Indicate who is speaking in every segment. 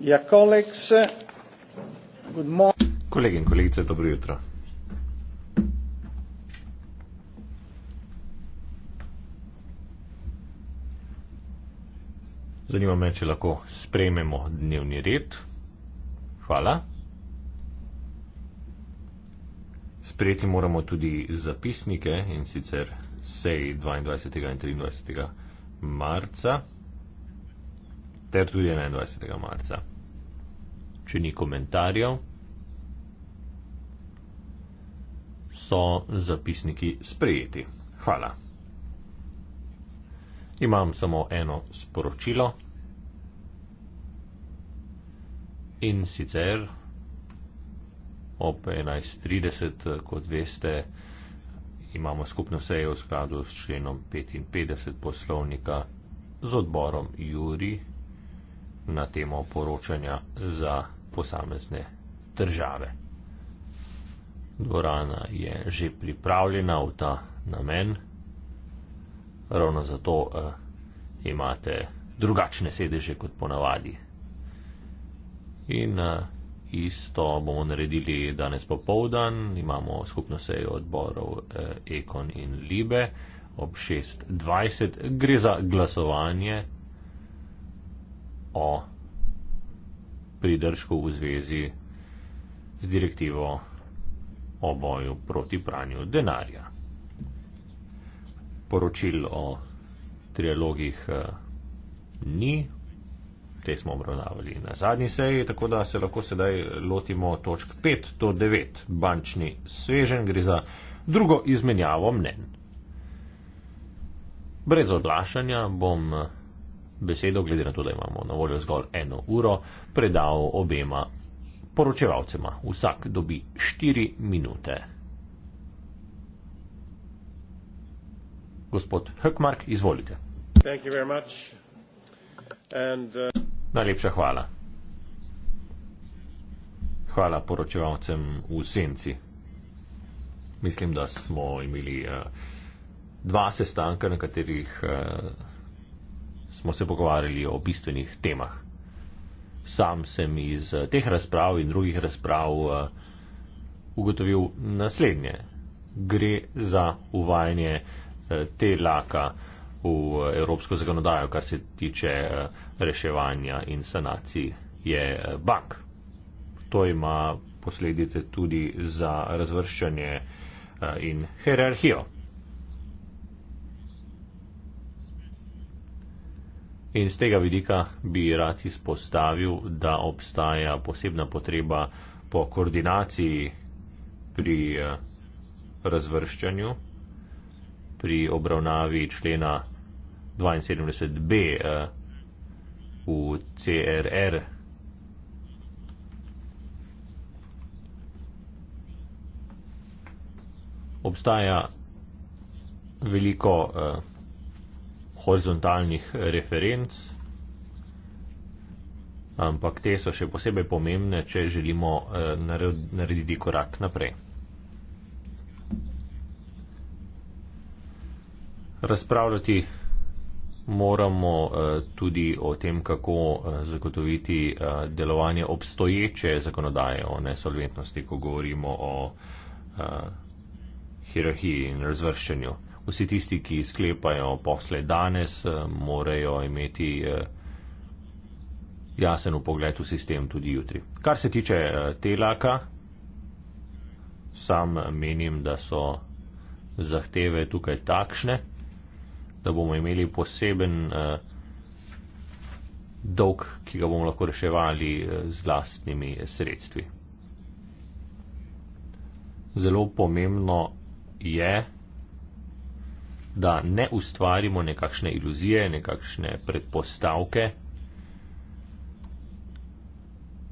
Speaker 1: Ja, kolegs,
Speaker 2: Kolegi in kolegice, dobro jutro. Zanima me, če lahko sprejmemo dnevni red. Hvala. Sprejeti moramo tudi zapisnike in sicer sej 22. in 23. marca ter tudi 21. marca. Če ni komentarjev, so zapisniki sprejeti. Hvala. Imam samo eno sporočilo in sicer ob 11.30, kot veste, imamo skupno sejo v skladu s členom 55 poslovnika z odborom Juri na temo poročanja za posamezne države. Dvorana je že pripravljena v ta namen, ravno zato eh, imate drugačne sedeže kot ponavadi. In eh, isto bomo naredili danes popovdan, imamo skupno sejo odborov eh, Ekon in Libe ob 6.20. Gre za glasovanje o pridržku v zvezi z direktivo o boju proti pranju denarja. Poročil o trialogih eh, ni, te smo obravnavali na zadnji seji, tako da se lahko sedaj lotimo točk 5 do 9. Bančni svežen gre za drugo izmenjavo mnen. Brez odlašanja bom besedo, glede na to, da imamo na voljo zgolj eno uro, predal obema poročevalcema. Vsak dobi štiri minute. Gospod Hökmark, izvolite. And, uh... Najlepša hvala. Hvala poročevalcem v senci. Mislim, da smo imeli uh, dva sestanka, na katerih uh, smo se pogovarjali o bistvenih temah. Sam sem iz eh, teh razprav in drugih razprav eh, ugotovil naslednje. Gre za uvajanje eh, te laka v evropsko zakonodajo, kar se tiče reševanja in sanacij bank. To ima posledice tudi za razvrščanje in hierarhijo In z tega vidika bi rad izpostavil, da obstaja posebna potreba po koordinaciji pri eh, razvrščanju, pri obravnavi člena 72b eh, v CRR. Obstaja veliko eh, horizontalnih referenc, ampak te so še posebej pomembne, če želimo eh, narediti korak naprej. Razpravljati moramo eh, tudi o tem, kako eh, zagotoviti delovanje obstoječe zakonodaje o nesolventnosti, ko govorimo o hierarhiji in razvrščanju vsi tisti, ki sklepajo posle danes, eh, morajo imeti eh, jasen upogled v sistem tudi jutri. Kar se tiče eh, telaka, sam menim, da so zahteve tukaj takšne, da bomo imeli poseben dolg, ki ga bomo lahko reševali z lastnimi sredstvi. Zelo pomembno je, da ne ustvarimo nekakšne iluzije, nekakšne predpostavke,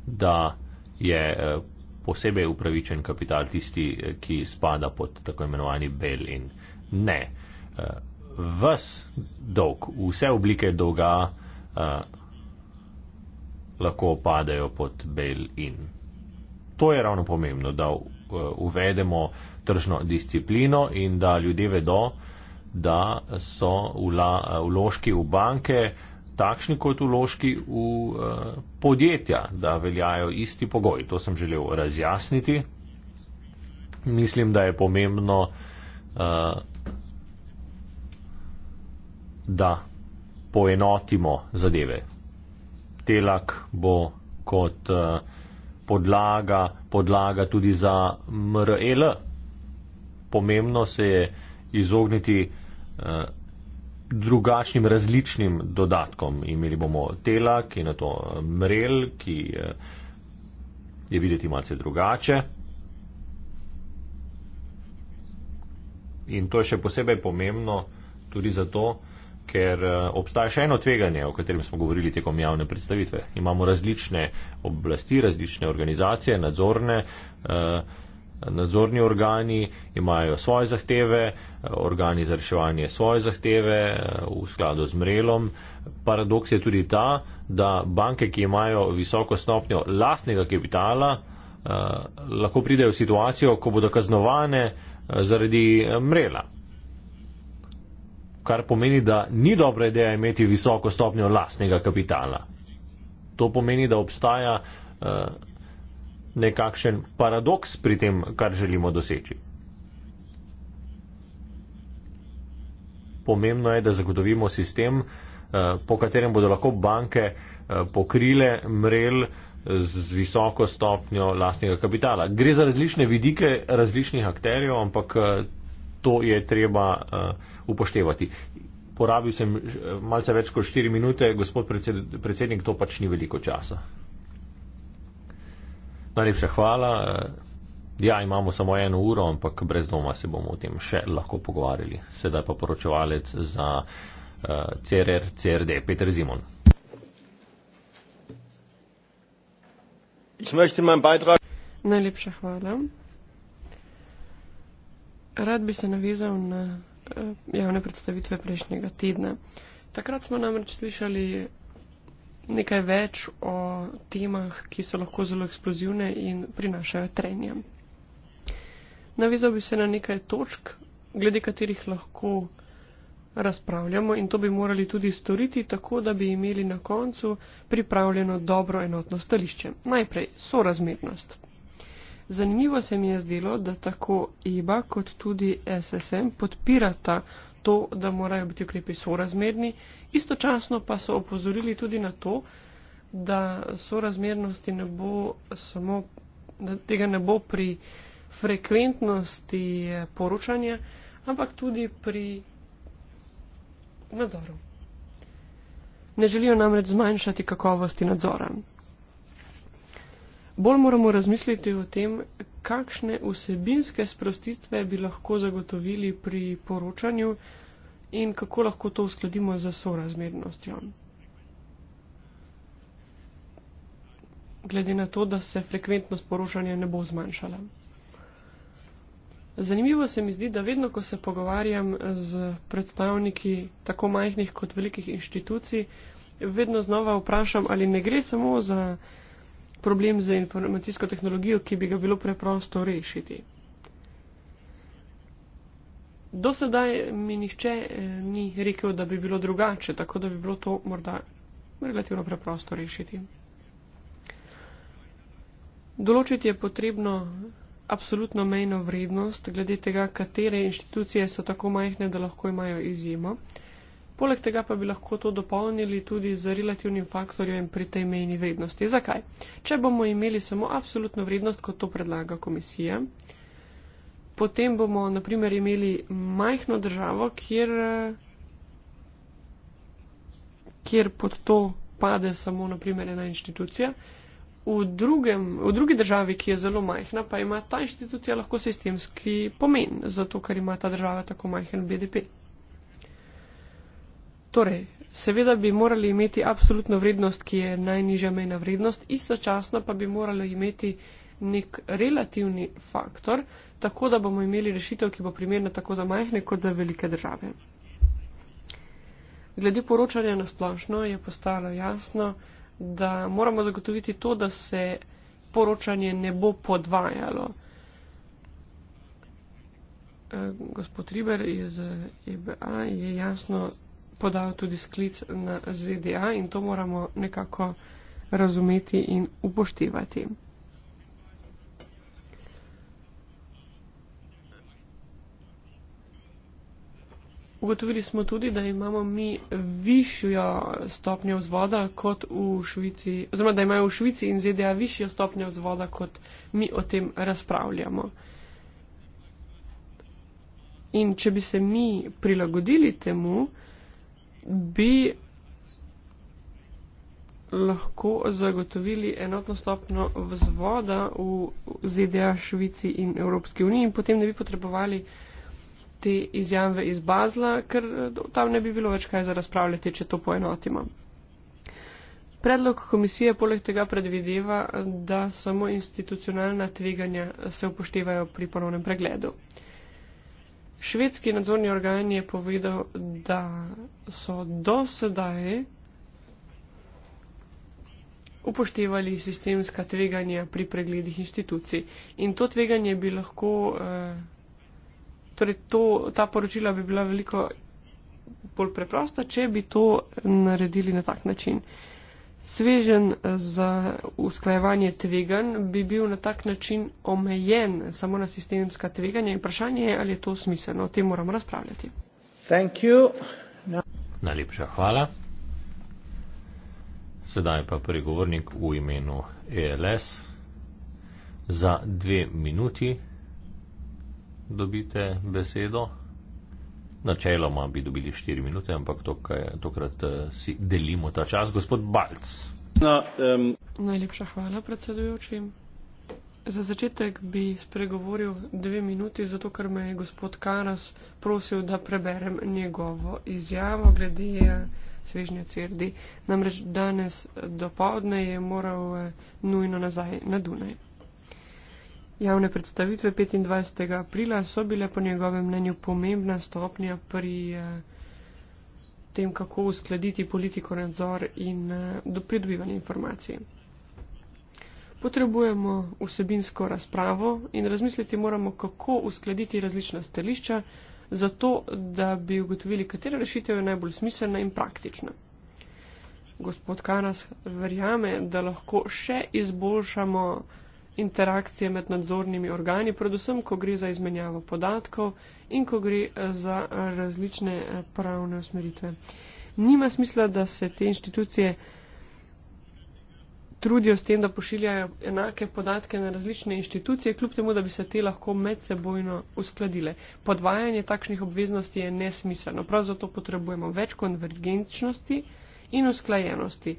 Speaker 2: da je eh, posebej upravičen kapital tisti, eh, ki spada pod tako imenovani bel in ne. Eh, ves dolg, vse oblike dolga lahko padajo pod bel in. To je ravno pomembno, da uvedemo tržno disciplino in da ljudje vedo, da so vla, vložki v banke takšni kot vložki v uh, podjetja, da veljajo isti pogoji. To sem želel razjasniti. Mislim, da je pomembno, uh, da poenotimo zadeve. Telak bo kot uh, podlaga, podlaga tudi za MRL. E pomembno se je izogniti drugačnim, različnim dodatkom. Imeli bomo tela, ki je na to eh, mrel, ki eh, je videti malce drugače. In to je še posebej pomembno tudi zato, ker eh, obstaja še eno tveganje, o katerem smo govorili tekom javne predstavitve. Imamo različne oblasti, različne organizacije, nadzorne. Uh, nadzorni organi imajo svoje zahteve, organi za reševanje svoje zahteve v skladu z mrelom. Paradoks je tudi ta, da banke, ki imajo visoko stopnjo lastnega kapitala, eh, lahko pridejo v situacijo, ko bodo kaznovane eh, zaradi eh, mrela. Kar pomeni, da ni dobra ideja imeti visoko stopnjo lastnega kapitala. To pomeni, da obstaja nekakšen paradoks pri tem, kar želimo doseči. Pomembno je, da zagotovimo sistem, eh, po katerem bodo lahko banke eh, pokrile mrel z visoko stopnjo lastnega kapitala. Gre za različne vidike različnih akterjev, ampak eh, to je treba upoštevati. Porabil sem malce več kot 4 minute, gospod predsednik, to pač ni veliko časa. Najlepša hvala. Ja, imamo samo eno uro, ampak brez doma se bomo o tem še lahko pogovarjali. Sedaj pa poročevalec za eh, CRR, CRD, Peter Zimon.
Speaker 3: Najlepša hvala. Rad bi se navizal na eh, javne predstavitve prejšnjega tedna. Takrat smo namreč slišali nekaj več o temah, ki so lahko zelo eksplozivne in prinašajo trenje. Navizal bi se na nekaj točk, glede katerih lahko razpravljamo in to bi morali tudi storiti tako, da bi imeli na koncu pripravljeno dobro enotno stališče. Najprej sorazmernost. Zanimivo se mi je zdelo, da tako EBA kot tudi SSM podpirata to, da morajo biti ukrepi sorazmerni, istočasno pa so opozorili tudi na to, da sorazmernosti ne bo samo, da tega ne bo pri frekventnosti eh, poročanja, ampak tudi pri nadzoru. Ne želijo namreč zmanjšati kakovosti nadzora bolj moramo razmisliti o tem, kakšne vsebinske sprostitve bi lahko zagotovili pri poročanju in kako lahko to uskladimo z sorazmernostjo. Glede na to, da se frekventnost poročanja ne bo zmanjšala. Zanimivo se mi zdi, da vedno, ko se pogovarjam z predstavniki tako majhnih kot velikih inštitucij, vedno znova vprašam, ali ne gre samo za problem z informacijsko tehnologijo, ki bi ga bilo preprosto rešiti. Do sedaj mi nihče eh, ni rekel, da bi bilo drugače, tako da bi bilo to morda relativno preprosto rešiti. Določiti je potrebno absolutno mejno vrednost, glede tega, katere inštitucije so tako majhne, da lahko imajo izjemo. Poleg tega pa bi lahko to dopolnili tudi z relativnim faktorjem pri tej mejni vrednosti. Zakaj? Če bomo imeli samo absolutno vrednost, kot to predlaga komisija, potem bomo naprimer imeli majhno državo, kjer, kjer pod to pade samo naprimer ena inštitucija. V, drugem, v drugi državi, ki je zelo majhna, pa ima ta inštitucija lahko sistemski pomen, zato ker ima ta država tako majhen BDP. Torej, seveda bi morali imeti absolutno vrednost, ki je najnižja mejna vrednost, istočasno pa bi morali imeti nek relativni faktor, tako da bomo imeli rešitev, ki bo primerna tako za majhne kot za velike države. Glede poročanja na splošno je postalo jasno, da moramo zagotoviti to, da se poročanje ne bo podvajalo. Eh, gospod Riber iz EBA je jasno podal tudi sklic na ZDA in to moramo nekako razumeti in upoštevati. Ugotovili smo tudi, da imamo mi višjo stopnjo vzvoda kot v Švici, oziroma da imajo v Švici in ZDA višjo stopnjo vzvoda kot mi o tem razpravljamo. In če bi se mi prilagodili temu, bi lahko zagotovili enotno stopno vzvoda v ZDA, Švici in Evropski uniji in potem ne bi potrebovali te izjave iz Bazla, ker tam ne bi bilo več kaj za razpravljati, če to poenotimo. Predlog komisije poleg tega predvideva, da samo institucionalna tveganja se upoštevajo pri ponovnem pregledu. Švedski nadzorni organ je povedal, da so do sedaj upoštevali sistemska tveganja pri pregledih institucij. In to tveganje bi lahko, eh, torej to, ta poročila bi bila veliko bolj preprosta, če bi to naredili na tak način. Uh, Svežen eh, za usklajevanje tveganj bi bil na tak način omejen samo na sistemska tveganja in vprašanje je, ali je to smiselno. O tem moramo razpravljati. No.
Speaker 2: Najlepša hvala. Sedaj pa pregovornik v imenu ELS. Za dve minuti dobite besedo. Načeloma bi dobili 4 minute, ampak tukaj, tokrat uh, si delimo ta čas. Gospod Balc. Na, um...
Speaker 3: Najlepša hvala, predsedujoči. Za začetek bi spregovoril dve minuti, zato ker me je gospod Karas prosil, da preberem njegovo izjavo glede eh, svežnja crdi. Namreč danes do povdne je moral eh, nujno nazaj na Dunaj. Javne predstavitve 25. aprila so bile po njegovem mnenju pomembna stopnja pri eh, tem, kako uskladiti politiko nadzor in eh, pridobivanje informacij. Potrebujemo vsebinsko razpravo in razmisliti moramo, kako uskladiti različna stališča, zato da bi ugotovili, katera rešitev je najbolj smiselna in praktična. Gospod Karas verjame, da lahko še izboljšamo interakcije med nadzornimi organi, predvsem, ko gre za izmenjavo podatkov in ko gre eh, za eh, različne eh, pravne usmeritve. Nima smisla, da se te inštitucije trudijo s tem, da pošiljajo enake podatke na različne inštitucije, kljub temu, da bi se te lahko medsebojno uskladile. Podvajanje takšnih obveznosti je nesmiselno. Prav zato potrebujemo več konvergenčnosti in usklajenosti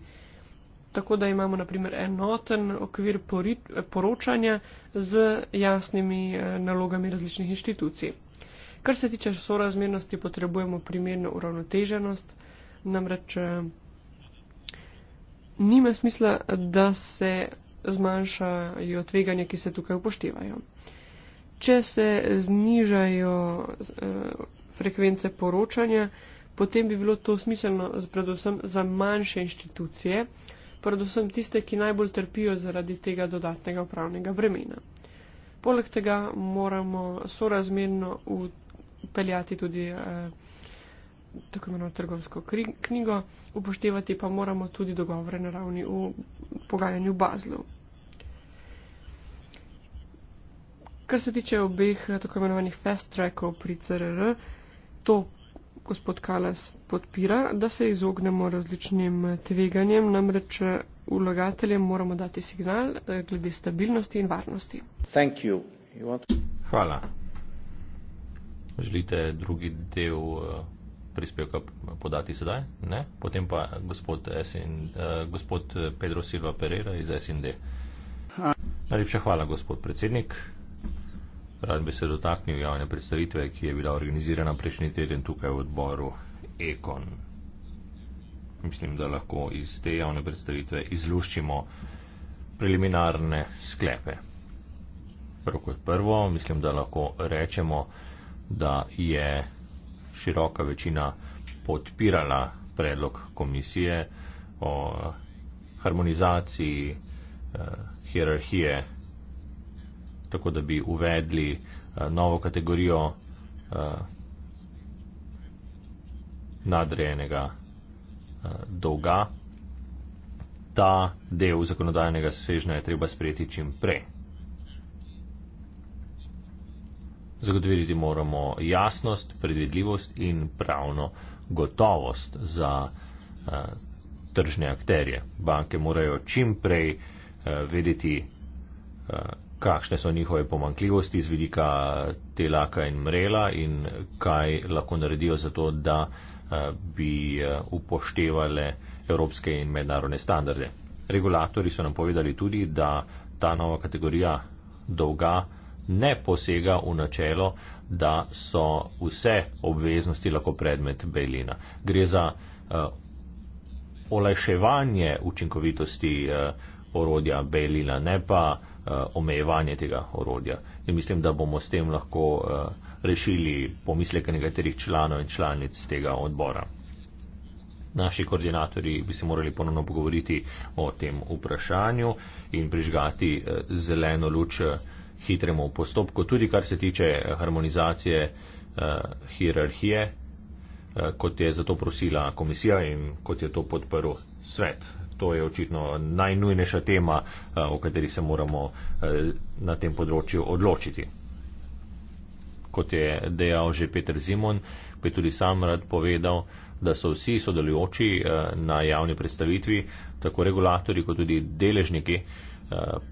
Speaker 3: tako da imamo naprimer enoten okvir poročanja z jasnimi eh, nalogami različnih inštitucij. Kar se tiče sorazmernosti, potrebujemo primerno uravnoteženost, namreč eh, nima smisla, da se zmanjšajo tveganja, ki se tukaj upoštevajo. Če se znižajo eh, frekvence poročanja, potem bi bilo to smiselno predvsem za manjše inštitucije, predvsem tiste, ki najbolj trpijo zaradi tega dodatnega upravnega bremena. Poleg tega moramo sorazmerno upeljati tudi eh, tako imenovano trgovsko knjigo, upoštevati pa moramo tudi dogovore na ravni v pogajanju bazlov. Kar se tiče obeh eh, tako imenovanih fast trackov pri CRR, to gospod Kalas podpira, da se izognemo različnim tveganjem, namreč eh, vlagateljem moramo dati signal eh, glede stabilnosti in varnosti. You. You want...
Speaker 2: Hvala. Želite drugi del eh, prispevka podati sedaj? Ne? Potem pa gospod, SN, gospod Pedro Silva Pereira iz SND. Najlepša hvala, gospod predsednik. Rad bi se dotaknil javne predstavitve, ki je bila organizirana prejšnji teden tukaj v odboru Ekon. Mislim, da lahko iz te javne predstavitve izluščimo preliminarne sklepe. Prvo kot prvo, mislim, da lahko rečemo, da je široka večina podpirala predlog komisije o harmonizaciji eh, hierarhije tako da bi uvedli uh, novo kategorijo uh, nadrejenega uh, dolga. Ta del zakonodajnega svežnja je treba sprejeti čim prej. Zagotoviti moramo jasnost, predvidljivost in pravno gotovost za uh, tržne akterje. Banke morajo čim prej uh, vedeti, uh, kakšne so njihove pomankljivosti z vidika telaka in mrela in kaj lahko naredijo za to, da eh, bi eh, upoštevale evropske in mednarodne standarde. Regulatori so nam povedali tudi, da ta nova kategorija dolga ne posega v načelo, da so vse obveznosti lahko predmet bejlina. Gre za uh, olajševanje učinkovitosti uh, orodja bejlina, ne pa uh, Eh, omejevanje tega orodja. In mislim, da bomo s tem lahko eh, rešili pomisleke nekaterih članov in članic tega odbora. Naši koordinatori bi se morali ponovno pogovoriti o tem vprašanju in prižgati eh, zeleno luč hitremu postopku, tudi kar se tiče harmonizacije uh, hierarhije, uh, kot je zato prosila komisija in kot je to podprl svet to je očitno najnujnejša tema, eh, o kateri se moramo eh, na tem področju odločiti. Kot je dejal že Peter Zimon, pa je tudi sam rad povedal, da so vsi sodelujoči eh, na javni predstavitvi, tako regulatori kot tudi deležniki,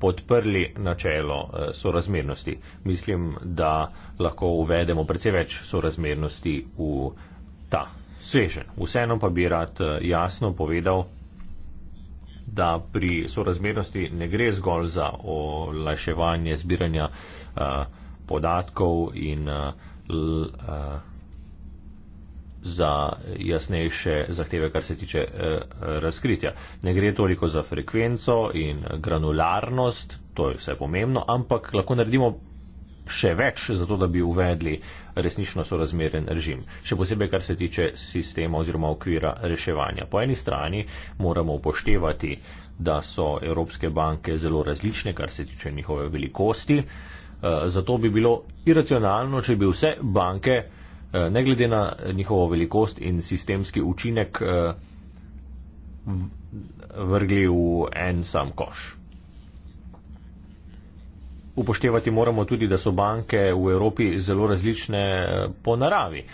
Speaker 2: podprli načelo sorazmernosti. Mislim, da lahko uvedemo precej več sorazmernosti v ta svežen. Vseeno pa bi rad jasno povedal, da pri sorazmernosti ne gre zgolj za olajševanje zbiranja uh, podatkov in uh, uh, za jasnejše zahteve, kar se tiče uh, razkritja. Ne gre toliko za frekvenco in granularnost, to je vse pomembno, ampak lahko naredimo še več, zato da bi uvedli resnično sorazmeren režim. Še posebej, kar se tiče sistema oziroma okvira reševanja. Po eni strani moramo upoštevati, da so evropske banke zelo različne, kar se tiče njihove velikosti. Eh, zato bi bilo iracionalno, če bi vse banke, eh, ne glede na njihovo velikost in sistemski učinek, eh, vrgli v en sam koš upoštevati moramo tudi, da so banke v Evropi zelo različne eh, po naravi, eh,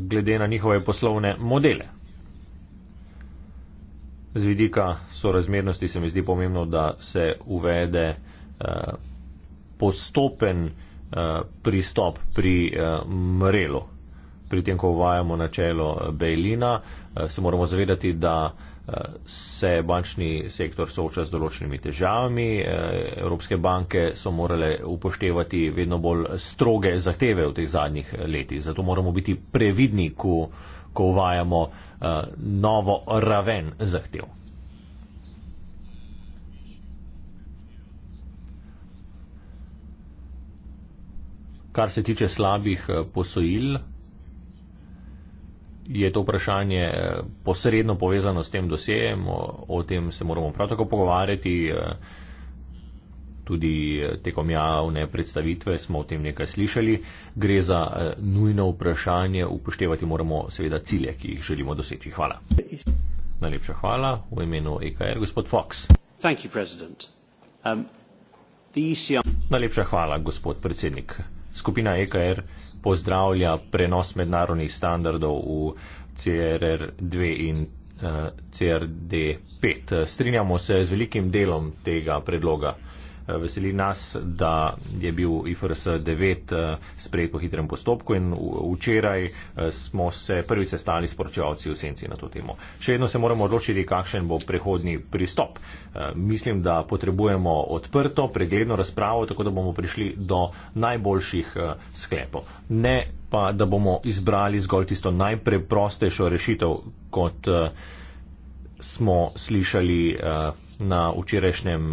Speaker 2: glede na njihove poslovne modele. Z vidika sorazmernosti se mi zdi pomembno, da se uvede eh, postopen pristop pri mrelu. Pri tem, ko uvajamo načelo Bejlina, se moramo zavedati, da se bančni sektor sooča z določenimi težavami. Eh, evropske banke so morale upoštevati vedno bolj stroge zahteve v teh zadnjih letih. Zato moramo biti previdni, ko, ko uvajamo eh, novo raven zahtev. Kar se tiče slabih eh, posojil, je to vprašanje eh, posredno povezano s tem dosjejem, o, o tem se moramo prav tako pogovarjati. Eh, tudi eh, tekom javne predstavitve smo o tem nekaj slišali. Gre za nujno vprašanje, upoštevati moramo seveda cilje, ki jih želimo doseči. Hvala. Najlepša hvala v imenu EKR, gospod Fox. Thank you, president. Um, the ECR... Najlepša hvala, gospod predsednik. Skupina EKR pozdravlja prenos mednarodnih standardov v CRR2 in uh, eh, CRD5. Strinjamo se z velikim delom tega predloga. Veseli nas, da je bil IFRS 9 eh, sprejet po hitrem postopku in včeraj eh, smo se prvi sestali s poročevalci v senci na to temo. Še vedno se moramo odločiti, kakšen bo prehodni pristop. Eh, mislim, da potrebujemo odprto, pregledno razpravo, tako da bomo prišli do najboljših sklepov. Ne pa, da bomo izbrali zgolj tisto najpreprostejšo rešitev, kot smo slišali na včerajšnjem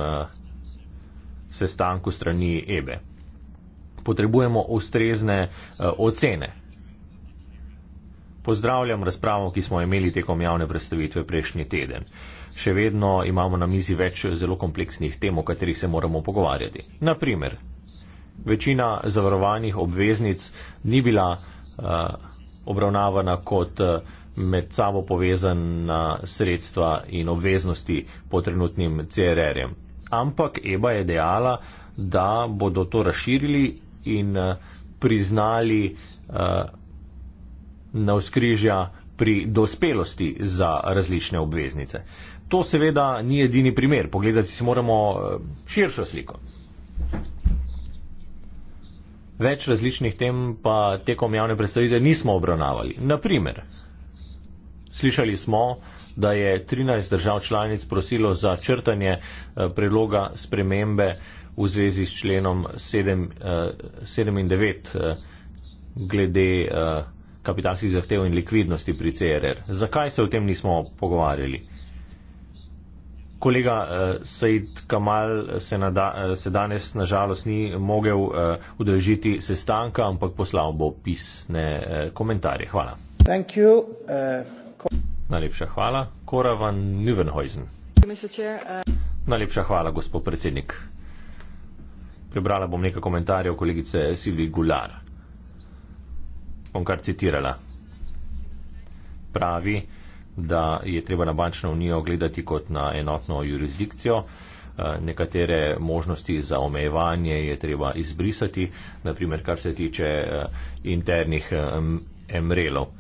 Speaker 2: sestanku strani EBE. Potrebujemo ustrezne uh, ocene. Pozdravljam razpravo, ki smo imeli tekom javne predstavitve prejšnji teden. Še vedno imamo na mizi več zelo kompleksnih tem, o katerih se moramo pogovarjati. Naprimer, večina zavarovanih obveznic ni bila uh, obravnavana kot eh, med sabo povezana sredstva in obveznosti po trenutnim CRR-jem ampak EBA je dejala, da bodo to razširili in eh, priznali uh, eh, na vzkrižja pri dospelosti za različne obveznice. To seveda ni edini primer. Pogledati si moramo eh, širšo sliko. Več različnih tem pa tekom javne predstavitve nismo obravnavali. Naprimer, slišali smo, da je 13 držav članic prosilo za črtanje eh, predloga spremembe v zvezi s členom 7, 7 in 9 glede eh, kapitalskih zahtev in likvidnosti pri CRR. Zakaj se o tem nismo pogovarjali? Kolega eh, Said Kamal se, nada, eh, se danes nažalost ni mogel eh, udeležiti sestanka, ampak poslal bo pisne eh, komentarje. Hvala. Thank you. Uh... Najlepša hvala. Kora van Nüvenhuizen.
Speaker 3: Uh,
Speaker 2: Najlepša hvala, gospod predsednik. Prebrala bom nekaj komentarjev kolegice Silvi Gular. Bom kar citirala. Pravi, da je treba na bančno unijo gledati kot na enotno jurisdikcijo. Uh, nekatere možnosti za omejevanje je treba izbrisati, naprimer kar se tiče uh, internih emrelov. Um,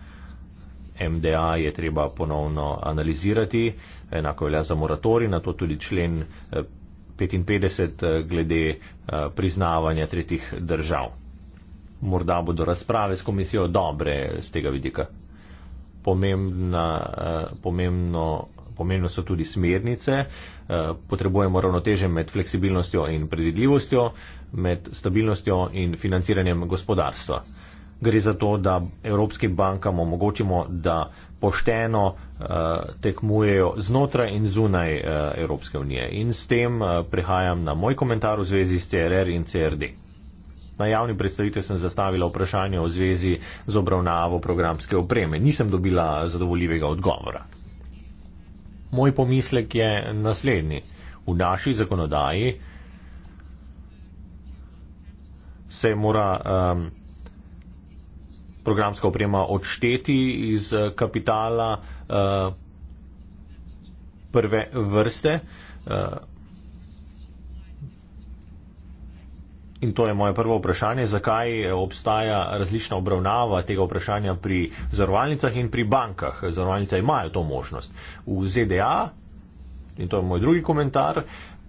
Speaker 2: MDA je treba ponovno analizirati, enako velja za moratori, na to tudi člen 55 eh, eh, glede eh, priznavanja tretjih držav. Morda bodo razprave s komisijo dobre z tega vidika. Pomembna, pomembno, pomembno so tudi smernice. Potrebujemo ravnoteže med fleksibilnostjo in predvidljivostjo, med stabilnostjo in financiranjem gospodarstva gre za to, da evropskim bankam omogočimo, da pošteno uh, tekmujejo znotraj in zunaj uh, Evropske unije. In s tem uh, eh, prihajam na moj komentar v zvezi s CRR in CRD. Na javni predstavitvi sem zastavila vprašanje v zvezi z obravnavo programske opreme. Nisem dobila zadovoljivega odgovora. Moj pomislek je naslednji. V naši zakonodaji se mora um, programska oprema odšteti iz eh, kapitala uh, prve vrste. Uh, In to je moje prvo vprašanje, zakaj obstaja različna obravnava tega vprašanja pri zavarovalnicah in pri bankah. Zavarovalnice imajo to možnost. V ZDA, in to je moj drugi komentar,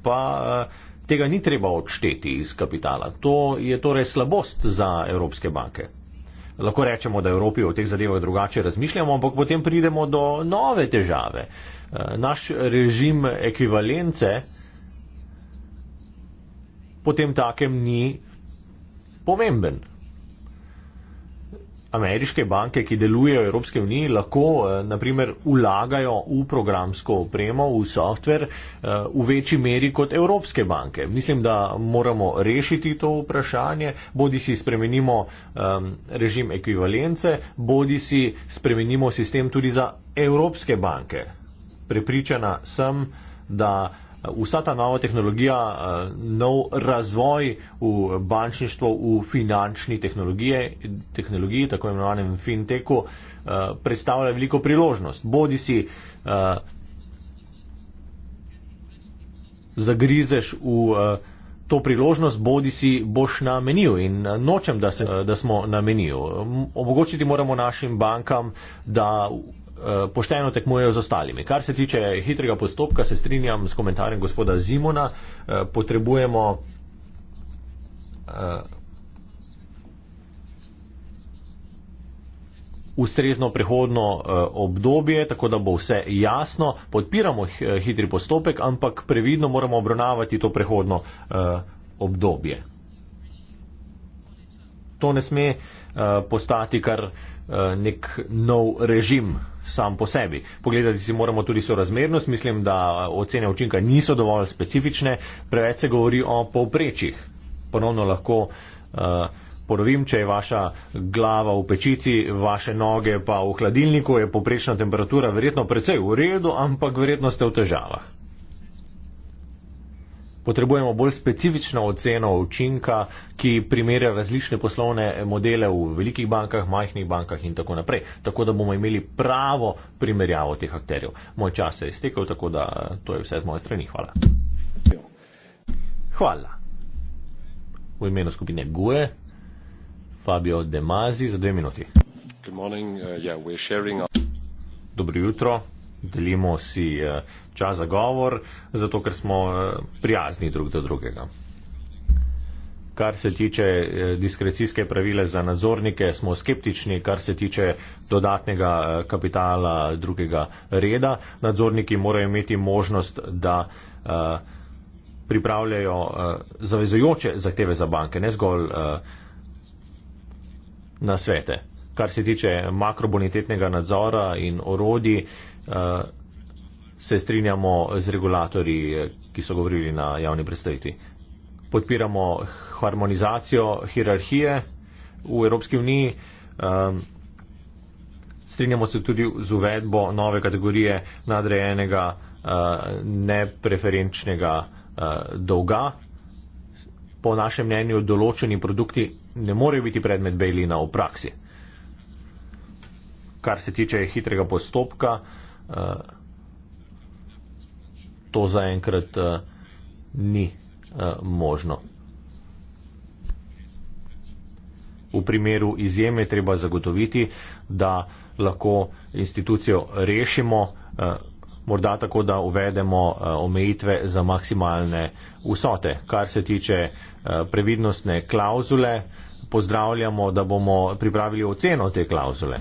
Speaker 2: pa tega ni treba odšteti iz kapitala. To je torej slabost za evropske banke. Lahko rečemo, da v Evropi o teh zadevah drugače razmišljamo, ampak potem pridemo do nove težave. Eh, naš režim ekvivalence potem takem ni pomemben ameriške banke, ki delujejo v Evropske uniji, lahko eh, naprimer ulagajo v programsko opremo, v softver eh, v večji meri kot evropske banke. Mislim, da moramo rešiti to vprašanje, bodi si spremenimo um, režim ekvivalence, bodi si spremenimo sistem tudi za evropske banke. Prepričana sem, da vsa ta nova tehnologija, eh, nov razvoj v bančništvu, v finančni tehnologiji, tehnologiji tako imenovanem fintechu, eh, predstavlja veliko priložnost. Bodi si eh, zagrizeš v to priložnost, bodi si boš na meniju in nočem, da, se, da smo na meniju. Omogočiti moramo našim bankam, da Eh, pošteno tekmujejo z ostalimi. Kar se tiče hitrega postopka, se strinjam s komentarjem gospoda Zimona, eh, potrebujemo. Eh, ustrezno prehodno obdobje, tako da bo vse jasno. Podpiramo hitri postopek, ampak previdno moramo obravnavati to prehodno obdobje. To ne sme postati kar nek nov režim sam po sebi. Pogledati si moramo tudi sorazmernost, mislim, da eh, ocene učinka niso dovolj specifične, preveč se govori o povprečjih. Ponovno lahko uh, ponovim, če je vaša glava v pečici, vaše noge pa v hladilniku, je povprečna temperatura verjetno precej v redu, ampak verjetno ste v težavah potrebujemo bolj specifično oceno učinka, ki primerja različne poslovne modele v velikih bankah, majhnih bankah in tako naprej, tako da bomo imeli pravo primerjavo teh akterjev. Moj čas se je iztekel, tako da eh, to je vse z moje strani. Hvala. Hvala. V imenu skupine GUE, Fabio Demazi za dve minuti. Uh, Dobro jutro delimo si eh, čas za govor, zato ker smo eh, prijazni drug do drugega. Kar se tiče eh, diskrecijske pravile za nadzornike, smo skeptični, kar se tiče dodatnega kapitala drugega reda. Nadzorniki morajo imeti možnost, da pripravljajo zavezojoče zahteve za banke, ne zgolj na svete. Kar se tiče makrobonitetnega nadzora in orodi, uh, se strinjamo z regulatorji, eh, ki so govorili na javni predstaviti. Podpiramo harmonizacijo hierarhije v Evropski uniji. Um, strinjamo se tudi z uvedbo nove kategorije nadrejenega uh, nepreferenčnega uh, dolga. Po našem mnenju določeni produkti ne morejo biti predmet bejlina v praksi. Kar se tiče hitrega postopka, uh, Eh, to zaenkrat eh, ni eh, možno. V primeru izjeme treba zagotoviti, da lahko institucijo rešimo, morda tako, da uvedemo omejitve za maksimalne vsote. Kar se tiče previdnostne klauzule, pozdravljamo, da bomo pripravili oceno te klauzule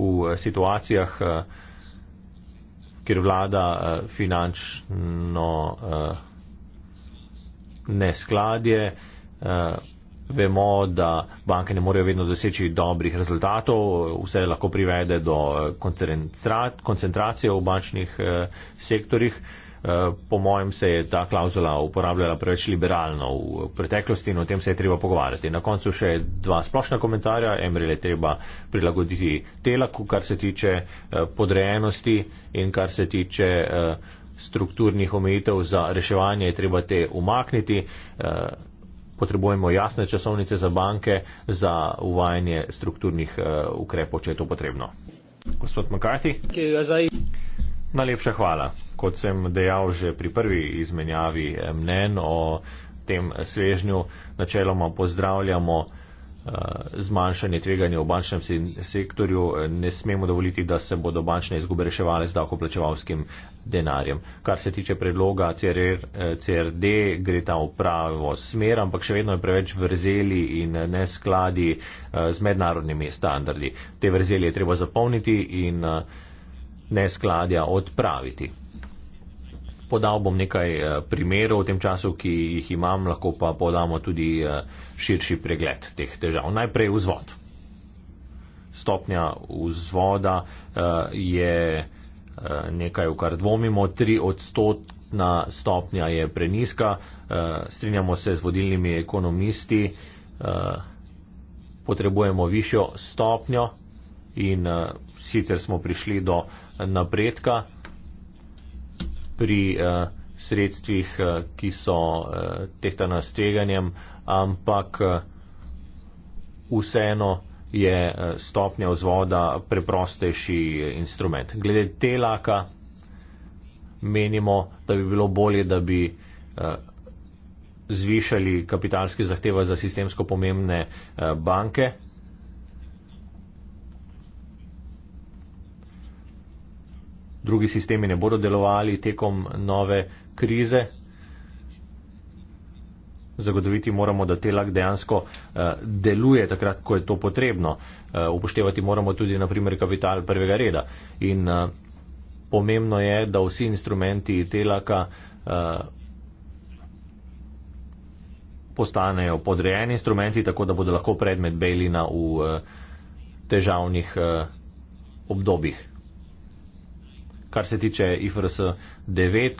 Speaker 2: v eh, situacijah, eh, kjer vlada eh, finančno neskladje. Vemo, da banke ne morejo vedno doseči dobrih rezultatov, vse lahko privede do koncentracije v bančnih sektorjih. Eh, po mojem se je ta klauzula uporabljala preveč liberalno v preteklosti in o tem se je treba pogovarjati. Na koncu še dva splošna komentarja. Emrele treba prilagoditi telaku, kar se tiče eh, podrejenosti in kar se tiče eh, strukturnih omejitev za reševanje, je treba te umakniti. Potrebujemo jasne časovnice za banke za uvajanje strukturnih ukrepov, če je to potrebno. Gospod McCarthy. Najlepša hvala kot sem dejal že pri prvi izmenjavi eh, mnen o tem svežnju, načeloma pozdravljamo eh, zmanjšanje tveganja v bančnem sektorju, ne smemo dovoliti, da se bodo bančne izgube reševali z davkoplačevalskim denarjem. Kar se tiče predloga CRR, eh, CRD, gre ta v pravo smer, ampak še vedno je preveč vrzeli in neskladi z mednarodnimi standardi. Te vrzeli je treba zapolniti in neskladja odpraviti podal bom nekaj eh, primerov v tem času, ki jih imam, lahko pa podamo tudi eh, širši pregled teh težav. Najprej vzvod. Stopnja vzvoda eh, je nekaj, v kar dvomimo, tri odstotna stopnja je preniska, strinjamo se z vodilnimi ekonomisti, potrebujemo višjo stopnjo in sicer smo prišli do napredka pri uh, sredstvih, uh, ki so uh, tehtana s tveganjem, ampak uh, vseeno je uh, stopnja vzvoda preprostejši instrument. Glede telaka menimo, da bi bilo bolje, da bi uh, zvišali kapitalske zahteve za sistemsko pomembne uh, banke. drugi sistemi ne bodo delovali tekom nove krize. Zagotoviti moramo, da telak dejansko uh, deluje takrat, ko je to potrebno. Uh, upoštevati moramo tudi, naprimer, kapital prvega reda. In uh, pomembno je, da vsi instrumenti telaka uh, postanejo podrejeni instrumenti, tako da bodo lahko predmet Bejlina v uh, težavnih uh, obdobjih kar se tiče IFRS 9,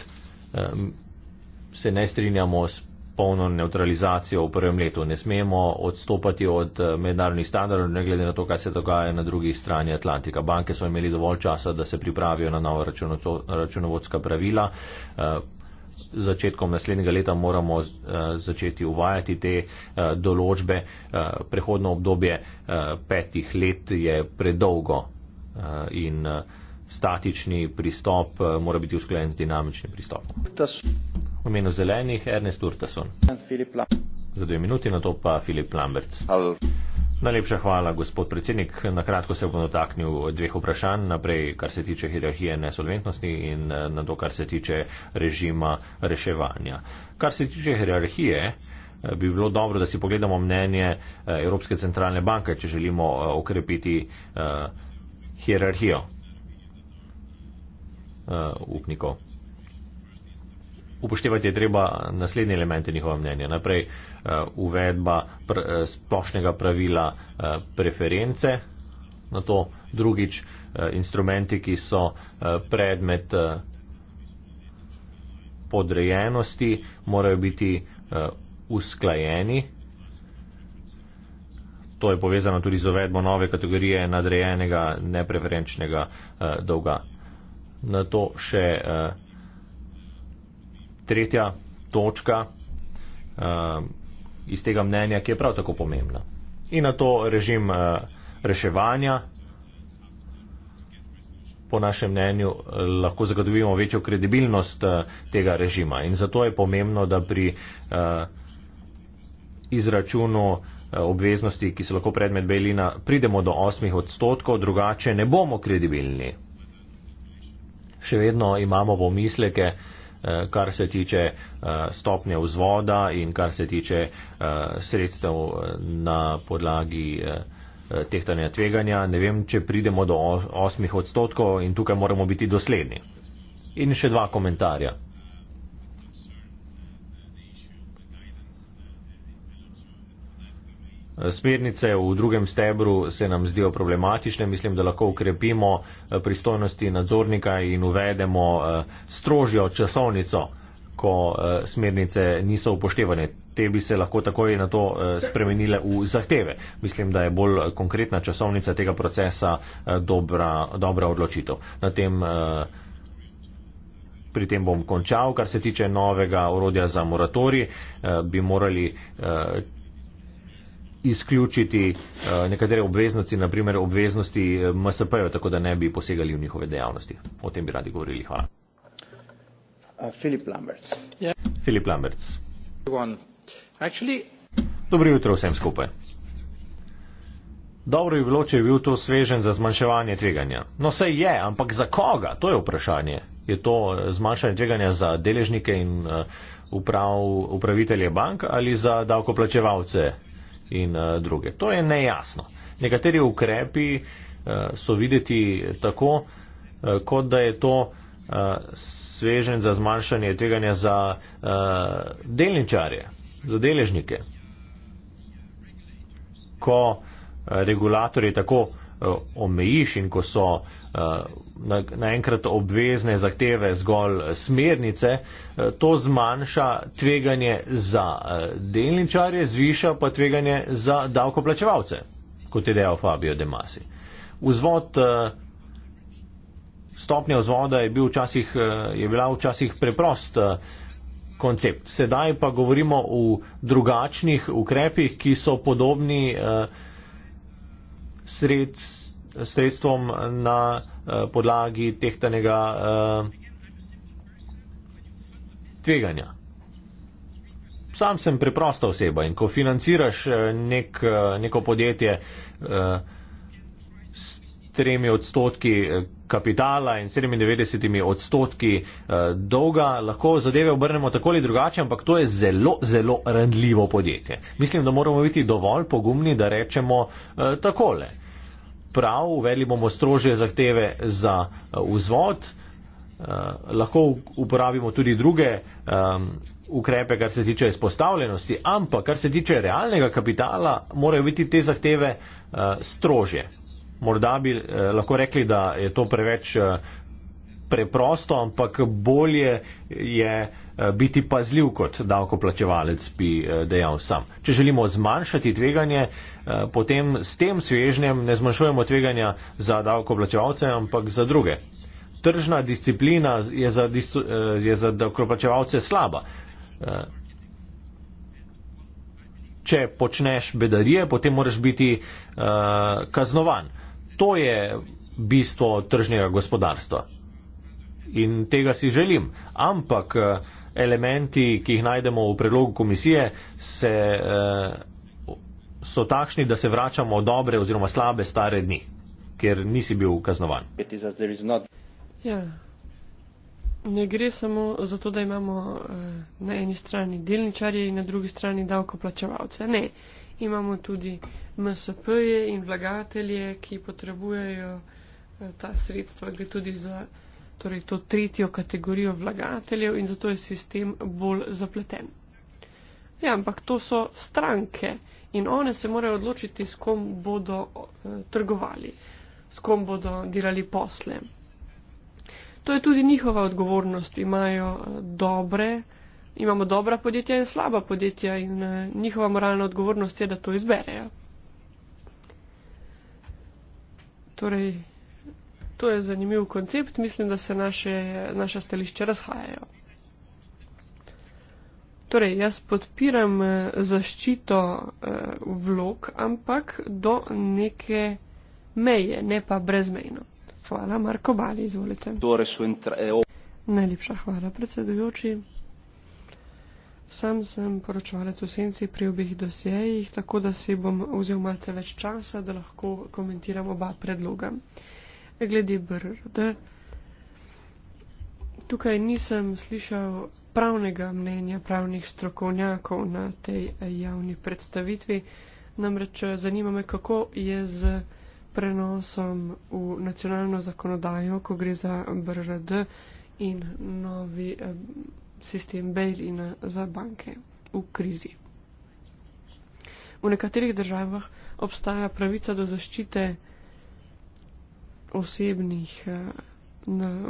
Speaker 2: se ne strinjamo s polno neutralizacijo v prvem letu. Ne smemo odstopati od eh, mednarodnih standardov, ne glede na to, kaj se dogaja na drugi strani Atlantika. Banke so imeli dovolj časa, da se pripravijo na nova računovodska pravila. Z eh, začetkom naslednjega leta moramo eh, začeti uvajati te določbe. Prehodno obdobje petih let je predolgo in statični pristop eh, mora biti usklajen z dinamičnim pristopom. V imenu zelenih Ernest Urtason. Za dve minuti na to pa Filip Lamberts. Najlepša hvala, gospod predsednik. Na kratko se bom dotaknil dveh vprašanj. Naprej, kar se tiče hierarhije nesolventnosti in eh, na to, kar se tiče režima reševanja. Kar se tiče hierarhije, eh, bi bilo dobro, da si pogledamo mnenje Evropske centralne banke, če želimo ukrepiti hierarhijo uh, upnikov. Upoštevati je treba naslednje elemente njihova mnenja. Najprej uh, uvedba pr, uh, splošnega pravila uh, preference, na to drugič uh, instrumenti, ki so uh, predmet uh, podrejenosti, morajo biti uh, usklajeni. To je povezano tudi z uvedbo nove kategorije nadrejenega nepreferenčnega uh, dolga na to še uh, tretja točka uh, iz tega mnenja, ki je prav tako pomembna. In na to režim uh, reševanja, po našem mnenju, uh, lahko zagotovimo večjo kredibilnost uh, tega režima. In zato je pomembno, da pri uh, izračunu obveznosti, ki so lahko predmet Belina, pridemo do 8 odstotkov, drugače ne bomo kredibilni še vedno imamo pomisleke, eh, kar se tiče eh, stopnje vzvoda in kar se tiče eh, sredstev na podlagi tehtanja tveganja. Ne vem, če pridemo do osmih odstotkov in tukaj moramo biti dosledni. In še dva komentarja. smernice, v drugem stebru se nam zdijo problematične. Mislim, da lahko ukrepimo eh, pristojnosti nadzornika in uvedemo eh, strožjo časovnico, ko eh, smernice niso upoštevane. Te bi se lahko takoj na to spremenile v zahteve. Mislim, da je bolj konkretna časovnica tega procesa dobra, dobra odločitev. Na tem Pri tem bom končal, kar se tiče novega orodja za moratori, bi morali izključiti uh, nekatere obveznosti, naprimer obveznosti eh, MSP-ja, tako da ne bi posegali v njihove dejavnosti. O tem bi radi govorili. Hvala. Filip uh, Lamberts.
Speaker 1: Ja. Yeah.
Speaker 2: Dobro jutro vsem skupaj. Dobro bi bilo, če bi bil to svežen za zmanjševanje tveganja. No, vse je, ampak za koga? To je vprašanje. Je to eh, zmanjšanje tveganja za deležnike in uh, uprav, upravitelje bank ali za davkoplačevalce in uh, druge. To je nejasno. Nekateri ukrepi uh, so videti tako, uh, kot da je to uh, svežen za zmanjšanje tveganja za uh, delničarje, za deležnike. Ko uh, regulatorji tako Eh, omejiš in ko so eh, naenkrat obvezne zahteve zgolj eh, smernice, to zmanjša tveganje za delničarje, zviša pa tveganje za davkoplačevalce, kot je dejal Fabio De Masi. Vzvod, stopnja vzvoda je, bil včasih, je bila včasih preprost koncept. Sedaj pa govorimo o drugačnih ukrepih, ki so podobni sred, sredstvom na eh, podlagi tehtanega eh, tveganja. Sam sem preprosta oseba in ko financiraš eh, nek, eh, neko podjetje eh, s tremi odstotki eh, kapitala in 97 odstotki eh, dolga, lahko zadeve obrnemo tako ali drugače, ampak to je zelo, zelo randljivo podjetje. Mislim, da moramo biti dovolj pogumni, da rečemo eh, takole prav, uveli bomo strožje zahteve za eh, vzvod, eh, lahko uporabimo tudi druge ukrepe, kar se tiče izpostavljenosti, ampak kar se tiče realnega kapitala, morajo biti te zahteve eh, strožje. Morda bi lahko rekli, da je to preveč preprosto, ampak bolje je, Eh, biti pazljiv kot davkoplačevalec, bi eh, dejal sam. Če želimo zmanjšati tveganje, eh, potem s tem svežnjem ne zmanjšujemo tveganja za davkoplačevalce, ampak za druge. Tržna disciplina je za, je za davkoplačevalce slaba. Če počneš bedarije, potem moraš biti kaznovan. To je bistvo tržnega gospodarstva. In tega si želim. Ampak elementi, ki jih najdemo v predlogu komisije, se, eh, so takšni, da se vračamo v dobre oziroma slabe stare dni, ker nisi bil kaznovan.
Speaker 3: Ja. Ne gre samo za to, da imamo eh, na eni strani delničarje in na drugi strani davkoplačevalce. Ne, imamo tudi MSP-je in vlagatelje, ki potrebujejo eh, ta sredstva, gre tudi za torej to tretjo kategorijo vlagateljev in zato je sistem bolj zapleten. Ja, ampak to so stranke in one se morajo odločiti, s kom bodo eh, trgovali, s kom bodo delali posle. To je tudi njihova odgovornost. Imajo eh, dobre, imamo dobra podjetja in slaba podjetja in eh, njihova moralna odgovornost je, da to izberejo. Torej, To je zanimiv koncept, mislim, da se naše, naša stališča razhajajo. Torej, jaz podpiram eh, zaščito eh, vlog, ampak do neke meje, ne pa brezmejno. Hvala, Marko Bali, izvolite.
Speaker 1: Eh,
Speaker 3: Najlepša hvala, predsedujoči. Sam sem poročevalec v senci pri obih dosjejih, tako da si bom vzel malce več časa, da lahko komentiram oba predloga glede BRD. Tukaj nisem slišal pravnega mnenja pravnih strokovnjakov na tej eh, javni predstavitvi, namreč eh, zanima me, kako je z prenosom v nacionalno zakonodajo, ko gre za BRD in novi eh, sistem bail-ina za banke v krizi. V nekaterih državah obstaja pravica do zaščite osebnih eh,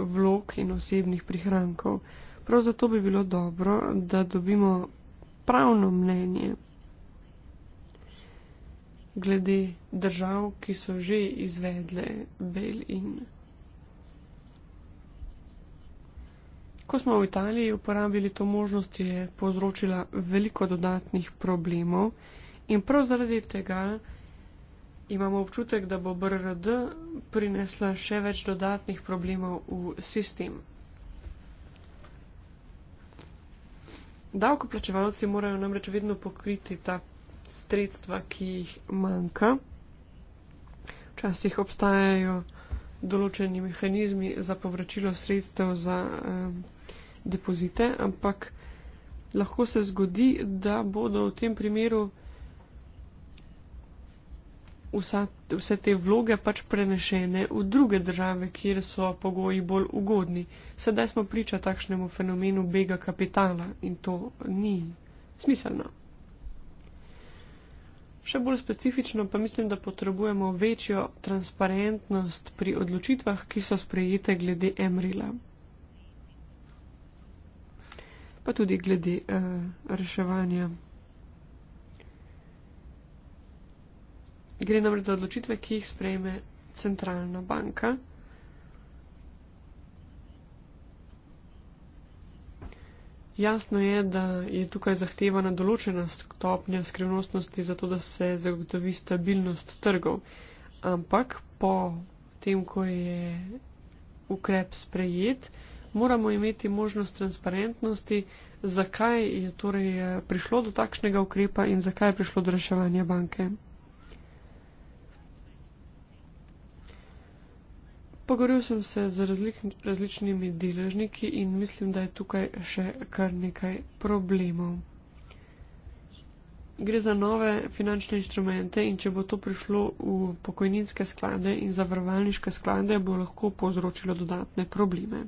Speaker 3: vlog in osebnih prihrankov. Prav zato bi bilo dobro, da dobimo pravno mnenje glede držav, ki so že izvedle bail in. Ko smo v Italiji uporabili to možnost, je povzročila veliko dodatnih problemov in prav zaradi tega imamo občutek, da bo BRRD prinesla še več dodatnih problemov v sistem. Davkoplačevalci morajo namreč vedno pokriti ta sredstva, ki jih manjka. Včasih obstajajo določeni mehanizmi za povračilo sredstev za um, depozite, ampak lahko se zgodi, da bodo v tem primeru vsa, vse te vloge pač prenešene v druge države, kjer so pogoji bolj ugodni. Sedaj smo priča takšnemu fenomenu bega kapitala in to ni smiselno. Še bolj specifično pa mislim, da potrebujemo večjo transparentnost pri odločitvah, ki so sprejete glede Emrila. Pa tudi glede uh, reševanja. Gre namreč za odločitve, ki jih sprejme centralna banka. Jasno je, da je tukaj zahtevana določena stopnja skrivnostnosti za to, da se zagotovi stabilnost trgov. Ampak po tem, ko je ukrep sprejet, moramo imeti možnost transparentnosti, zakaj je torej eh, prišlo do takšnega ukrepa in zakaj je prišlo do reševanja banke. pogovoril sem se z razlik, različnimi deležniki in mislim, da je tukaj še kar nekaj problemov. Gre za nove finančne inštrumente in če bo to prišlo v pokojninske sklade in zavarovalniške sklade, bo lahko povzročilo dodatne probleme.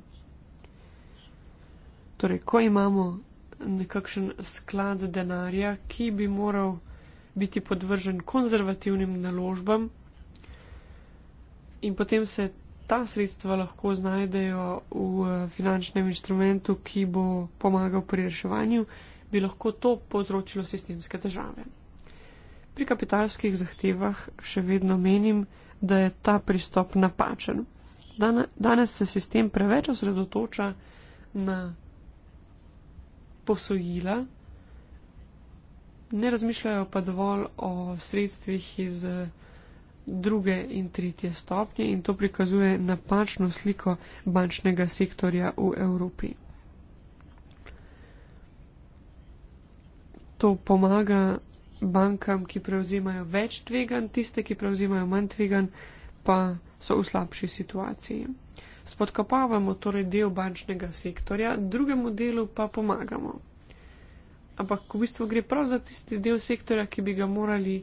Speaker 3: Torej, ko imamo nekakšen sklad denarja, ki bi moral biti podvržen konzervativnim naložbam in potem se ta sredstva lahko znajdejo v eh, finančnem instrumentu, ki bo pomagal pri reševanju, bi lahko to povzročilo sistemske težave. Pri kapitalskih zahtevah še vedno menim, da je ta pristop napačen. Danes se sistem preveč osredotoča na posojila, ne razmišljajo pa dovolj o sredstvih iz. Eh, druge in tretje stopnje in to prikazuje napačno sliko bančnega sektorja v Evropi. To pomaga bankam, ki prevzemajo več tvegan, tiste, ki prevzemajo manj tvegan, pa so v slabši situaciji. Spodkopavamo torej del bančnega sektorja, drugemu delu pa pomagamo. Ampak v bistvu gre prav za tisti del sektorja, ki bi ga morali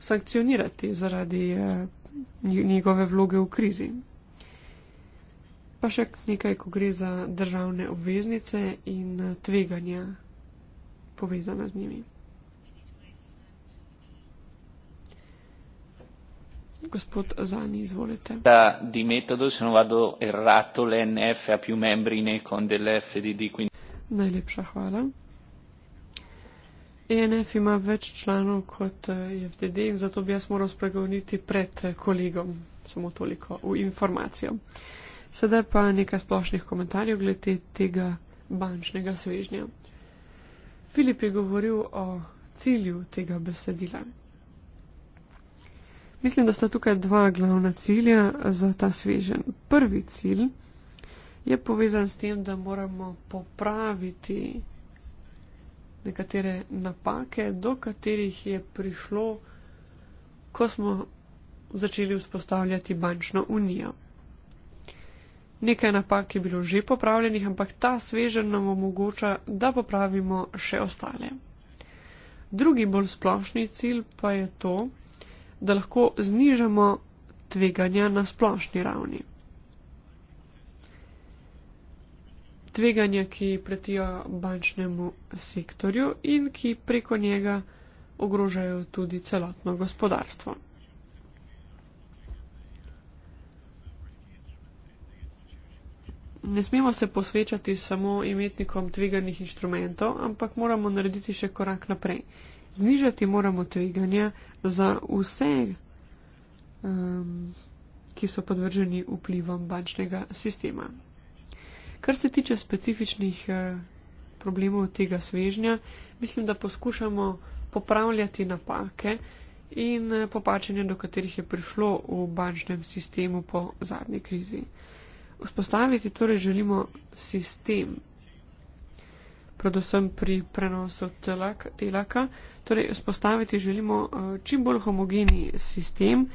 Speaker 3: sankcionirati zaradi eh, njegove vloge v krizi. Pa še nekaj, ko gre za državne obveznice in eh, tveganja povezana z njimi. Gospod Zani, izvolite.
Speaker 2: Da di metodo se novado errato l'NF a più membri ne con del FDD. Quindi...
Speaker 3: Najlepša hvala. ENF ima več članov kot FDD eh, in zato bi jaz moral spregovoriti pred eh, kolegom, samo toliko v informacijo. Sedaj pa nekaj splošnih komentarjev glede tega bančnega svežnja. Filip je govoril o cilju tega besedila. Mislim, da sta tukaj dva glavna cilja za ta svežen. Prvi cilj je povezan s tem, da moramo popraviti nekatere napake, do katerih je prišlo, ko smo začeli vzpostavljati bančno unijo. Nekaj napak je bilo že popravljenih, ampak ta svežen nam omogoča, da popravimo še ostale. Drugi bolj splošni cilj pa je to, da lahko znižamo tveganja na splošni ravni. tveganja, ki pretijo bančnemu sektorju in ki preko njega ogrožajo tudi celotno gospodarstvo. Ne smemo se posvečati samo imetnikom tveganih inštrumentov, ampak moramo narediti še korak naprej. Znižati moramo tveganja za vse, um, ki so podvrženi vplivom bančnega sistema. Kar se tiče specifičnih eh, problemov tega svežnja, mislim, da poskušamo popravljati napake in eh, popačenje, do katerih je prišlo v bančnem sistemu po zadnji krizi. Vzpostaviti torej želimo sistem, predvsem pri prenosu telak, telaka, torej vzpostaviti želimo eh, čim bolj homogeni sistem,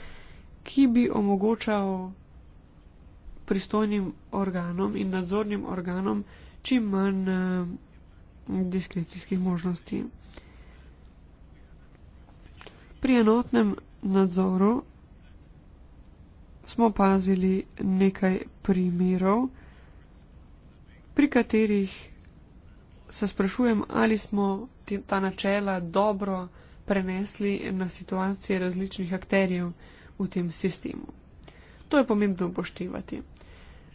Speaker 3: ki bi omogočal pristojnim organom in nadzornim organom čim manj uh, diskrecijskih možnosti. Pri enotnem nadzoru smo pazili nekaj primerov, pri katerih se sprašujem, ali smo ta načela dobro prenesli na situacije različnih akterjev v tem sistemu. To je pomembno upoštevati.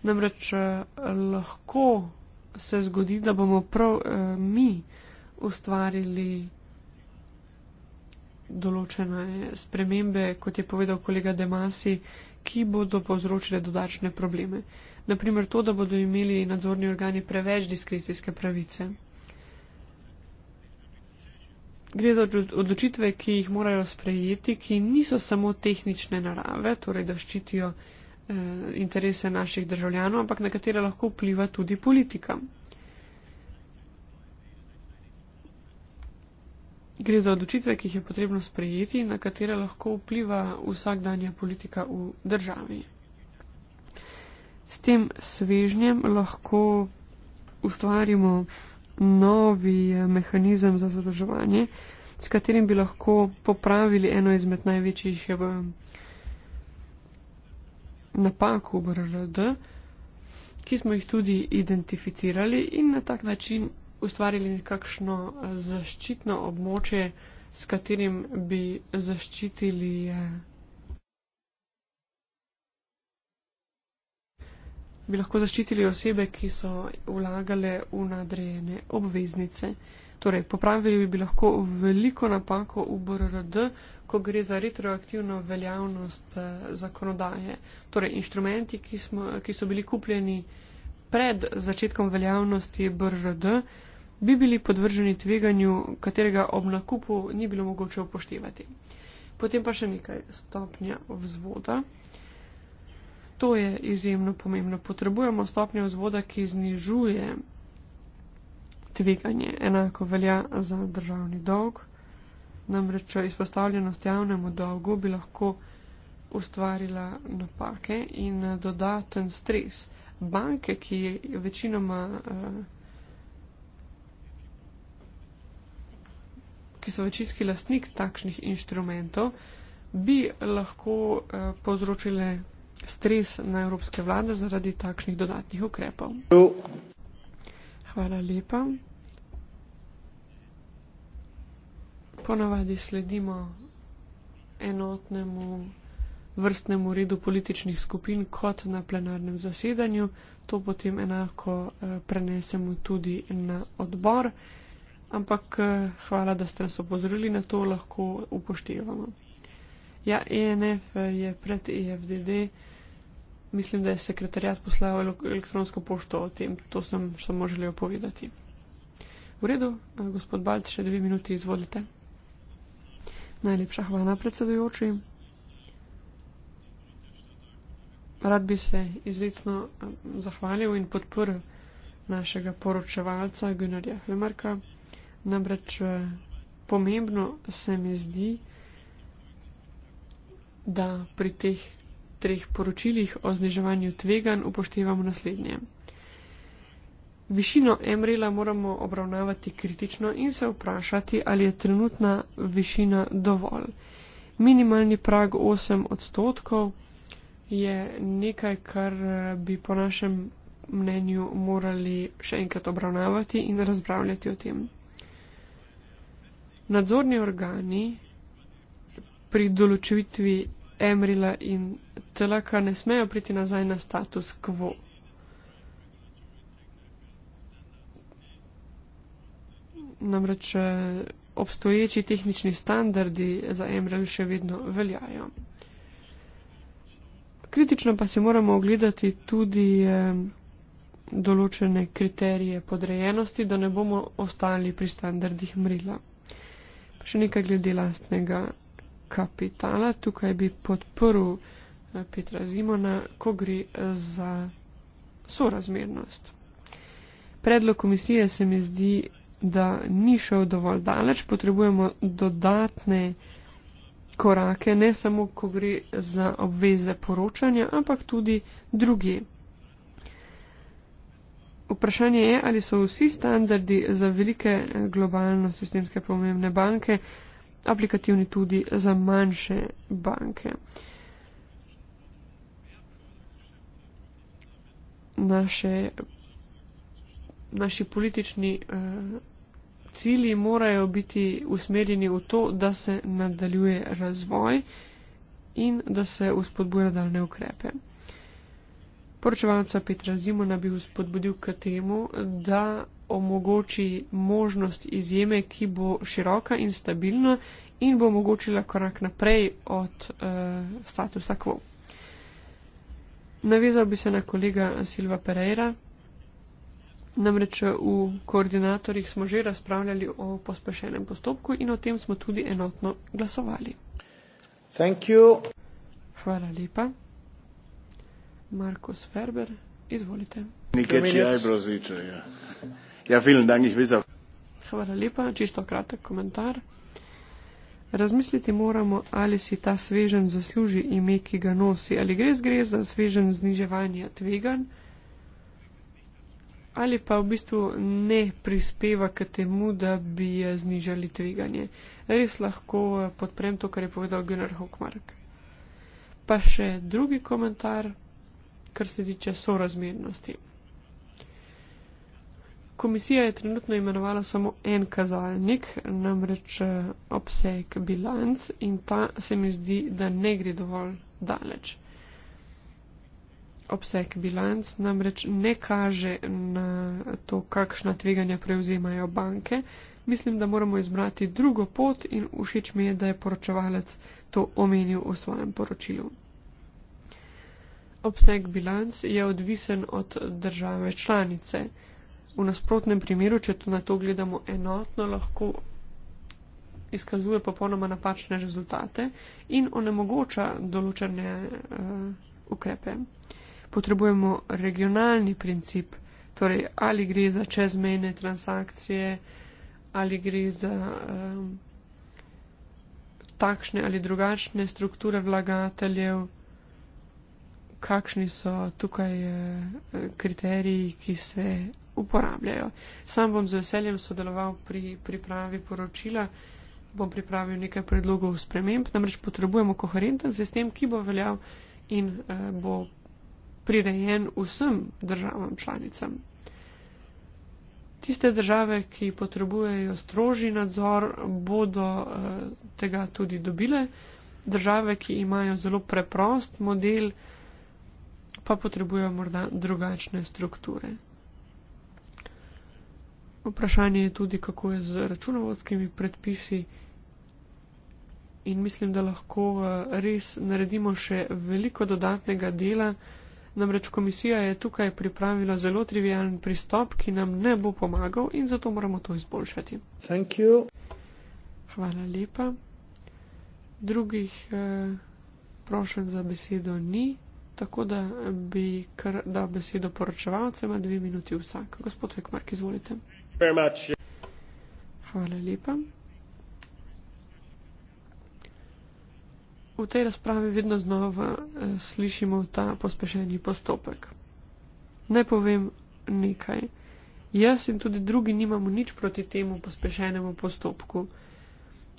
Speaker 3: Namreč eh, lahko se zgodi, da bomo prav eh, mi ustvarili določene spremembe, kot je povedal kolega Demasi, ki bodo povzročile dodačne probleme. Naprimer to, da bodo imeli nadzorni organi preveč diskrecijske pravice gre za odločitve, ki jih morajo sprejeti, ki niso samo tehnične narave, torej da ščitijo eh, interese naših državljanov, ampak na katere lahko vpliva tudi politika. Gre za odločitve, ki jih je potrebno sprejeti, na katere lahko vpliva vsakdanja politika v državi. S tem svežnjem lahko ustvarimo novi eh, mehanizem za zadrževanje, s katerim bi lahko popravili eno izmed največjih eh, napak v BRLD, ki smo jih tudi identificirali in na tak način ustvarili nekakšno eh, zaščitno območje, s katerim bi zaščitili bi lahko zaščitili osebe, ki so vlagale v nadrejene obveznice. Torej, popravili bi lahko veliko napako v BRRD, ko gre za retroaktivno veljavnost eh, zakonodaje. Torej, inštrumenti, ki, smo, ki so bili kupljeni pred začetkom veljavnosti BRRD, bi bili podvrženi tveganju, katerega ob nakupu ni bilo mogoče upoštevati. Potem pa še nekaj stopnja vzvoda. To je izjemno pomembno. Potrebujemo stopnjo vzvoda, ki znižuje tveganje. Enako velja za državni dolg. Namreč izpostavljenost javnemu dolgu bi lahko ustvarila napake in eh, dodaten stres. Banke, ki je večinoma. Eh, ki so večinski lastnik takšnih inštrumentov, bi lahko eh, povzročile stres na evropske vlade zaradi takšnih dodatnih ukrepov. Hvala lepa. Ponavadi sledimo enotnemu vrstnemu redu političnih skupin kot na plenarnem zasedanju. To potem enako eh, prenesemo tudi na odbor. Ampak eh, hvala, da ste nas opozorili na to, lahko upoštevamo. Ja, ENF je pred EFDD mislim, da je sekretarjat poslal elektronsko pošto o tem. To sem samo želel povedati. V redu, eh, gospod Balc, še dve minuti izvolite. Najlepša hvala, predsedujoči. Rad bi se izredno eh, zahvalil in podprl našega poročevalca Gunnarja Hemarka. Namreč eh, pomembno se mi zdi, da pri teh treh poročilih o zniževanju tvegan upoštevamo naslednje. Višino emrela moramo obravnavati kritično in se vprašati, ali je trenutna višina dovolj. Minimalni prag 8 odstotkov je nekaj, kar eh, bi po našem mnenju morali še enkrat obravnavati in razpravljati o tem. Nadzorni organi pri določitvi Emrila in Telaka ne smejo priti nazaj na status quo. Namreč eh, obstoječi tehnični standardi za Emril še vedno veljajo. Kritično pa si moramo ogledati tudi eh, določene kriterije podrejenosti, da ne bomo ostali pri standardih Mrila. Pa še nekaj glede lastnega kapitala. Tukaj bi podprl eh, Petra Zimona, ko gre eh, za sorazmernost. Predlog komisije se mi zdi, da ni šel dovolj daleč. Potrebujemo dodatne korake, ne samo, ko gre za obveze poročanja, ampak tudi druge. Vprašanje je, ali so vsi standardi za velike eh, globalno sistemske pomembne banke aplikativni tudi za manjše banke. Naše, naši politični eh, cilji morajo biti usmerjeni v to, da se nadaljuje razvoj in da se uspodbuja nadaljne ukrepe. Poročevalca Petra Zimona bi uspodbudil k temu, da omogoči možnost izjeme, ki bo široka in stabilna in bo omogočila korak naprej od uh, statusa quo. Navezal bi se na kolega Silva Pereira. Namreč eh, v koordinatorjih smo že razpravljali o pospešenem postopku in o tem smo tudi enotno glasovali. Hvala lepa. Marko Sferber, izvolite. Nekaj čaj
Speaker 2: brozičaja. Ja, film, da jih vizel.
Speaker 3: Hvala lepa, čisto kratek komentar. Razmisliti moramo, ali si ta svežen zasluži ime, ki ga nosi, ali gre zgre za svežen zniževanje tvegan, ali pa v bistvu ne prispeva k temu, da bi znižali tveganje. Res lahko eh, podprem to, kar je povedal Gunnar Hockmark. Pa še drugi komentar, kar se tiče sorazmernosti. Komisija je trenutno imenovala samo en kazalnik, namreč eh, obseg bilanc in ta se mi zdi, da ne gre dovolj daleč. Obseg bilanc namreč ne kaže na to, kakšna tveganja prevzemajo banke. Mislim, da moramo izbrati drugo pot in všeč mi je, da je poročevalec to omenil v svojem poročilu. Obseg bilanc je odvisen od države članice v nasprotnem primeru, če to na to gledamo enotno, lahko izkazuje popolnoma napačne rezultate in onemogoča določene uh, ukrepe. Potrebujemo regionalni princip, torej ali gre za čezmejne transakcije, ali gre za um, takšne ali drugačne strukture vlagateljev, kakšni so tukaj uh, kriteriji, ki se uporabljajo. Sam bom z veseljem sodeloval pri pripravi poročila, bom pripravil nekaj predlogov sprememb, namreč potrebujemo koherenten sistem, ki bo veljal in eh, bo prirejen vsem državam članicam. Tiste države, ki potrebujejo stroži nadzor, bodo eh, tega tudi dobile. Države, ki imajo zelo preprost model, pa potrebujejo morda drugačne strukture. Vprašanje je tudi, kako je z računovodskimi predpisi. In mislim, da lahko eh, res naredimo še veliko dodatnega dela. Namreč komisija je tukaj pripravila zelo trivijalen pristop, ki nam ne bo pomagal in zato moramo to izboljšati. Hvala lepa. Drugih eh, prošen za besedo ni, tako da bi kar dal besedo poročevalcema dve minuti vsak. Gospod Vekmark, izvolite very much. Hvala lepa. V tej razpravi vedno znova eh, slišimo ta pospešeni postopek. Ne povem nekaj. Jaz in tudi drugi nimamo nič proti temu pospešenemu postopku.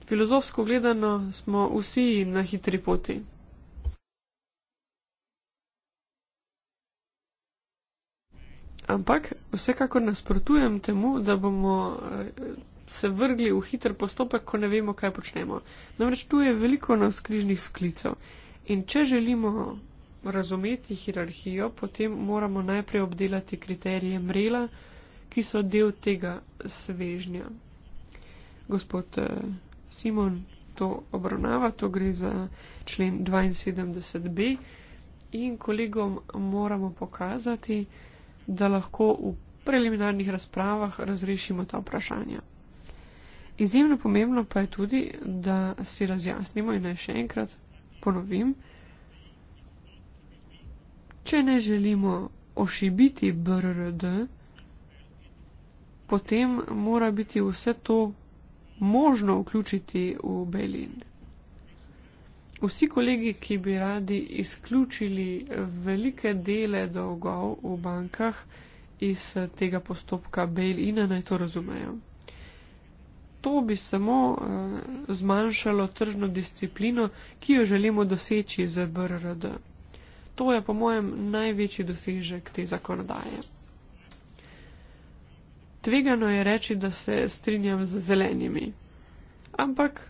Speaker 3: Filozofsko gledano smo vsi na hitri poti, ampak vsekakor nasprotujem temu, da bomo eh, se vrgli v hiter postopek, ko ne vemo, kaj počnemo. Namreč tu je veliko navskrižnih sklicev in če želimo razumeti hierarhijo, potem moramo najprej obdelati kriterije mrela, ki so del tega svežnja. Gospod eh, Simon to obravnava, to gre za člen 72b in kolegom moramo pokazati, da da lahko v preliminarnih razpravah razrešimo ta vprašanja. Izjemno pomembno pa je tudi, da si razjasnimo in naj še enkrat ponovim, če ne želimo ošibiti BRD, potem mora biti vse to možno vključiti v Belin. Vsi kolegi, ki bi radi izključili velike dele dolgov v bankah iz eh, tega postopka bail-ina, naj to razumejo. To bi samo uh, zmanjšalo tržno disciplino, ki jo želimo doseči z BRRD. To je po mojem največji dosežek te zakonodaje. Tvegano je reči, da se strinjam z zelenimi. Ampak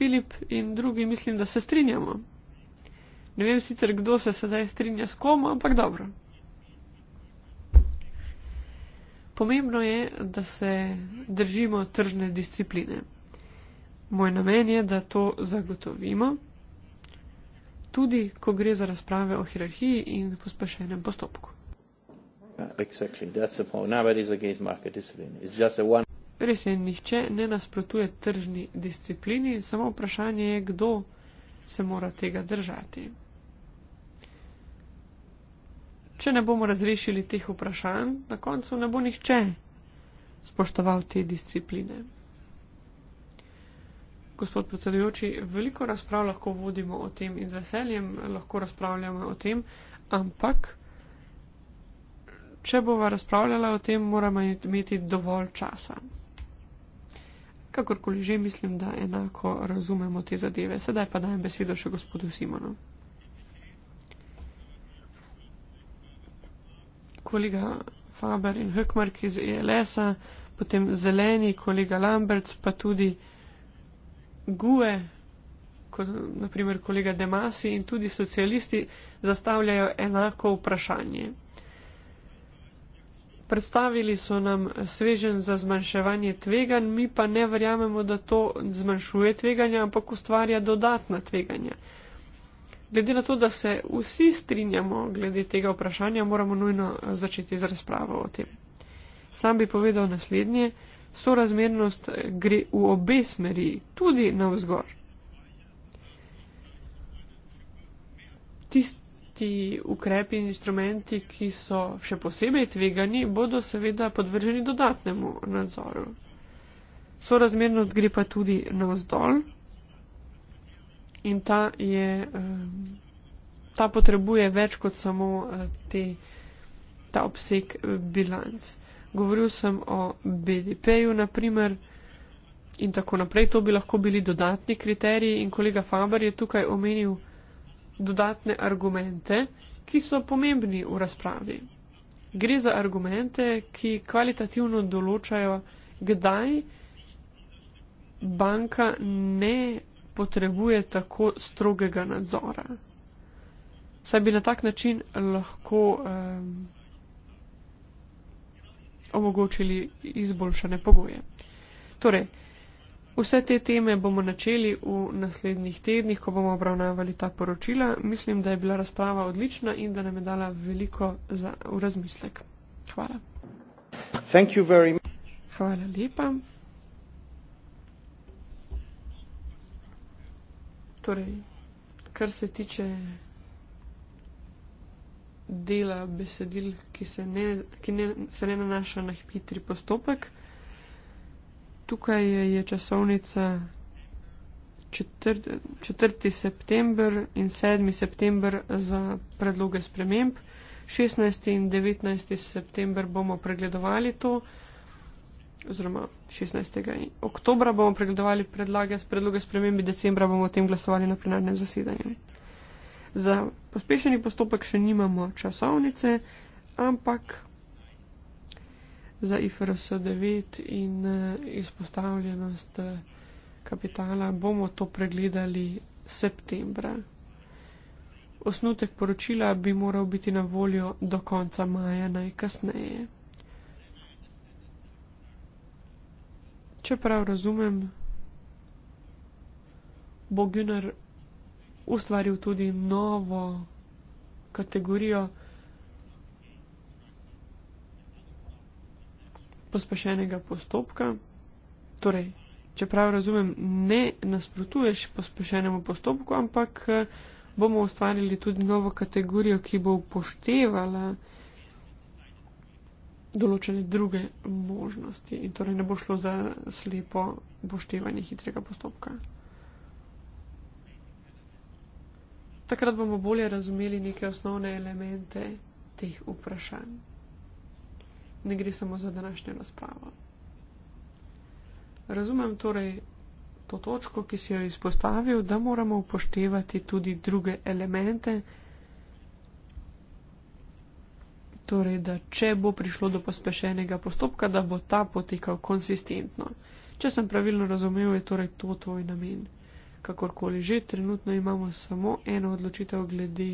Speaker 3: Filip in drugi mislim, da se strinjamo. Ne vem sicer, kdo se sedaj strinja s komu, ampak dobro. Pomembno je, da se držimo tržne discipline. Moj namen je, da to zagotovimo, tudi ko gre za razprave o hierarhiji in pospešenem postopku.
Speaker 2: Exactly.
Speaker 3: Res je, nihče ne nasprotuje tržni disciplini, samo vprašanje je, kdo se mora tega držati. Če ne bomo razrešili teh vprašanj, na koncu ne bo nihče spoštoval te discipline. Gospod predsedujoči, veliko razprav lahko vodimo o tem in z veseljem lahko razpravljamo o tem, ampak če bova razpravljala o tem, moramo imeti dovolj časa. Kakorkoli že, mislim, da enako razumemo te zadeve. Sedaj pa dajem besedo še gospodu Simonu. Kolega Faber in Hökmark iz ELS-a, potem zeleni kolega Lamberts, pa tudi GUE, kot naprimer kolega Demasi in tudi socialisti zastavljajo enako vprašanje predstavili so nam svežen za zmanjševanje tveganj, mi pa ne verjamemo, da to zmanjšuje tveganja, ampak ustvarja dodatna tveganja. Glede na to, da se vsi strinjamo glede tega vprašanja, moramo nujno začeti z razpravo o tem. Sam bi povedal naslednje, sorazmernost gre v obe smeri, tudi na vzgor. Tist, ti ukrepi in instrumenti, ki so še posebej tvegani, bodo seveda podvrženi dodatnemu nadzoru. Sorazmernost gre pa tudi navzdol in ta, je, eh, ta potrebuje več kot samo eh, te, ta obseg eh, bilanc. Govoril sem o BDP-ju naprimer in tako naprej, to bi lahko bili dodatni kriteriji in kolega Faber je tukaj omenil, dodatne argumente, ki so pomembni v razpravi. Gre za argumente, ki kvalitativno določajo, kdaj banka ne potrebuje tako strogega nadzora. Saj bi na tak način lahko um, omogočili izboljšane pogoje. Torej, Vse te teme bomo načeli v naslednjih tednih, ko bomo obravnavali ta poročila. Mislim, da je bila razprava odlična in da nam je dala veliko za, v razmislek. Hvala. Hvala lepa. Torej, kar se tiče dela besedil, ki se ne, ki ne, se ne nanaša na hitri postopek tukaj je časovnica 4. september in 7. september za predloge sprememb. 16. in 19. september bomo pregledovali to, oziroma 16. oktober bomo pregledovali predlage s predloge spremembi, decembra bomo o tem glasovali na plenarnem zasedanju. Za pospešeni postopek še nimamo časovnice, ampak za IFRS 9 in eh, izpostavljenost eh, kapitala, bomo to pregledali septembra. Osnutek poročila bi moral biti na voljo do konca maja najkasneje. Čeprav razumem, bo Günner ustvaril tudi novo kategorijo, pospešenega postopka. Torej, če prav razumem, ne nasprotuješ pospešenemu postopku, ampak eh, bomo ustvarili tudi novo kategorijo, ki bo upoštevala določene druge možnosti in torej ne bo šlo za slepo upoštevanje hitrega postopka. Takrat bomo bolje razumeli neke osnovne elemente teh vprašanj ne gre samo za današnjo razpravo. Razumem torej to točko, ki si jo izpostavil, da moramo upoštevati tudi druge elemente, torej da če bo prišlo do pospešenega postopka, da bo ta potekal konsistentno. Če sem pravilno razumel, je torej to tvoj namen. Kakorkoli že, trenutno imamo samo eno odločitev glede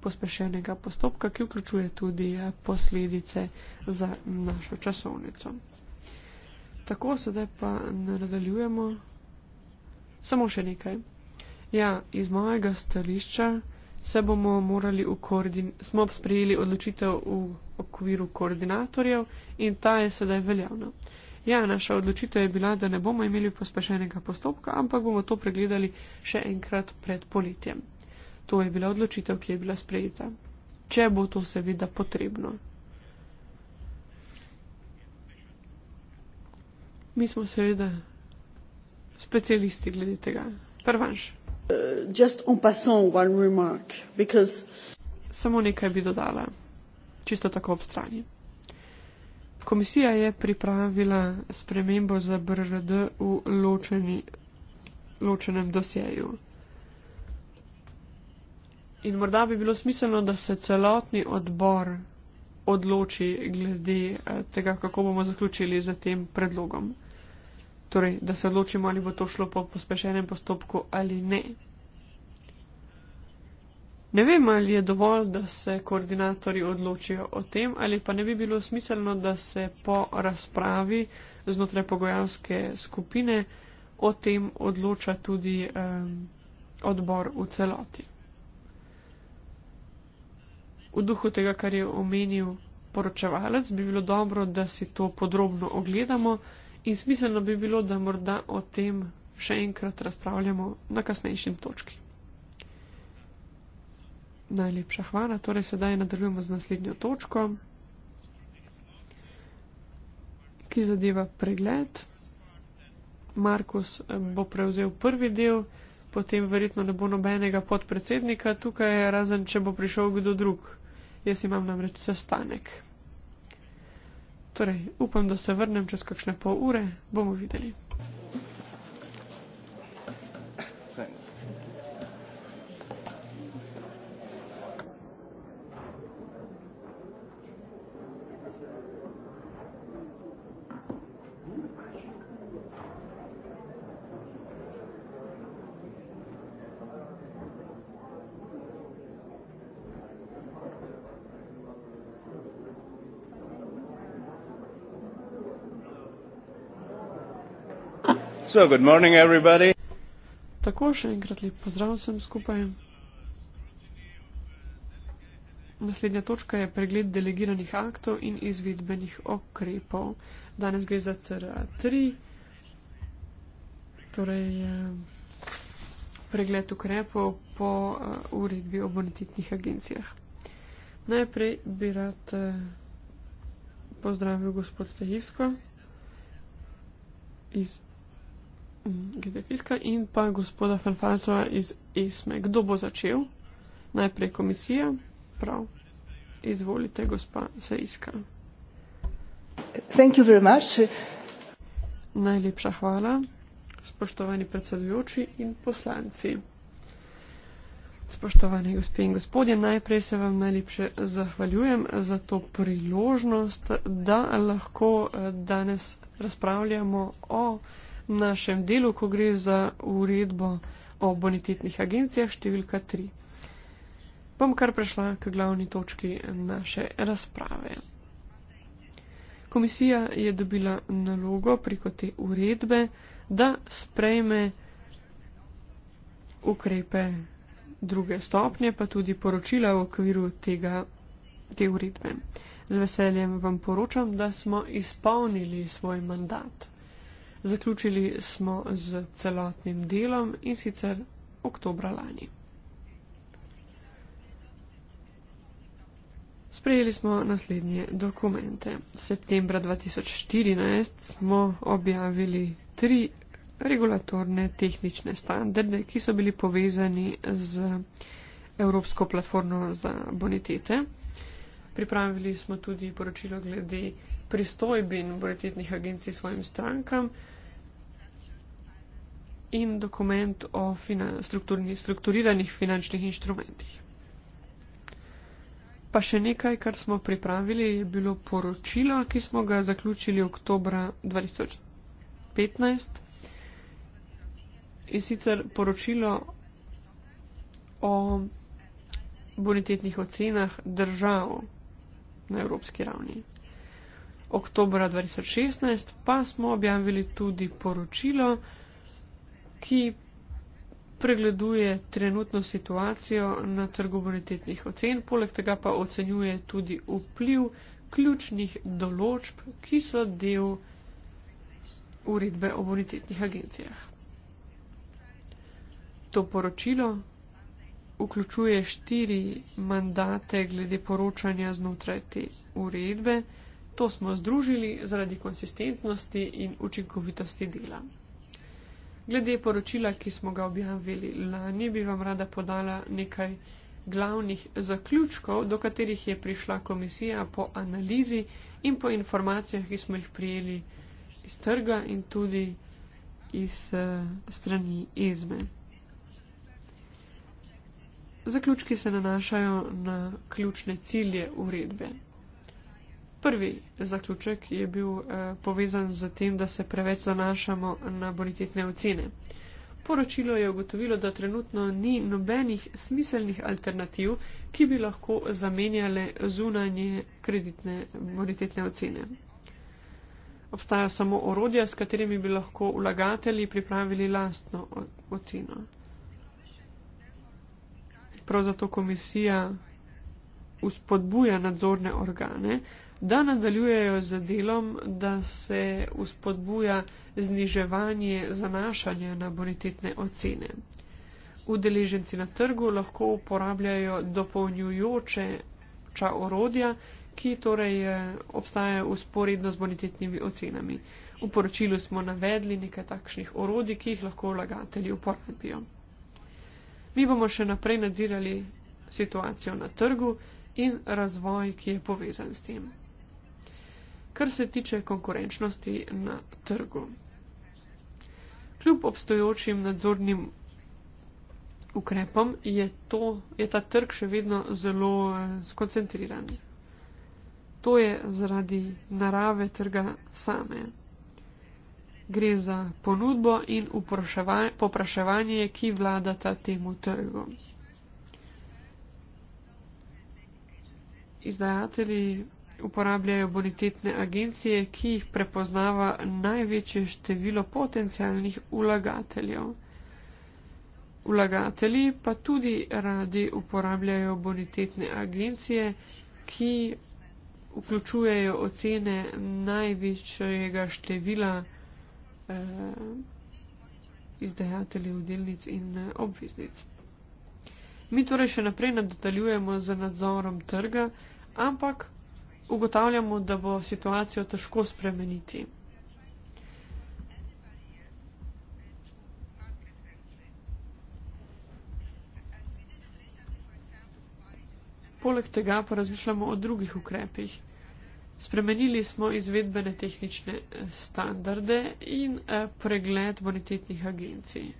Speaker 3: pospešenega postopka, ki vključuje tudi eh, posledice za našo časovnico. Tako sedaj pa nadaljujemo samo še nekaj. Ja, iz mojega stališča se bomo morali v koordinatorju, smo sprejeli odločitev v okviru koordinatorjev in ta je sedaj veljavna. Ja, naša odločitev je bila, da ne bomo imeli pospešenega postopka, ampak bomo to pregledali še enkrat pred poletjem. To je bila odločitev, ki je bila sprejeta. Če bo to seveda potrebno. Mi smo seveda specialisti glede tega. Prvanš. Uh, passant, remark, because... Samo nekaj bi dodala. Čisto tako ob strani. Komisija je pripravila spremembo za BRD v ločeni, ločenem dosjeju. In morda bi bilo smiselno, da se celotni odbor odloči glede eh, tega, kako bomo zaključili z tem predlogom. Torej, da se odločimo, ali bo to šlo po pospešenem postopku ali ne. Ne vem, ali je dovolj, da se koordinatori odločijo o tem, ali pa ne bi bilo smiselno, da se po razpravi znotraj pogojavske skupine o tem odloča tudi um, odbor v celoti v duhu tega, kar je omenil poročevalec, bi bilo dobro, da si to podrobno ogledamo in smiselno bi bilo, da morda o tem še enkrat razpravljamo na kasnejšem točki. Najlepša hvala, torej sedaj nadaljujemo z naslednjo točko, ki zadeva pregled. Markus eh, bo prevzel prvi del, potem verjetno ne bo nobenega podpredsednika tukaj, razen če bo prišel kdo drug jaz imam namreč sestanek. Torej, upam, da se vrnem čez kakšne pol ure, bomo videli.
Speaker 1: So, good
Speaker 2: morning, everybody.
Speaker 3: Tako še enkrat lep pozdrav vsem skupaj. Naslednja točka je pregled delegiranih aktov in izvedbenih okrepov. Danes gre za CRA3, torej eh, pregled ukrepov po eh, uredbi o bonitetnih agencijah. Najprej bi rad eh, pozdravil gospod Stajivsko iz glede fiska in pa gospoda Ferfazova iz ESME. Kdo bo začel? Najprej komisija. Prav. Izvolite, gospa Sejska. Najlepša hvala, spoštovani predsedujoči in poslanci. Spoštovani gospe in gospodje, najprej se vam najlepše zahvaljujem za to priložnost, da lahko eh, danes razpravljamo o našem delu, ko gre za uredbo o bonitetnih agencijah številka 3. Bom kar prešla k glavni točki naše razprave. Komisija je dobila nalogo preko te uredbe, da sprejme ukrepe druge stopnje, pa tudi poročila v okviru tega, te uredbe. Z veseljem vam poročam, da smo izpolnili svoj mandat. Zaključili smo z celotnim delom in sicer oktobra lani. Sprejeli smo naslednje dokumente. Septembra 2014 smo objavili tri regulatorne tehnične standarde, ki so bili povezani z Evropsko platformo za bonitete. Pripravili smo tudi poročilo glede pristojbin bonitetnih agencij svojim strankam in dokument o finan strukturiranih finančnih inštrumentih. Pa še nekaj, kar smo pripravili, je bilo poročilo, ki smo ga zaključili oktober 2015 in sicer poročilo o bonitetnih ocenah držav na evropski ravni. Oktober 2016 pa smo objavili tudi poročilo, ki pregleduje trenutno situacijo na trgu bonitetnih ocen, poleg tega pa ocenjuje tudi vpliv ključnih določb, ki so del uredbe o bonitetnih agencijah. To poročilo vključuje štiri mandate glede poročanja znotraj te uredbe. To smo združili zaradi konsistentnosti in učinkovitosti dela. Glede poročila, ki smo ga objavili lani, bi vam rada podala nekaj glavnih zaključkov, do katerih je prišla komisija po analizi in po informacijah, ki smo jih prijeli iz trga in tudi iz eh, strani izme. Zaključki se nanašajo na ključne cilje uredbe prvi zaključek je bil eh, povezan z tem, da se preveč zanašamo na bonitetne ocene. Poročilo je ugotovilo, da trenutno ni nobenih smiselnih alternativ, ki bi lahko zamenjale zunanje kreditne bonitetne ocene. Obstajajo samo orodja, s katerimi bi lahko vlagatelji pripravili lastno oceno. Prav zato komisija uspodbuja nadzorne organe, da nadaljujejo z delom, da se uspodbuja zniževanje zanašanja na bonitetne ocene. Udeleženci na trgu lahko uporabljajo dopolnjujoče ča orodja, ki torej eh, obstajajo usporedno z bonitetnimi ocenami. V poročilu smo navedli nekaj takšnih orodij, ki jih lahko vlagatelji uporabijo. Mi bomo še naprej nadzirali situacijo na trgu in razvoj, ki je povezan s tem kar se tiče konkurenčnosti na trgu. Kljub obstoječim nadzornim ukrepom je, to, je ta trg še vedno zelo eh, skoncentriran. To je zaradi narave trga same. Gre za ponudbo in popraševanje, ki vladata temu trgu. Izdajatelji uporabljajo bonitetne agencije, ki jih prepoznava največje število potencialnih ulagateljev. Ulagatelji pa tudi radi uporabljajo bonitetne agencije, ki vključujejo ocene največjega števila eh, izdajateljev delnic in eh, obveznic. Mi torej še naprej nadaljujemo z nadzorom trga, ampak ugotavljamo, da bo situacijo težko spremeniti. Poleg tega pa razmišljamo o drugih ukrepih. Spremenili smo izvedbene tehnične standarde in eh, pregled bonitetnih agencij.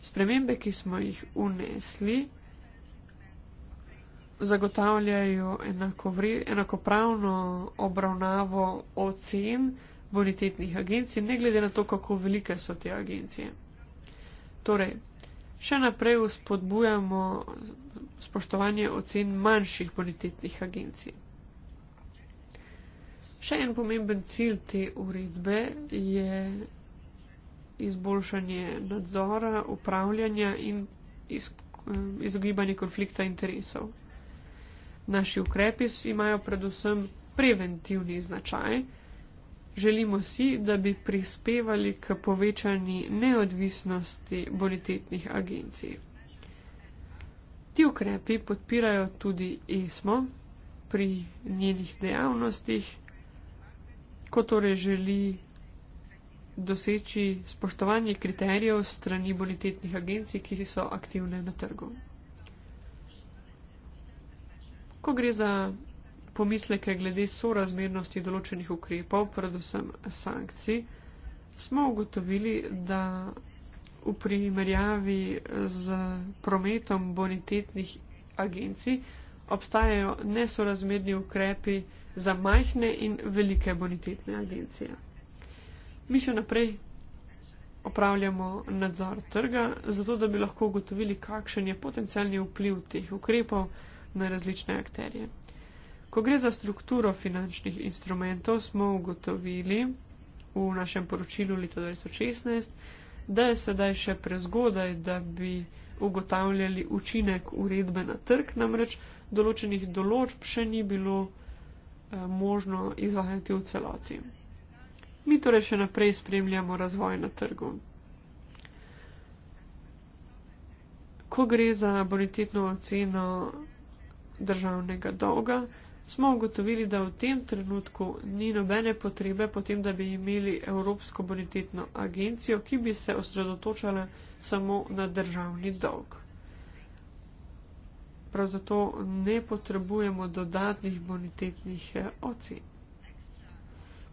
Speaker 3: Spremembe, ki smo jih unesli, zagotavljajo enakopravno obravnavo ocen bonitetnih agencij, ne glede na to, kako velike so te agencije. Torej, še naprej uspodbujamo spoštovanje ocen manjših bonitetnih agencij. Še en pomemben cilj te uredbe je izboljšanje nadzora, upravljanja in eh, izogibanje konflikta interesov. Naši ukrepi imajo predvsem preventivni značaj. Želimo si, da bi prispevali k povečani neodvisnosti bonitetnih agencij. Ti ukrepi podpirajo tudi ESMO pri njenih dejavnostih, ko torej želi doseči spoštovanje kriterijev strani bonitetnih agencij, ki so aktivne na trgu ko gre za pomisleke glede sorazmernosti določenih ukrepov, predvsem sankcij, smo ugotovili, da v primerjavi z prometom bonitetnih agencij obstajajo nesorazmerni ukrepi za majhne in velike bonitetne agencije. Mi še naprej opravljamo nadzor trga, zato da bi lahko ugotovili, kakšen je potencijalni vpliv teh ukrepov na različne akterje. Ko gre za strukturo finančnih instrumentov, smo ugotovili v našem poročilu leta 2016, da je sedaj še prezgodaj, da bi ugotavljali učinek uredbe na trg, namreč določenih določb še ni bilo eh, možno izvajati v celoti. Mi torej še naprej spremljamo razvoj na trgu. Ko gre za bonitetno oceno državnega dolga, smo ugotovili, da v tem trenutku ni nobene potrebe potem, da bi imeli Evropsko bonitetno agencijo, ki bi se osredotočala samo na državni dolg. Prav zato ne potrebujemo dodatnih bonitetnih eh, ocen.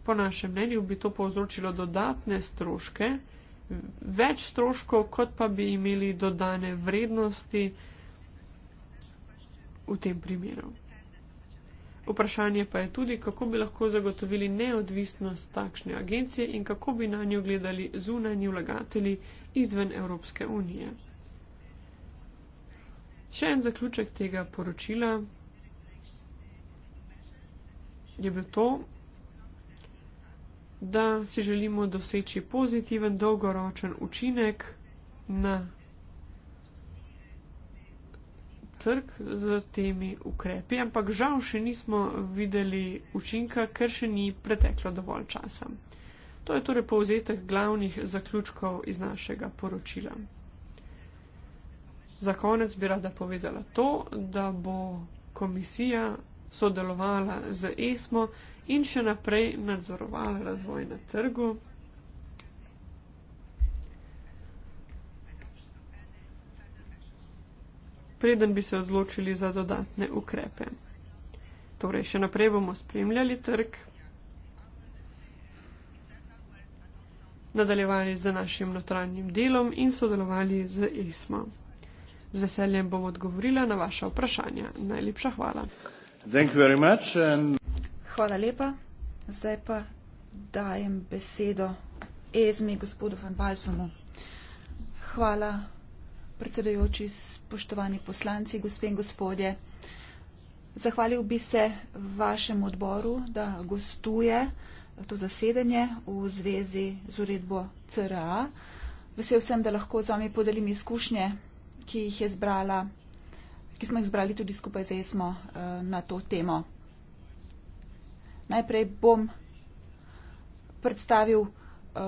Speaker 3: Po našem mnenju bi to povzročilo dodatne stroške, več stroškov, kot pa bi imeli dodane vrednosti, v tem primeru. Vprašanje pa je tudi, kako bi lahko zagotovili neodvisnost takšne agencije in kako bi na njo gledali zunanji vlagatelji izven Evropske unije. Še en zaključek tega poročila je bil to, da si želimo doseči pozitiven dolgoročen učinek na trg z temi ukrepi, ampak žal še nismo videli učinka, ker še ni preteklo dovolj časa. To je torej povzetek glavnih zaključkov iz našega poročila. Za konec bi rada povedala to, da bo komisija sodelovala z ESMO in še naprej nadzorovala razvoj na trgu. preden bi se odločili za dodatne ukrepe. Torej, še naprej bomo spremljali trg, nadaljevali z našim notranjim delom in sodelovali z ESMO. Z veseljem bom odgovorila na
Speaker 1: vaše vprašanja. Najlepša hvala.
Speaker 2: And...
Speaker 1: Hvala lepa. Zdaj pa dajem besedo ESMI gospodu Van Balsomu. Hvala predsedojoči, spoštovani poslanci, gospe in gospodje. Zahvalil bi se vašem odboru, da gostuje to zasedanje v zvezi z uredbo CRA. Vesel sem, da lahko z vami podelim izkušnje, ki jih je zbrala, ki smo jih zbrali tudi skupaj z ESMO eh, na to temo. Najprej bom predstavil eh,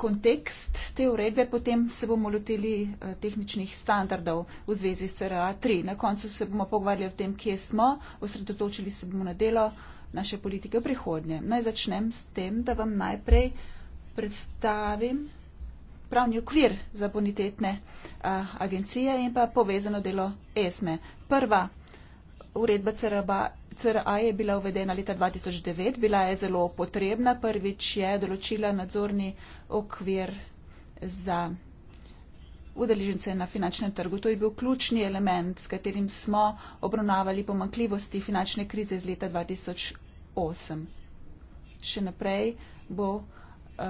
Speaker 1: kontekst te uredbe, potem se bomo lotili eh, tehničnih standardov v zvezi s CRA3. Na koncu se bomo pogovarjali o tem, kje smo, osredotočili se bomo na delo naše politike v prihodnje. Naj začnem s tem, da vam najprej predstavim pravni okvir za bonitetne eh, agencije in pa povezano delo ESME. E. Prva Uredba CRB, CRA je bila uvedena leta 2009, bila je zelo potrebna. Prvič je določila nadzorni okvir za udeležence na finančnem trgu. To je bil ključni element, s katerim smo obravnavali pomankljivosti finančne krize iz leta 2008. Še naprej bo uh,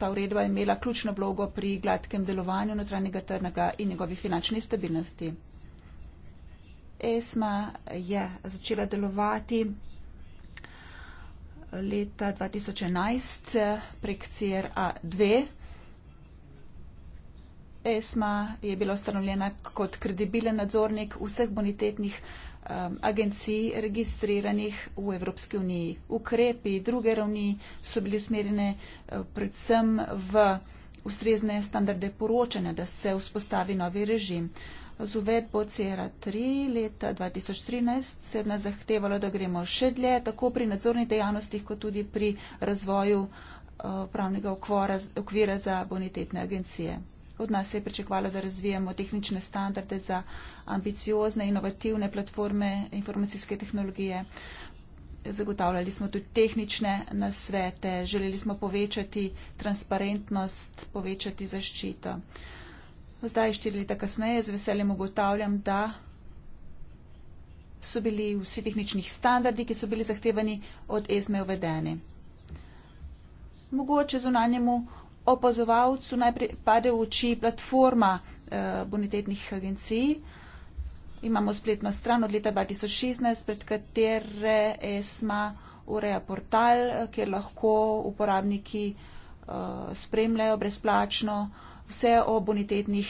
Speaker 1: ta uredba imela ključno vlogo pri gladkem delovanju notranjega trga in njegovi finančni stabilnosti. ESMA je začela delovati leta 2011 prek CRA2. ESMA je bila ustanovljena kot kredibilen nadzornik vseh bonitetnih um, agencij registriranih v Evropski uniji. Ukrepi druge ravni so bili usmerjene uh, predvsem v ustrezne standarde poročanja, da se vzpostavi novi režim. Uh, Z uvedbo CR3 leta 2013 se je nas zahtevalo, da gremo še dlje, tako pri nadzornih dejavnostih, kot tudi pri razvoju eh, pravnega okvora, okvira za bonitetne agencije. Od nas se je pričakvalo, da razvijemo tehnične standarde za ambiciozne, inovativne platforme informacijske tehnologije. Zagotavljali smo tudi tehnične nasvete, želeli smo povečati transparentnost, povečati zaščito. Uh, zdaj, štiri leta kasneje, z veseljem ugotavljam, da so bili vsi tehničnih standardi, ki so bili zahtevani od ESME uvedeni. Mogoče zunanjemu opazovalcu najprej pade v oči platforma eh, bonitetnih agencij. Imamo spletno stran od leta 2016, pred katere ESMA ureja portal, eh, kjer lahko uporabniki eh, spremljajo brezplačno uh, vse o bonitetnih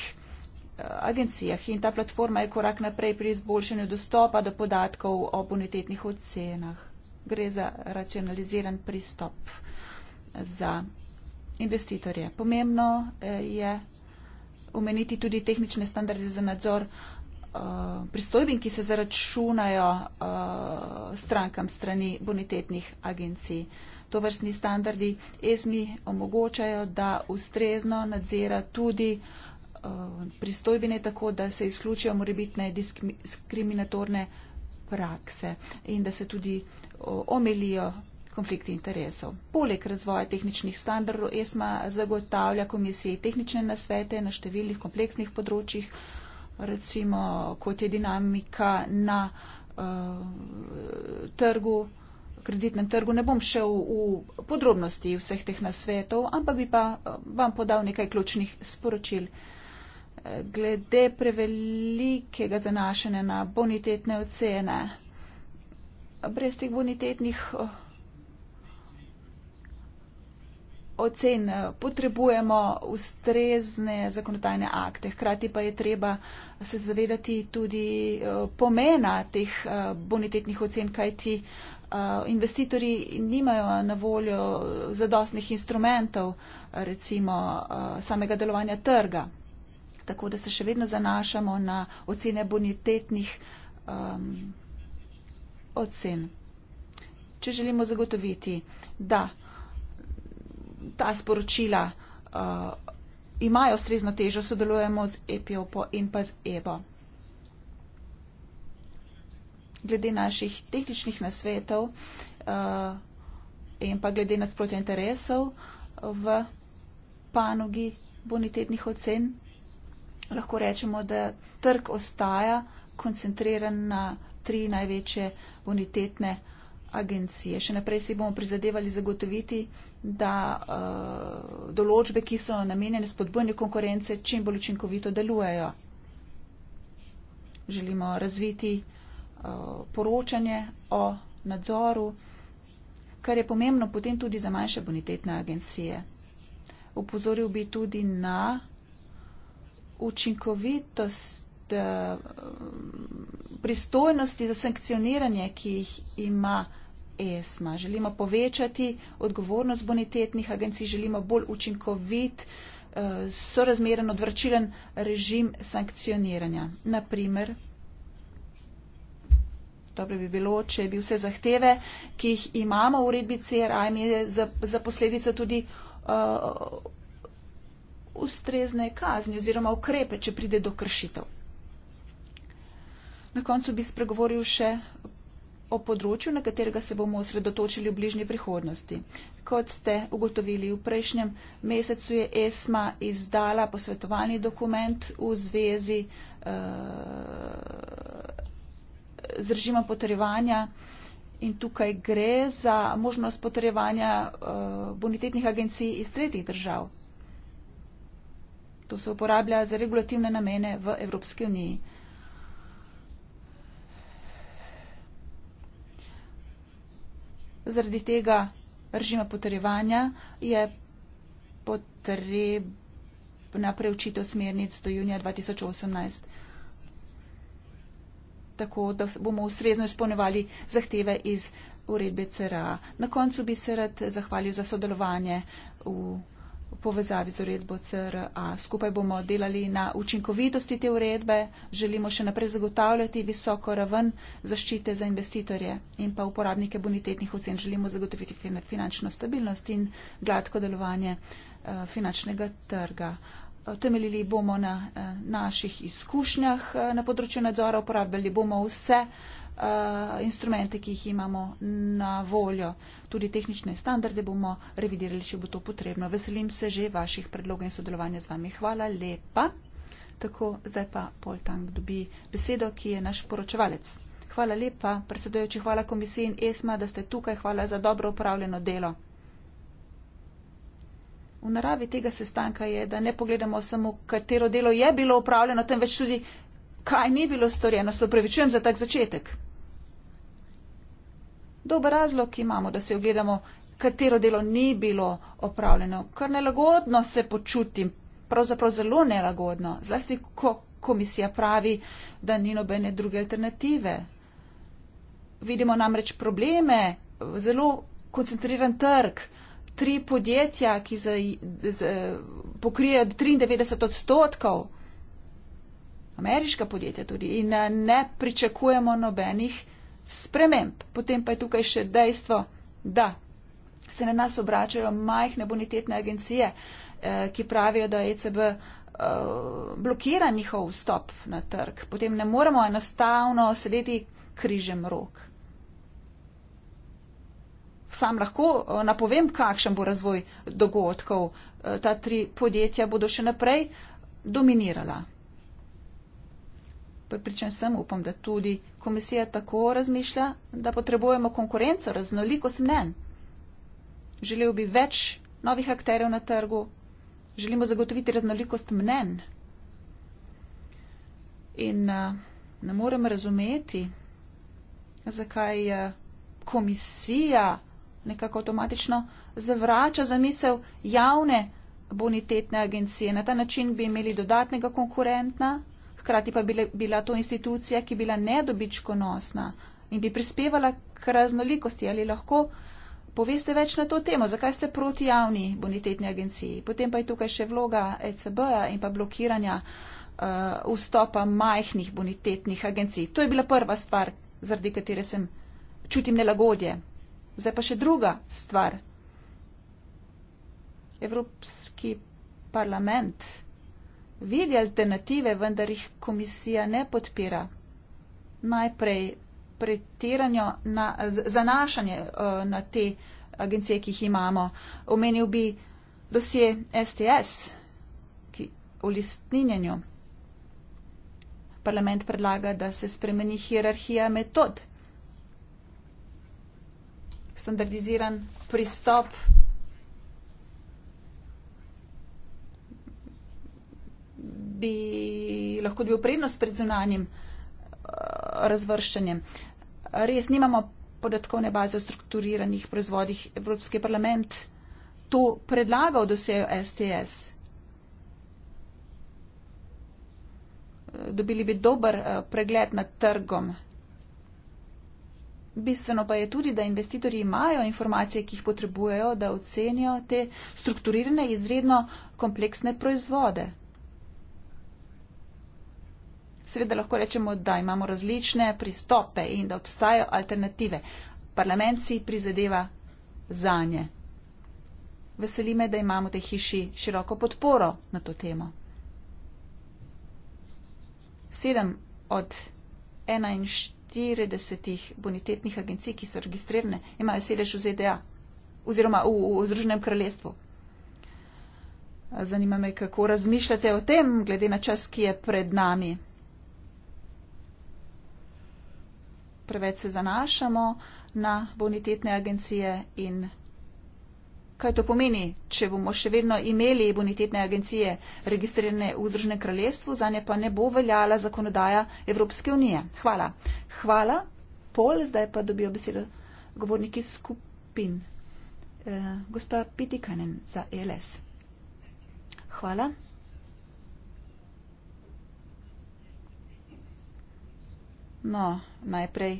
Speaker 1: eh, agencijah. In ta platforma je korak naprej pri izboljšanju dostopa do podatkov o bonitetnih ocenah. Gre za racionaliziran pristop eh, za investitorje. Pomembno eh, je omeniti tudi tehnične standarde za nadzor pristojbin, ki se zaračunajo strankam strani bonitetnih agencij. To vrstni standardi ESMI omogočajo, da ustrezno nadzira tudi uh, pristojbine, tako da se izključijo morebitne diskriminatorne prakse in da se tudi omilijo konflikti interesov. Poleg razvoja tehničnih standardov ESMA zagotavlja komisiji tehnične nasvete na številnih kompleksnih področjih, recimo kot je dinamika na uh, trgu kreditnem trgu. Ne bom šel v podrobnosti vseh teh nasvetov, ampak bi pa eh, vam podal nekaj ključnih sporočil. Eh, glede prevelikega zanašanja na bonitetne ocene, brez teh bonitetnih eh, ocen potrebujemo ustrezne zakonodajne akte. Hkrati pa je treba se zavedati tudi pomena teh bonitetnih ocen, kajti investitorji nimajo na voljo zadostnih instrumentov, recimo samega delovanja trga. Tako da se še vedno zanašamo na ocene bonitetnih um, ocen. Če želimo zagotoviti, da ta sporočila uh, imajo strezno težo, sodelujemo z EPO in pa z EBO glede naših tehničnih nasvetov eh, in pa glede nasprotja interesov v panogi bonitetnih ocen. Lahko rečemo, da trg ostaja koncentriran na tri največje bonitetne agencije. Še naprej si bomo prizadevali zagotoviti, da uh, določbe, ki so namenjene spodbojni konkurence, čim bolj učinkovito delujejo. Želimo razviti Eh, poročanje o nadzoru, kar je pomembno potem tudi za manjše bonitetne agencije. Upozoril bi tudi na učinkovitost eh, pristojnosti za sankcioniranje, ki jih ima ESMA. Želimo povečati odgovornost bonitetnih agencij, želimo bolj učinkovit, eh, sorazmeren, odvračilen režim sankcioniranja. Naprimer, dobro bi bilo, če bi vse zahteve, ki jih imamo v uredbi CRA, imeli za, za posledico tudi uh, ustrezne kazni oziroma ukrepe, če pride do kršitev. Na koncu bi spregovoril še o področju, na katerega se bomo osredotočili v bližnji prihodnosti. Kot ste ugotovili, v prejšnjem mesecu je ESMA izdala posvetovalni dokument v zvezi uh, z režimom potrjevanja. In tukaj gre za možnost potrjevanja eh, bonitetnih agencij iz tretjih držav. To se uporablja za regulativne namene v Evropski uniji. Zaradi tega režima potrjevanja je potrebna preučitev smernic do junija 2018 tako, da bomo ustrezno izpolnevali zahteve iz uredbe CRA. Na koncu bi se rad zahvalil za sodelovanje v povezavi z uredbo CRA. Skupaj bomo delali na učinkovitosti te uredbe, želimo še naprej zagotavljati visoko raven zaščite za investitorje in pa uporabnike bonitetnih ocen. Želimo zagotoviti finančno stabilnost in gladko delovanje eh, finančnega trga temeljili bomo na eh, naših izkušnjah eh, na področju nadzora, uporabljali bomo vse eh, instrumente, ki jih imamo na voljo. Tudi tehnične standarde bomo revidirali, če bo to potrebno. Veselim se že vaših predlogov in sodelovanja z vami. Hvala lepa. Tako, zdaj pa Pol Tang dobi besedo, ki je naš poročevalec. Hvala lepa, predsedujoči, hvala komisiji in ESMA, da ste tukaj. Hvala za dobro upravljeno delo v naravi tega sestanka je, da ne pogledamo samo, katero delo je bilo upravljeno, temveč tudi, kaj ni bilo storjeno. Se upravičujem za tak začetek. Dober razlog imamo, da se ogledamo, katero delo ni bilo opravljeno. Kar nelagodno se počutim, pravzaprav zelo nelagodno, zlasti ko komisija pravi, da ni nobene druge alternative. Vidimo namreč probleme, zelo koncentriran trg, tri podjetja, ki z, z, pokrijejo 93 odstotkov ameriška podjetja tudi in eh, ne pričakujemo nobenih sprememb. Potem pa je tukaj še dejstvo, da se na nas obračajo majhne bonitetne agencije, eh, ki pravijo, da ECB e eh, blokira njihov vstop na trg. Potem ne moremo enostavno sedeti križem rok sam lahko eh, napovem, kakšen bo razvoj dogodkov. Eh, ta tri podjetja bodo še naprej dominirala. Pripričan sem, upam, da tudi komisija tako razmišlja, da potrebujemo konkurenco, raznolikost mnen. Želel bi več novih akterjev na trgu, želimo zagotoviti raznolikost mnen. In eh, ne morem razumeti, zakaj komisija nekako avtomatično zavrača zamisel javne bonitetne agencije. Na ta način bi imeli dodatnega konkurenta, hkrati pa bi bila to institucija, ki bi bila nedobičkonosna in bi prispevala k raznolikosti. Ali lahko poveste več na to temo, zakaj ste proti javni bonitetni agenciji? Potem pa je tukaj še vloga ECB-ja in pa blokiranja uh, vstopa majhnih bonitetnih agencij. To je bila prva stvar, zaradi katere sem čutim nelagodje. Zdaj pa še druga stvar. Evropski parlament vidi alternative, vendar jih komisija ne podpira. Najprej pretiranjo na, zanašanje eh, na te agencije, ki jih imamo. Omenil bi dosje STS ki, o listninjenju. Parlament predlaga, da se spremeni hierarhija metod standardiziran pristop bi lahko bil prednost pred zunanjim eh, razvrščanjem. Res nimamo podatkovne baze o strukturiranih proizvodih. Evropski parlament to predlaga v dosejo STS. Dobili bi dober eh, pregled nad trgom. Bistveno pa je tudi, da investitorji imajo informacije, ki jih potrebujejo, da ocenijo te strukturirane, izredno kompleksne proizvode. Seveda lahko rečemo, da imamo različne pristope in da obstajajo alternative. Parlament si prizadeva za nje. Veseli me, da imamo v tej hiši široko podporo na to temo. Sedem od 41. 40 bonitetnih agencij, ki so registrirane, imajo sedež v ZDA oziroma v, v, v Združenem kraljestvu. Zanima me, kako razmišljate o tem, glede na čas, ki je pred nami. Preveč se zanašamo na bonitetne agencije in kaj to pomeni, če bomo še vedno imeli bonitetne agencije registrirane v Združenem kraljestvu, za nje pa ne bo veljala zakonodaja Evropske unije. Hvala. Hvala. Pol, zdaj pa dobijo besedo govorniki skupin. E, gospa Pitikanen za ELS. Hvala. No, najprej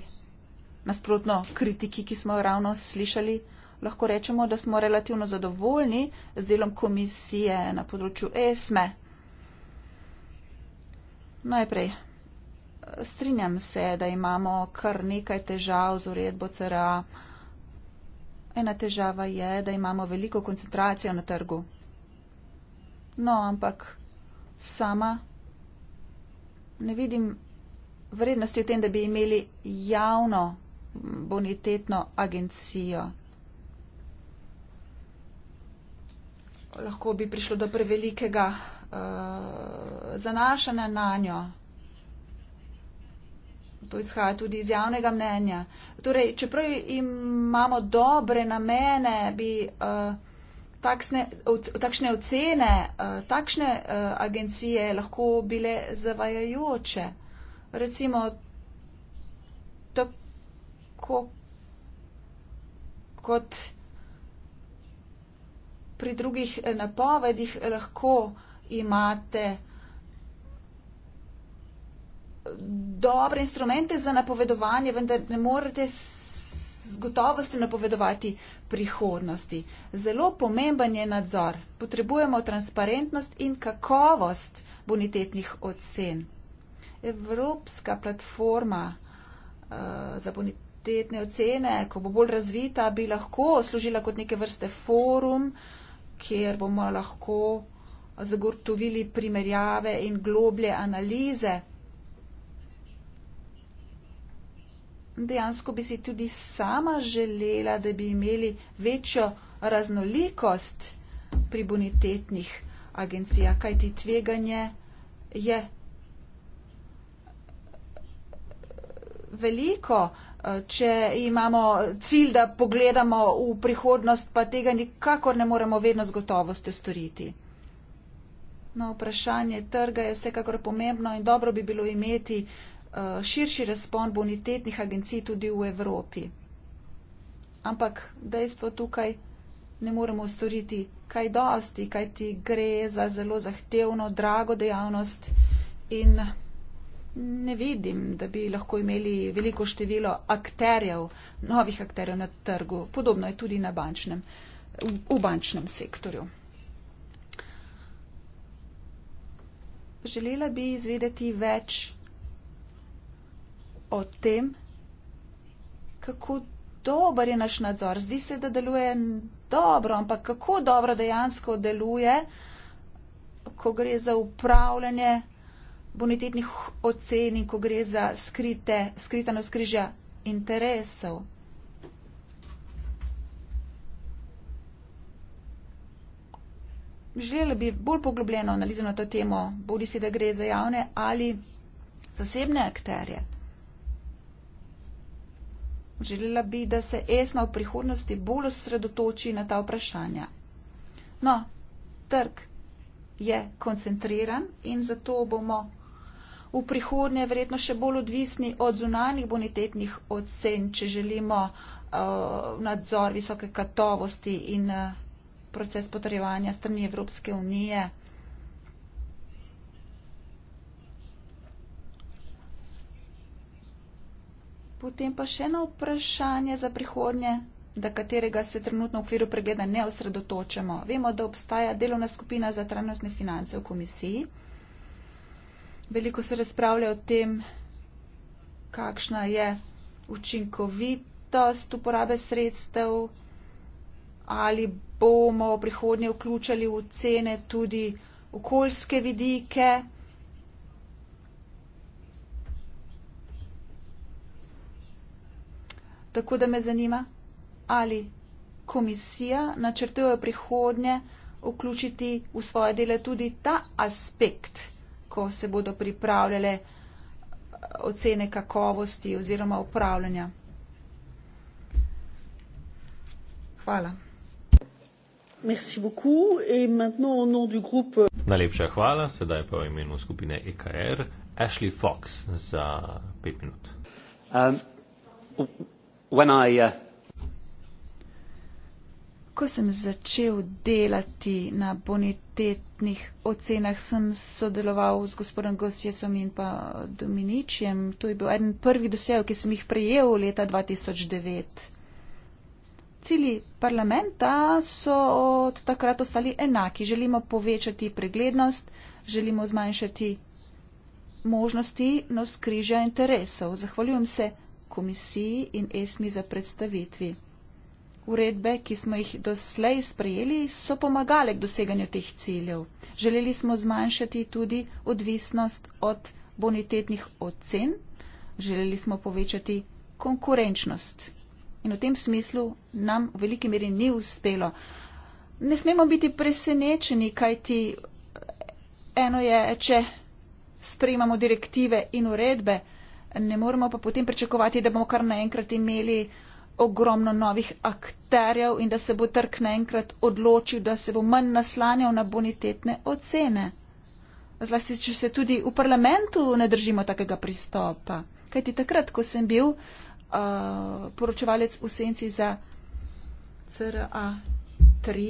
Speaker 1: nasprotno kritiki, ki smo ravno slišali lahko rečemo, da smo relativno zadovoljni z delom komisije na področju ESME. Najprej, strinjam se, da imamo kar nekaj težav z uredbo CRA. Ena težava je, da imamo veliko koncentracijo na trgu. No, ampak sama ne vidim vrednosti v tem, da bi imeli javno bonitetno agencijo. lahko bi prišlo do prevelikega uh, zanašanja na njo. To izhaja tudi iz javnega mnenja. Torej, čeprav imamo dobre namene, bi uh, taksne, o, takšne ocene, uh, takšne uh, agencije lahko bile zavajajoče. Recimo, tako kot pri drugih eh, napovedih lahko imate eh, dobre instrumente za napovedovanje, vendar ne morete z gotovostjo napovedovati prihodnosti. Zelo pomemben je nadzor. Potrebujemo transparentnost in kakovost bonitetnih ocen. Evropska platforma uh, za bonitetne ocene, ko bo bolj razvita, bi lahko služila kot neke vrste forum. Uh, kjer bomo lahko zagotovili primerjave in globlje analize. Dejansko bi si tudi sama želela, da bi imeli večjo raznolikost pri bonitetnih agencijah, kajti tveganje je veliko. Če imamo cilj, da pogledamo v prihodnost, pa tega nikakor ne moremo vedno z gotovostjo storiti. No, vprašanje trga je vsekakor pomembno in dobro bi bilo imeti eh, širši razpon bonitetnih agencij tudi v Evropi. Ampak dejstvo tukaj ne moremo storiti kaj dosti, kaj ti gre za zelo zahtevno, drago dejavnost in ne vidim, da bi lahko imeli veliko število akterjev, novih akterjev na trgu. Podobno je tudi bančnem, v, v bančnem sektorju. Želela bi izvedeti več o tem, kako dober je naš nadzor. Zdi se, da deluje dobro, ampak kako dobro dejansko deluje, ko gre za upravljanje bonitetnih ocen in ko gre za skrite, skrita naskrižja interesov. Želela bi bolj poglobljeno analizo na to temo, bodi si, da gre za javne ali zasebne akterje. Želela bi, da se ESNA v prihodnosti bolj osredotoči na ta vprašanja. No, trg je koncentriran in zato bomo v prihodnje verjetno še bolj odvisni od zunanjih bonitetnih ocen, če želimo eh, nadzor visoke kakovosti in eh, proces potrjevanja strani Evropske unije. Potem pa še eno vprašanje za prihodnje, da katerega se trenutno v okviru pregleda ne osredotočamo. Vemo, da obstaja delovna skupina za trajnostne finance v komisiji. Veliko se razpravlja o tem, kakšna je učinkovitost uporabe sredstev, ali bomo v prihodnje vključali v cene tudi okoljske vidike. Tako da me zanima, ali komisija načrtuje v prihodnje vključiti v svoje dele tudi ta aspekt ko se bodo pripravljale eh, ocene kakovosti oziroma upravljanja. Hvala.
Speaker 3: Merci beaucoup et maintenant au nom du groupe.
Speaker 2: Najlepša hvala, sedaj pa v imenu skupine EKR, Ashley Fox za pet minut. Um, when I, uh...
Speaker 1: Ko sem začel delati na bonitetu, letnih ocenah sem sodeloval z gospodom Gosjesom in pa Dominičjem. To je bil eden prvih dosev, ki sem jih prejel leta 2009. Cili parlamenta so od takrat ostali enaki. Želimo povečati preglednost, želimo zmanjšati možnosti nos križa interesov. Zahvaljujem se komisiji in esmi za predstavitvi. Uredbe, ki smo jih doslej sprejeli, so pomagale k doseganju teh ciljev. Želeli smo zmanjšati tudi odvisnost od bonitetnih ocen, želeli smo povečati konkurenčnost. In v tem smislu nam v veliki meri ni uspelo. Ne smemo biti presenečeni, kajti eno je, če sprejemamo direktive in uredbe, ne moremo pa potem pričakovati, da bomo kar naenkrat imeli ogromno novih akterjev in da se bo trg naenkrat odločil, da se bo manj naslanjal na bonitetne ocene. Zlasti, če se tudi v parlamentu ne držimo takega pristopa. Kaj ti takrat, ko sem bil uh, poročevalec v senci za CRA3,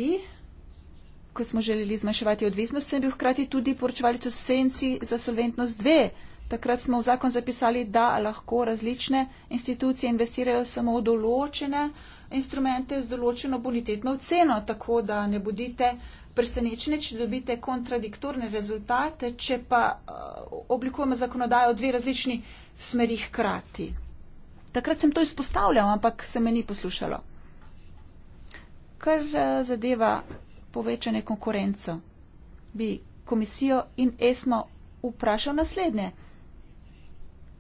Speaker 1: ko smo želeli zmanjševati odvisnost, sem bil hkrati tudi poročevalec v senci za solventnost 2. Takrat smo v zakon zapisali, da lahko različne institucije investirajo samo v določene instrumente z določeno bonitetno ceno, tako da ne bodite presenečeni, če dobite kontradiktorne rezultate, če pa eh, oblikujemo zakonodajo v dve različni smeri hkrati. Takrat sem to izpostavljal, ampak se me ni poslušalo. Kar eh, zadeva povečanje konkurenco, bi komisijo in ESMO vprašal naslednje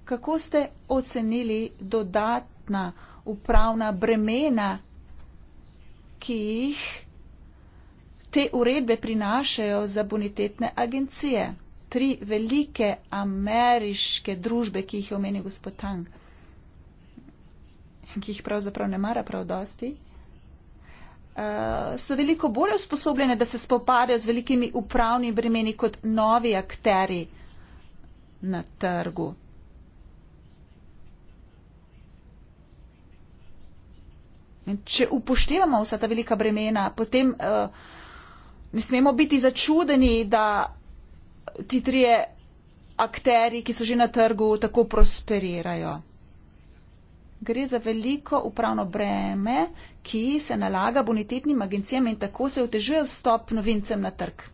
Speaker 1: kako ste ocenili dodatna upravna bremena, ki jih te uredbe prinašajo za bonitetne agencije? Tri velike ameriške družbe, ki jih je omenil gospod Tang, ki jih pravzaprav ne mara prav dosti, eh, so veliko bolj usposobljene, da se spopadajo z velikimi upravnimi bremeni kot novi akteri na trgu. In če upoštevamo vsa ta velika bremena, potem uh, ne smemo biti začudeni, da ti trije akteri, ki so že na trgu, tako prosperirajo. Gre za veliko upravno breme, ki se nalaga bonitetnim agencijam in tako se otežuje vstop novincem na trg.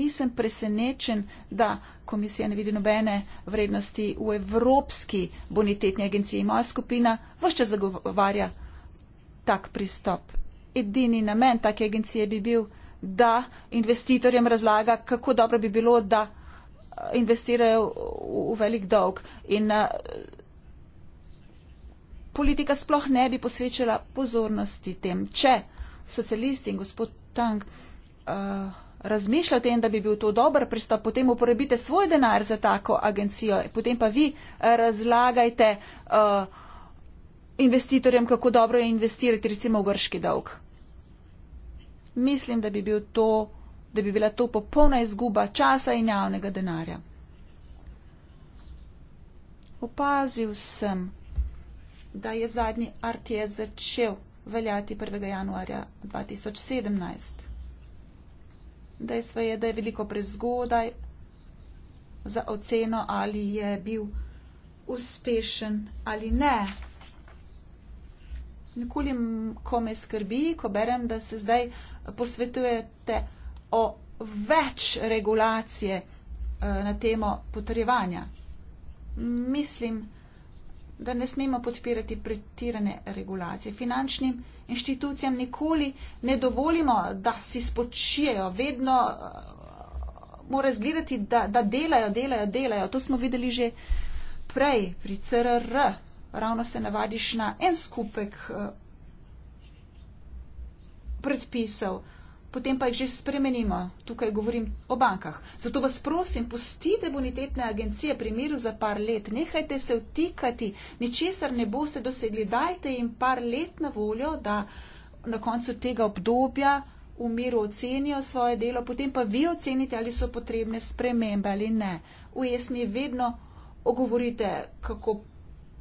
Speaker 1: Nisem presenečen, da komisija ne vidi nobene vrednosti v Evropski bonitetni agenciji. Moja skupina vse čas zagovarja tak pristop. Edini namen take agencije bi bil, da investitorjem razlaga, kako dobro bi bilo, da eh, investirajo v velik dolg. In eh, politika sploh ne bi posvečala pozornosti tem. Če socialisti in gospod Tang uh, eh, razmišljajo o tem, da bi bil to dober pristop, potem uporabite svoj denar za tako agencijo, potem pa vi razlagajte. Uh, investitorjem, kako dobro je investirati recimo v grški dolg. Mislim, da bi, bil to, da bi bila to popolna izguba časa in javnega denarja. Opazil sem, da je zadnji RTS začel veljati 1. januarja 2017. Dejstvo je, da je veliko prezgodaj za oceno, ali je bil uspešen ali ne nikoli, ko me skrbi, ko berem, da se zdaj posvetujete o več regulacije eh, na temo potrjevanja. Mislim, da ne smemo podpirati pretirane regulacije. Finančnim inštitucijam nikoli ne dovolimo, da si spočijejo. Vedno eh, mora zgledati, da, da delajo, delajo, delajo. To smo videli že prej pri CRR ravno se navadiš na en skupek eh, predpisov, potem pa jih že spremenimo. Tukaj govorim o bankah. Zato vas prosim, pustite bonitetne agencije pri miru za par let, nehajte se vtikati, ničesar ne boste dosegli, dajte jim par let na voljo, da na koncu tega obdobja v miru ocenijo svoje delo, potem pa vi ocenite, ali so potrebne spremembe ali ne. V jesni vedno ogovorite, kako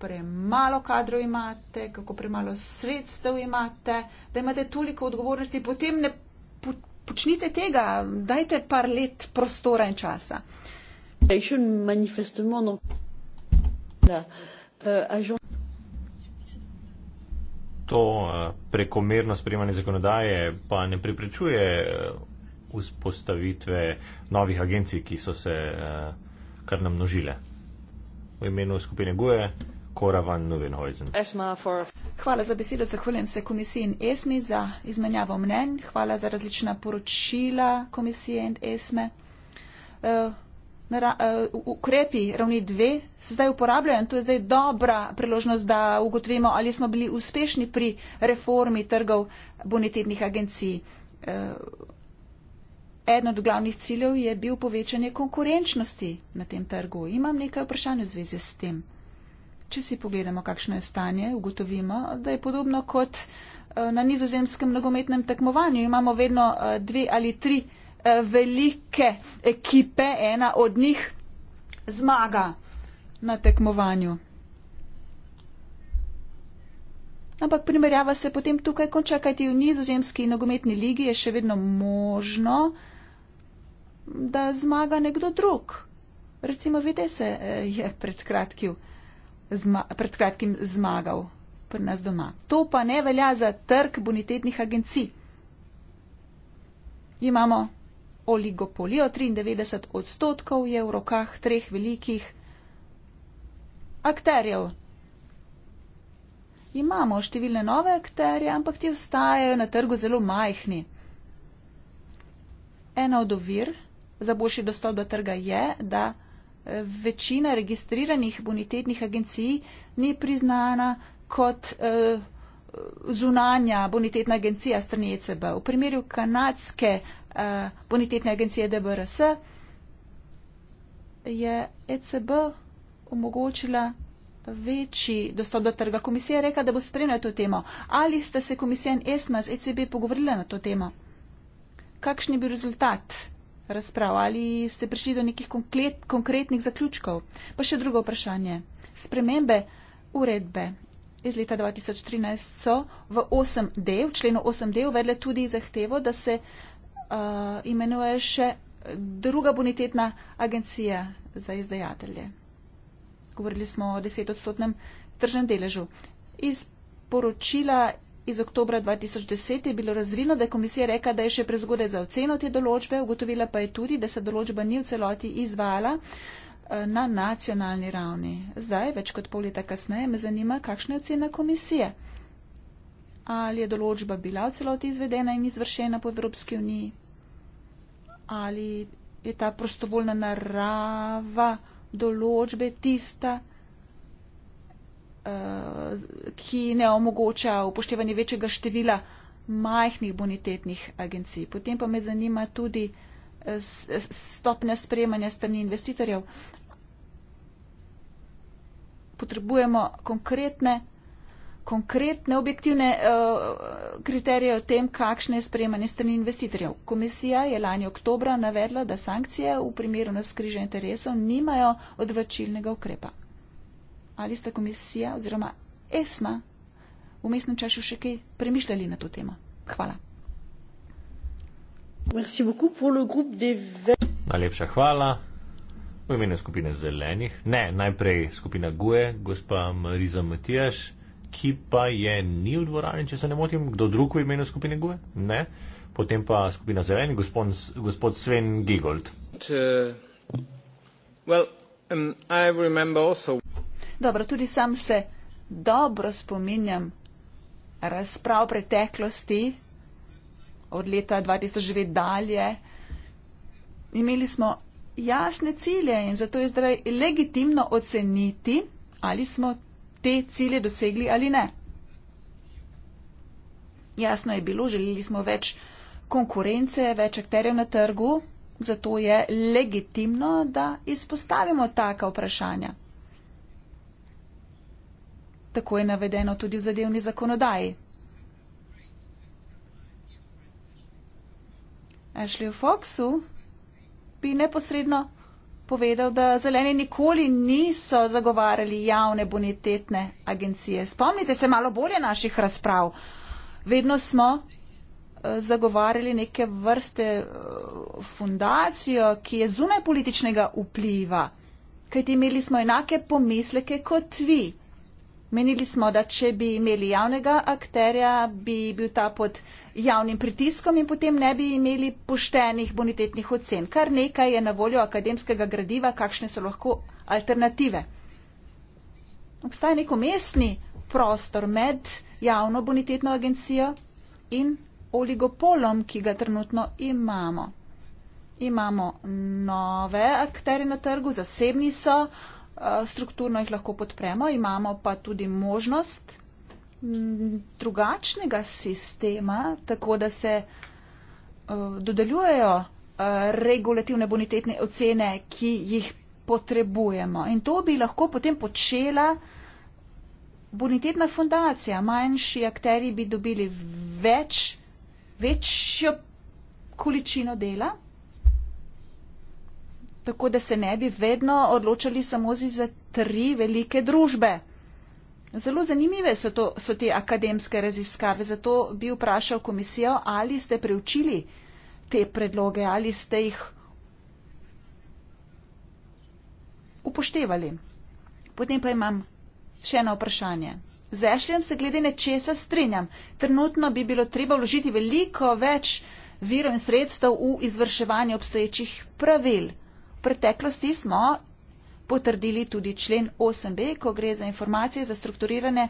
Speaker 1: premalo kadrov imate, kako premalo sredstev imate, da imate toliko odgovornosti, potem ne po, počnite tega, dajte par let prostora in časa. Euh,
Speaker 2: to eh, prekomerno sprejemanje zakonodaje pa ne preprečuje eh, vzpostavitve novih agencij, ki so se eh, kar namnožile. V imenu skupine Guje Koravan Nuvenhojzen.
Speaker 1: Hvala za besedo, zahvaljujem se komisiji in ESMI za izmenjavo mnen, hvala za različna poročila komisije in ESME. Eh, eh, ukrepi ravni dve se zdaj uporabljajo in to je zdaj dobra priložnost, da ugotovimo, ali smo bili uspešni pri reformi trgov bonitetnih agencij. Eh, eden od glavnih ciljev je bil povečanje konkurenčnosti na tem trgu. Imam nekaj vprašanj v zvezi s tem če si pogledamo, kakšno je stanje, ugotovimo, da je podobno kot eh, na nizozemskem nogometnem tekmovanju. Imamo vedno eh, dve ali tri eh, velike ekipe, ena od njih zmaga na tekmovanju. Ampak primerjava se potem tukaj konča, kajti v nizozemski nogometni ligi je še vedno možno, da zmaga nekdo drug. Recimo, vidite se, je pred kratkim pred kratkim zmagal pri nas doma. To pa ne velja za trg bonitetnih agencij. Imamo oligopolijo, 93 odstotkov je v rokah treh velikih akterjev. Imamo številne nove akterje, ampak ti ostajajo na trgu zelo majhni. Ena od ovir za boljši dostop do trga je, da večina registriranih bonitetnih agencij ni priznana kot uh, zunanja bonitetna agencija strani ECB. V primeru kanadske uh, bonitetne agencije DBRS je ECB omogočila večji dostop do trga. Komisija je rekla, da bo spremljala to temo. Ali ste se komisija in ESMA z ECB pogovorila na to temo? Kakšen je bil rezultat? razprav, ali ste prišli do nekih konkret, konkretnih zaključkov. Pa še drugo vprašanje. Spremembe uredbe iz leta 2013 so v 8D, v členu 8D uvedle tudi zahtevo, da se uh, imenuje še druga bonitetna agencija za izdajatelje. Govorili smo o 10-odstotnem tržnem deležu. Iz poročila Iz oktobra 2010 je bilo razvidno, da je komisija rekla, da je še prezgodaj za oceno te določbe, ugotovila pa je tudi, da se določba ni v celoti izvajala eh, na nacionalni ravni. Zdaj, več kot pol leta kasneje, me zanima, kakšna je ocena komisije. Ali je določba bila v celoti izvedena in izvršena po Evropski uniji? Ali je ta prostovoljna narava določbe tista, Eh, ki ne omogoča upoštevanje večjega števila majhnih bonitetnih agencij. Potem pa me zanima tudi eh, stopnja sprejemanja strani investitorjev. Potrebujemo konkretne, konkretne objektivne uh, kriterije o tem, kakšne je sprejemanje strani investitorjev. Komisija je lani oktobra navedla, da sankcije v primeru naskriženja interesov nimajo odvračilnega ukrepa ali ste komisija oziroma ESMA v mestnem času še kaj premišljali na to temo. Hvala.
Speaker 2: Najlepša hvala. V imenu skupine zelenih. Ne, najprej skupina Guje, gospa Mariza Matijaš, ki pa je ni v dvorani, če se ne motim. Kdo drug v imenu skupine Guje? Ne. Potem pa skupina zelenih, gospod, gospod Sven Gigold.
Speaker 1: Uh, well, um, Dobro, tudi sam se dobro spominjam razprav preteklosti od leta 2009 dalje. Imeli smo jasne cilje in zato je zdaj legitimno oceniti, ali smo te cilje dosegli ali ne. Jasno je bilo, želeli smo več konkurence, več akterjev na trgu, zato je legitimno, da izpostavimo taka vprašanja. Tako je navedeno tudi v zadevni zakonodaji. Ashley v Foxu bi neposredno povedal, da zeleni nikoli niso zagovarjali javne bonitetne agencije. Spomnite se malo bolje naših razprav. Vedno smo eh, zagovarjali neke vrste eh, fundacijo, ki je zunaj političnega vpliva, kajti imeli smo enake pomisleke kot vi. Menili smo, da če bi imeli javnega akterja, bi bil ta pod javnim pritiskom in potem ne bi imeli poštenih bonitetnih ocen. Kar nekaj je na voljo akademskega gradiva, kakšne so lahko alternative. Obstaja nek umestni prostor med javno bonitetno agencijo in oligopolom, ki ga trenutno imamo. Imamo nove akterje na trgu, zasebni so, Eh, strukturno jih lahko podpremo, imamo pa tudi možnost drugačnega sistema, tako da se eh, dodeljujejo eh, regulativne bonitetne ocene, ki jih potrebujemo. In to bi lahko potem počela bonitetna fundacija. Manjši akteri bi dobili več, večjo količino dela tako da se ne bi vedno odločali samo za tri velike družbe. Zelo zanimive so, to, so te akademske raziskave, zato bi vprašal komisijo, ali ste preučili te predloge, ali ste jih upoštevali. Potem pa imam še eno vprašanje. Z Ešljem se glede nečesa strinjam. Trenutno bi bilo treba vložiti veliko več virov in sredstev v izvrševanje obstoječih pravil preteklosti smo potrdili tudi člen 8b, ko gre za informacije za strukturirane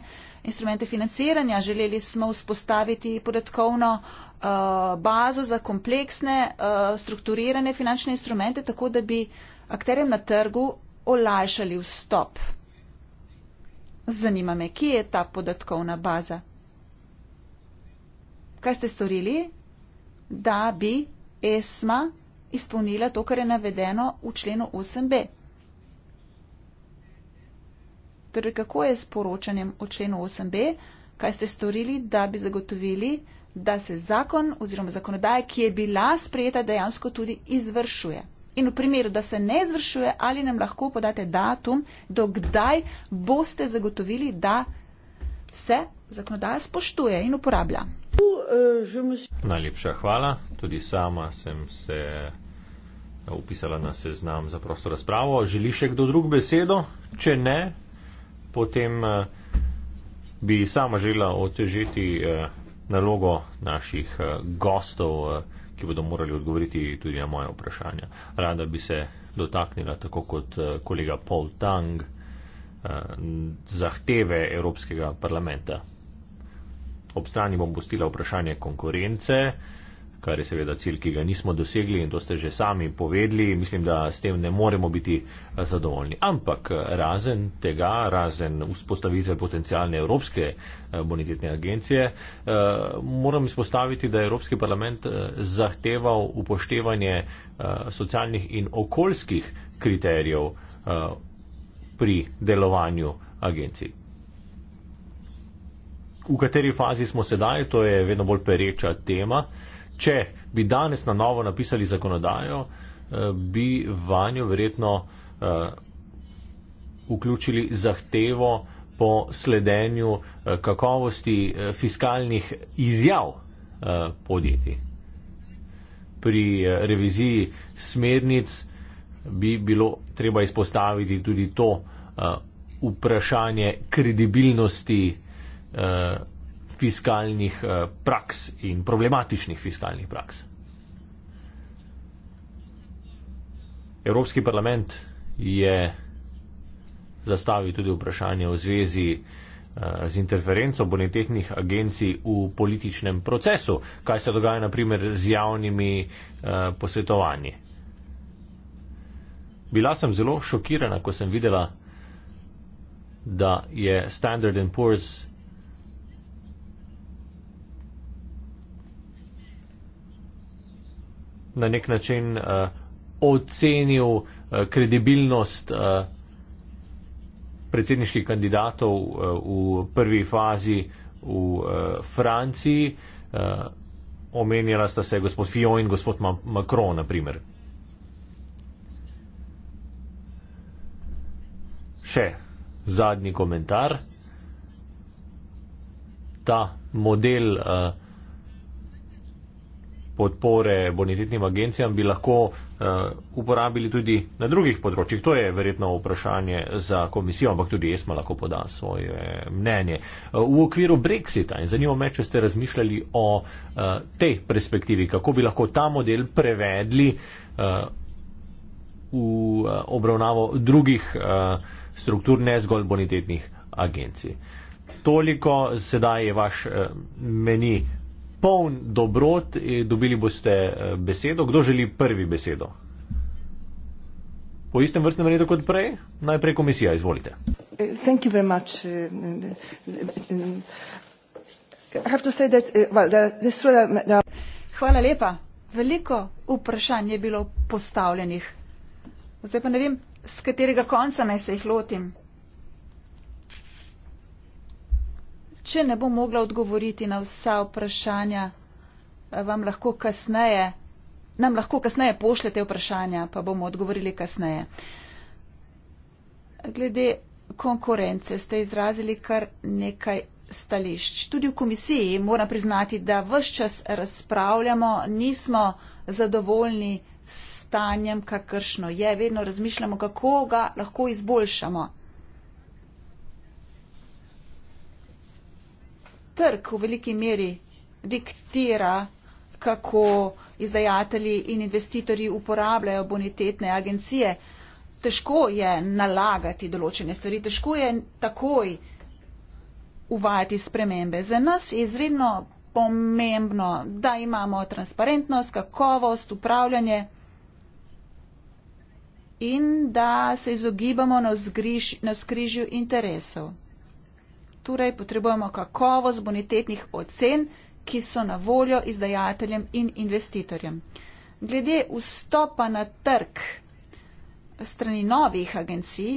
Speaker 1: instrumente financiranja. Želeli smo vzpostaviti podatkovno uh, bazo za kompleksne uh, strukturirane finančne instrumente, tako da bi akterjem na trgu olajšali vstop. Zanima me, kje je ta podatkovna baza? Kaj ste storili, da bi ESMA izpolnila to, kar je navedeno v členu 8b. Torej, kako je s poročanjem o členu 8b? Kaj ste storili, da bi zagotovili, da se zakon oziroma zakonodaja, ki je bila sprejeta, dejansko tudi izvršuje? In v primeru, da se ne izvršuje, ali nam lahko podate datum, do kdaj boste zagotovili, da se zakonodaja spoštuje in uporablja?
Speaker 2: Najlepša hvala. Tudi sama sem se upisala na seznam za prosto razpravo. Želi še kdo drug besedo? Če ne, potem eh, bi sama želela otežiti eh, nalogo naših eh, gostov, ki bodo morali odgovoriti tudi na moje vprašanje. Rada bi se dotaknila, tako kot kolega Paul Tang, zahteve Evropskega parlamenta. Ob strani bom postila vprašanje konkurence, kar je seveda cilj, ki ga nismo dosegli in to ste že sami povedali. Mislim, da s tem ne moremo biti eh, zadovoljni. Ampak eh, razen tega, razen vzpostavitve potencijalne Evropske eh, bonitetne agencije, moram izpostaviti, da je Evropski parlament zahteval upoštevanje socialnih in okoljskih kriterijev pri delovanju agencij v kateri fazi smo sedaj, to je vedno bolj pereča tema. Če bi danes na novo napisali zakonodajo, eh, bi vanjo verjetno eh, vključili zahtevo po sledenju eh, kakovosti fiskalnih izjav podjetij. Pri reviziji smernic bi bilo treba izpostaviti tudi to vprašanje kredibilnosti uh, fiskalnih uh, praks in problematičnih fiskalnih praks. Evropski parlament je zastavil tudi vprašanje v zvezi eh, z interferenco bonitetnih agencij v političnem procesu, kaj se dogaja naprimer z javnimi posvetovanji. Bila sem zelo šokirana, ko sem videla, da je Standard Poor's na nek način uh, ocenil uh, kredibilnost uh, predsedniških kandidatov uh, v prvi fazi v uh, Franciji. Uh, omenjala sta se gospod Fion in gospod Ma Macron, na primer. Še zadnji komentar. Ta model uh, podpore bonitetnim agencijam bi lahko uh, uporabili tudi na drugih področjih. To je verjetno vprašanje za komisijo, ampak tudi ESMA lahko poda svoje mnenje. Uh, v okviru Brexita in zanima me, če ste razmišljali o uh, tej perspektivi, kako bi lahko ta model prevedli uh, v obravnavo drugih uh, struktur, ne zgolj bonitetnih agencij. Toliko sedaj je vaš uh, meni poln dobrot, eh, dobili boste eh, besedo. Kdo želi prvi besedo? Po istem vrstnem redu kot prej, najprej komisija, izvolite.
Speaker 1: Eh, thank you very much. I have to say that, well, there, there are... Hvala lepa. Veliko vprašanj je bilo postavljenih. Zdaj pa ne vem, z katerega konca naj se jih lotim. Če ne bo mogla odgovoriti na vsa vprašanja, vam lahko kasneje, nam lahko kasneje pošljete vprašanja, pa bomo odgovorili kasneje. Glede konkurence ste izrazili kar nekaj stališč. Tudi v komisiji moram priznati, da vse čas razpravljamo, nismo zadovoljni s stanjem, kakršno je. Vedno razmišljamo, kako ga lahko izboljšamo. trg v veliki meri diktira, kako izdajatelji in investitorji uporabljajo bonitetne agencije. Težko je nalagati določene stvari, težko je takoj uvajati spremembe. Za nas je izredno pomembno, da imamo transparentnost, kakovost, upravljanje in da se izogibamo na skrižju interesov torej potrebujemo kakovost bonitetnih ocen, ki so na voljo izdajateljem in investitorjem. Glede vstopa na trg strani novih agencij,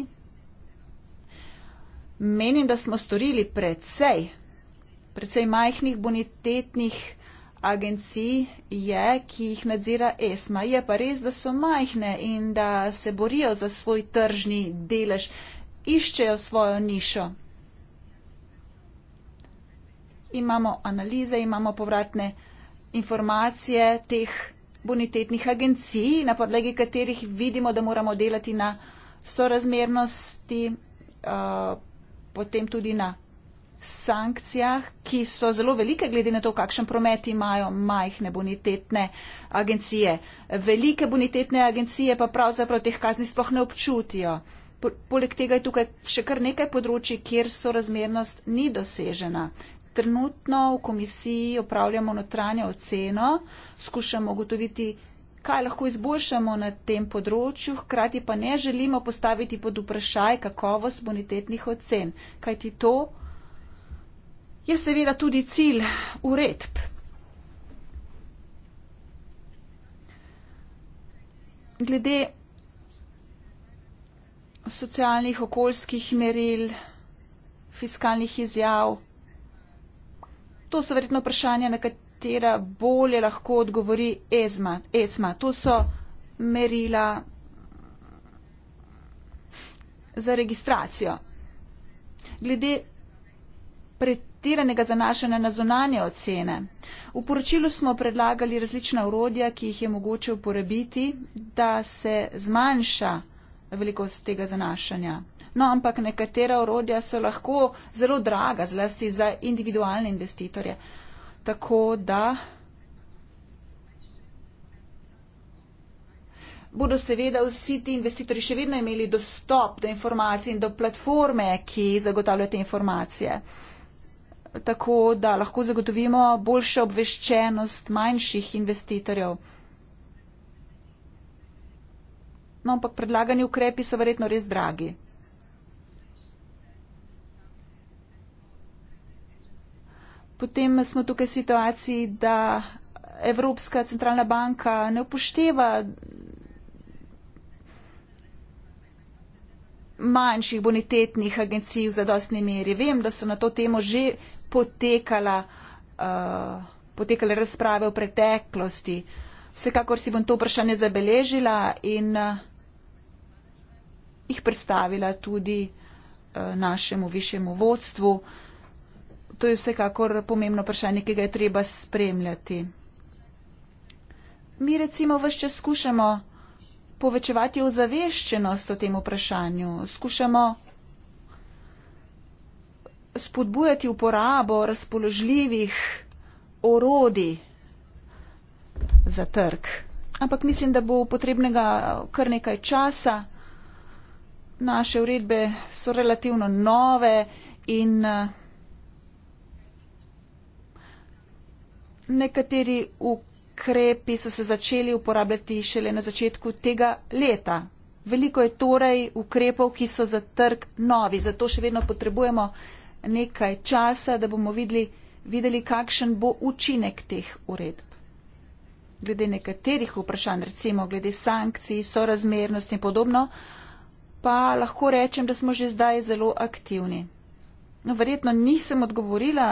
Speaker 1: menim, da smo storili precej, precej majhnih bonitetnih agencij je, ki jih nadzira ESMA. Je pa res, da so majhne in da se borijo za svoj tržni delež, iščejo svojo nišo imamo analize, imamo povratne informacije teh bonitetnih agencij, na podlagi katerih vidimo, da moramo delati na sorazmernosti, uh, potem tudi na sankcijah, ki so zelo velike, glede na to, kakšen promet imajo majhne bonitetne agencije. Velike bonitetne agencije pa pravzaprav teh kazni sploh ne občutijo. Poleg tega je tukaj še kar nekaj področji, kjer sorazmernost ni dosežena. Trenutno v komisiji upravljamo notranjo oceno, skušamo ugotoviti, kaj lahko izboljšamo na tem področju, hkrati pa ne želimo postaviti pod vprašaj kakovost bonitetnih ocen, kajti to je seveda tudi cilj uredb. Glede socialnih, okoljskih meril, fiskalnih izjav, to so verjetno vprašanja, na katera bolje lahko odgovori ESMA. ESMA. To so merila za registracijo. Glede pretiranega zanašanja na zonanje ocene. V poročilu smo predlagali različna urodja, ki jih je mogoče uporabiti, da se zmanjša velikost tega zanašanja. No, ampak nekatera orodja so lahko zelo draga, zlasti za individualne investitorje. Tako da bodo seveda vsi ti investitorji še vedno imeli dostop do informacij in do platforme, ki zagotavlja te informacije. Tako da lahko zagotovimo boljšo obveščenost manjših investitorjev. No, ampak predlagani ukrepi so verjetno res dragi. Potem smo tukaj v situaciji, da Evropska centralna banka ne upošteva manjših bonitetnih agencij v zadostni meri. Vem, da so na to temo že potekala, uh, potekale razprave v preteklosti. Vsekakor si bom to vprašanje zabeležila in uh, jih predstavila tudi uh, našemu višjemu vodstvu. Uh, to je vsekakor pomembno vprašanje, ki ga je treba spremljati. Mi recimo vse čas skušamo povečevati ozaveščenost o tem vprašanju, skušamo spodbujati uporabo razpoložljivih orodij za trg. Ampak mislim, da bo potrebnega kar nekaj časa. Naše uredbe so relativno nove in uh, nekateri ukrepi so se začeli uporabljati šele na začetku tega leta. Veliko je torej ukrepov, ki so za trg novi, zato še vedno potrebujemo nekaj časa, da bomo videli, videli kakšen bo učinek teh uredb. Glede nekaterih vprašanj, recimo glede sankcij, sorazmernosti in podobno, pa lahko rečem, da smo že zdaj zelo aktivni. No, verjetno nisem odgovorila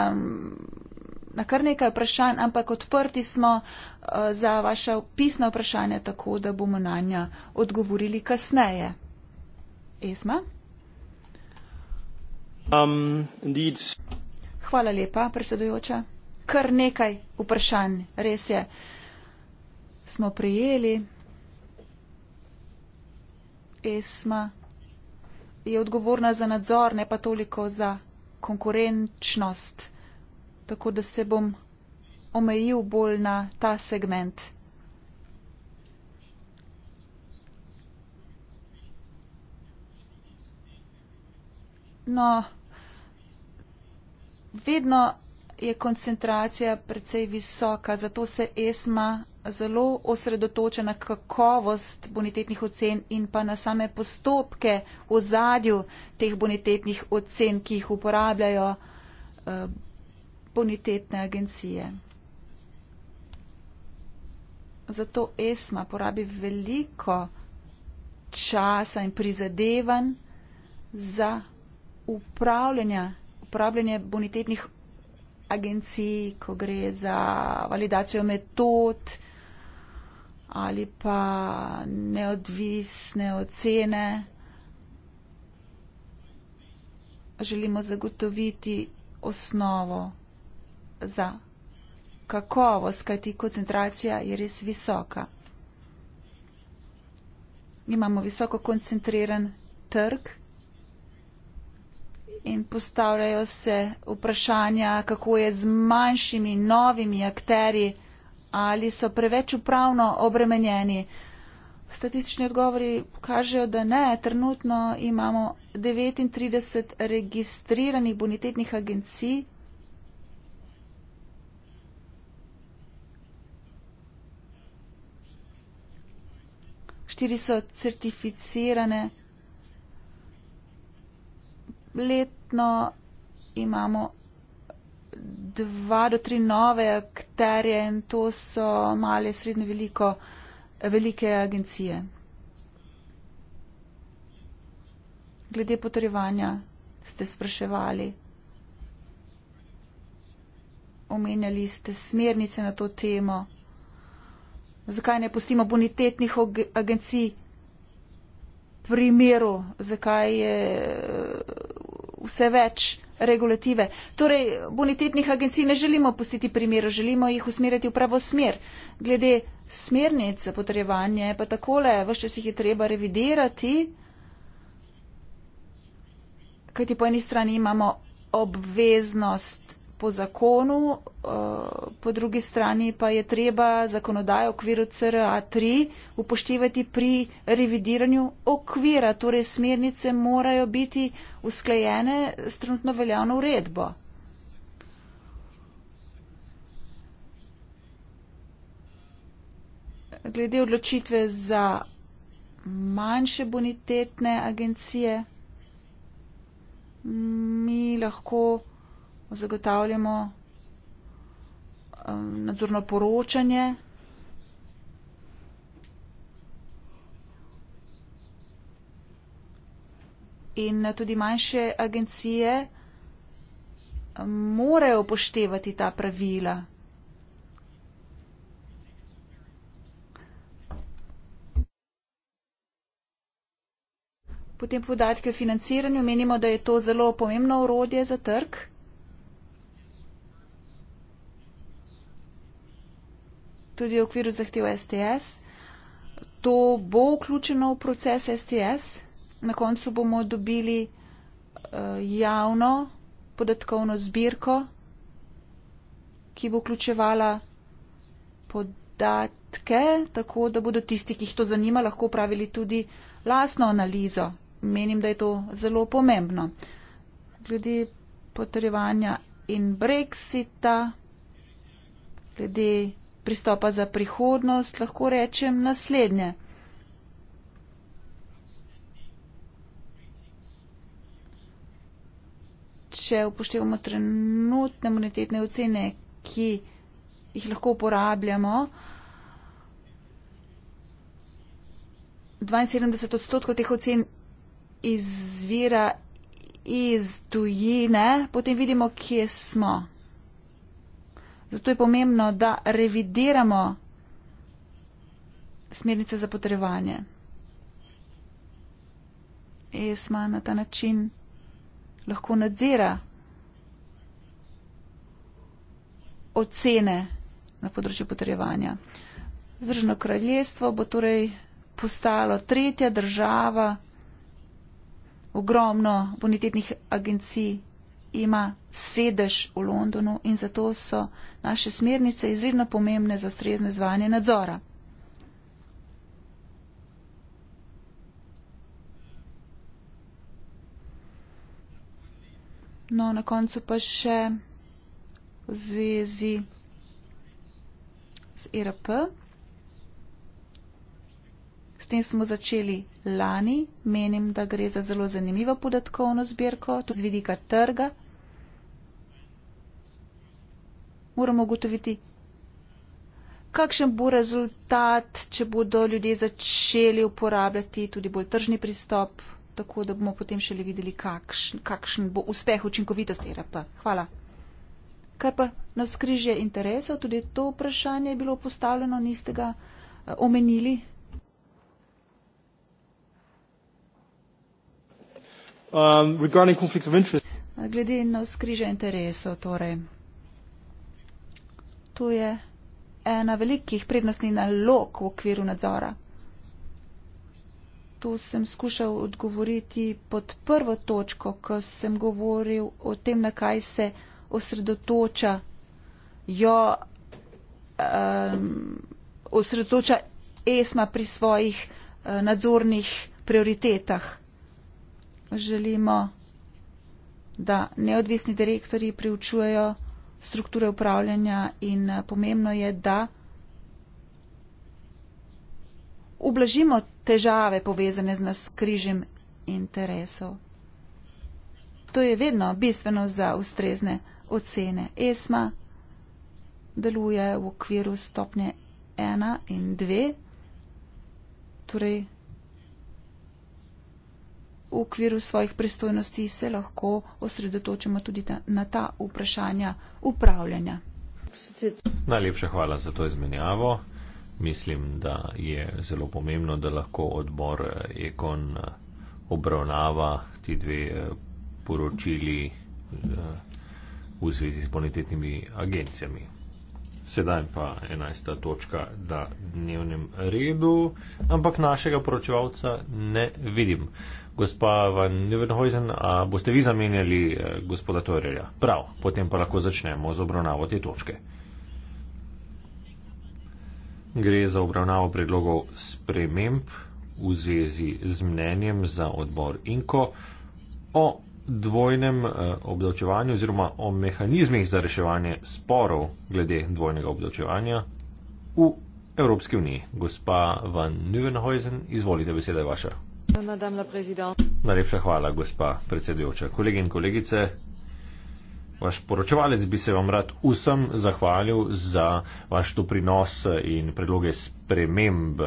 Speaker 1: na kar nekaj vprašanj, ampak odprti smo eh, za vaše pisne vprašanje, tako da bomo na nja odgovorili kasneje. Esma? Um, Hvala lepa, predsedujoča. Kar nekaj vprašanj, res je, smo prijeli. Esma je odgovorna za nadzor, ne pa toliko za konkurenčnost tako da se bom omejil bolj na ta segment. No, vedno je koncentracija precej visoka, zato se ESMA zelo osredotoča na kakovost bonitetnih ocen in pa na same postopke v zadju teh bonitetnih ocen, ki jih uporabljajo eh, bonitetne agencije. Zato ESMA porabi veliko časa in prizadevanj za upravljanje bonitetnih agencij, ko gre za validacijo metod ali pa neodvisne ocene. Želimo zagotoviti osnovo za kakovost, kajti koncentracija je res visoka. Imamo visoko koncentriran trg in postavljajo se vprašanja, kako je z manjšimi novimi akteri, ali so preveč upravno obremenjeni. Statistični odgovori kažejo, da ne. Trenutno imamo 39 registriranih bonitetnih agencij, Štiri so certificirane. Letno imamo dva do tri nove akterje in to so male, srednje, veliko, velike agencije. Glede potrjevanja ste spraševali. Omenjali ste smernice na to temo zakaj ne pustimo bonitetnih agencij primeru, zakaj je eh, vse več regulative. Torej, bonitetnih agencij ne želimo pustiti primeru, želimo jih usmeriti v pravo smer. Glede smernic za potrebovanje, pa takole, vse si jih je treba revidirati, kajti po eni strani imamo obveznost po zakonu, eh, po drugi strani pa je treba zakonodajo okviru CRA3 upoštevati pri revidiranju okvira, torej smernice morajo biti usklajene s trenutno veljavno uredbo. Glede odločitve za manjše bonitetne agencije, mi lahko zagotavljamo um, nadzorno poročanje. In tudi manjše agencije um, morajo upoštevati ta pravila. Potem podatke o financiranju menimo, da je to zelo pomembno urodje za trg. tudi v okviru zahtev STS. To bo vključeno v proces STS. Na koncu bomo dobili eh, javno podatkovno zbirko, ki bo vključevala podatke, tako da bodo tisti, ki jih to zanima, lahko pravili tudi lasno analizo. Menim, da je to zelo pomembno. Glede potrjevanja in brexita, glede pristopa za prihodnost lahko rečem naslednje. Če upoštevamo trenutne monetetne ocene, ki jih lahko uporabljamo, 72 odstotkov teh ocen izvira iz tujine, potem vidimo, kje smo. Zato je pomembno, da revidiramo smernice za potrebovanje. ESMA na ta način lahko nadzira ocene na področju potrebovanja. Združeno kraljestvo bo torej postalo tretja država ogromno bonitetnih agencij ima sedež v Londonu in zato so naše smernice izredno pomembne za strezne zvanje nadzora. No, na koncu pa še v zvezi z ERP. S tem smo začeli lani. Menim, da gre za zelo zanimivo podatkovno zbirko, tudi z vidika trga, moramo ugotoviti, kakšen bo rezultat, če bodo ljudje začeli uporabljati tudi bolj tržni pristop, tako da bomo potem šele videli, kakšen, kakšen bo uspeh učinkovitosti RP. Hvala. Kaj pa na skrižje interesov, tudi to vprašanje je bilo postavljeno, niste ga eh, omenili. Um, Glede na skrižje interesov, torej. To je ena velikih prednostnih nalog v okviru nadzora. Tu sem skušal odgovoriti pod prvo točko, ko sem govoril o tem, na kaj se osredotoča jo. Um, osredotoča ESMA pri svojih uh, nadzornih prioritetah. Želimo, da neodvisni direktori preučujejo strukture upravljanja in eh, pomembno je, da ublažimo težave povezane z nas križem interesov. To je vedno bistveno za ustrezne ocene. ESMA deluje v okviru stopnje 1 in 2. Torej, v okviru svojih pristojnosti se lahko osredotočimo tudi ta, na ta vprašanja upravljanja.
Speaker 2: Najlepša hvala za to izmenjavo. Mislim, da je zelo pomembno, da lahko odbor eh, Ekon eh, obravnava ti dve eh, poročili v zvezi s bonitetnimi agencijami. Sedaj pa enajsta točka na dnevnem redu, ampak našega poročevalca ne vidim gospa Van Nevenhuizen, boste vi zamenjali eh, gospoda Torerja? Prav, potem pa lahko začnemo z obravnavo te točke. Gre za obravnavo predlogov sprememb v zvezi z mnenjem za odbor Inko o dvojnem eh, obdavčevanju oziroma o mehanizmih za reševanje sporov glede dvojnega obdavčevanja v Evropski uniji. Gospa Van Nuvenhuizen, izvolite, beseda je vaša. Najlepša hvala, gospa predsedujoča. Kolegi in kolegice, vaš poročevalec bi se vam rad vsem zahvalil za vaš doprinos in predloge sprememb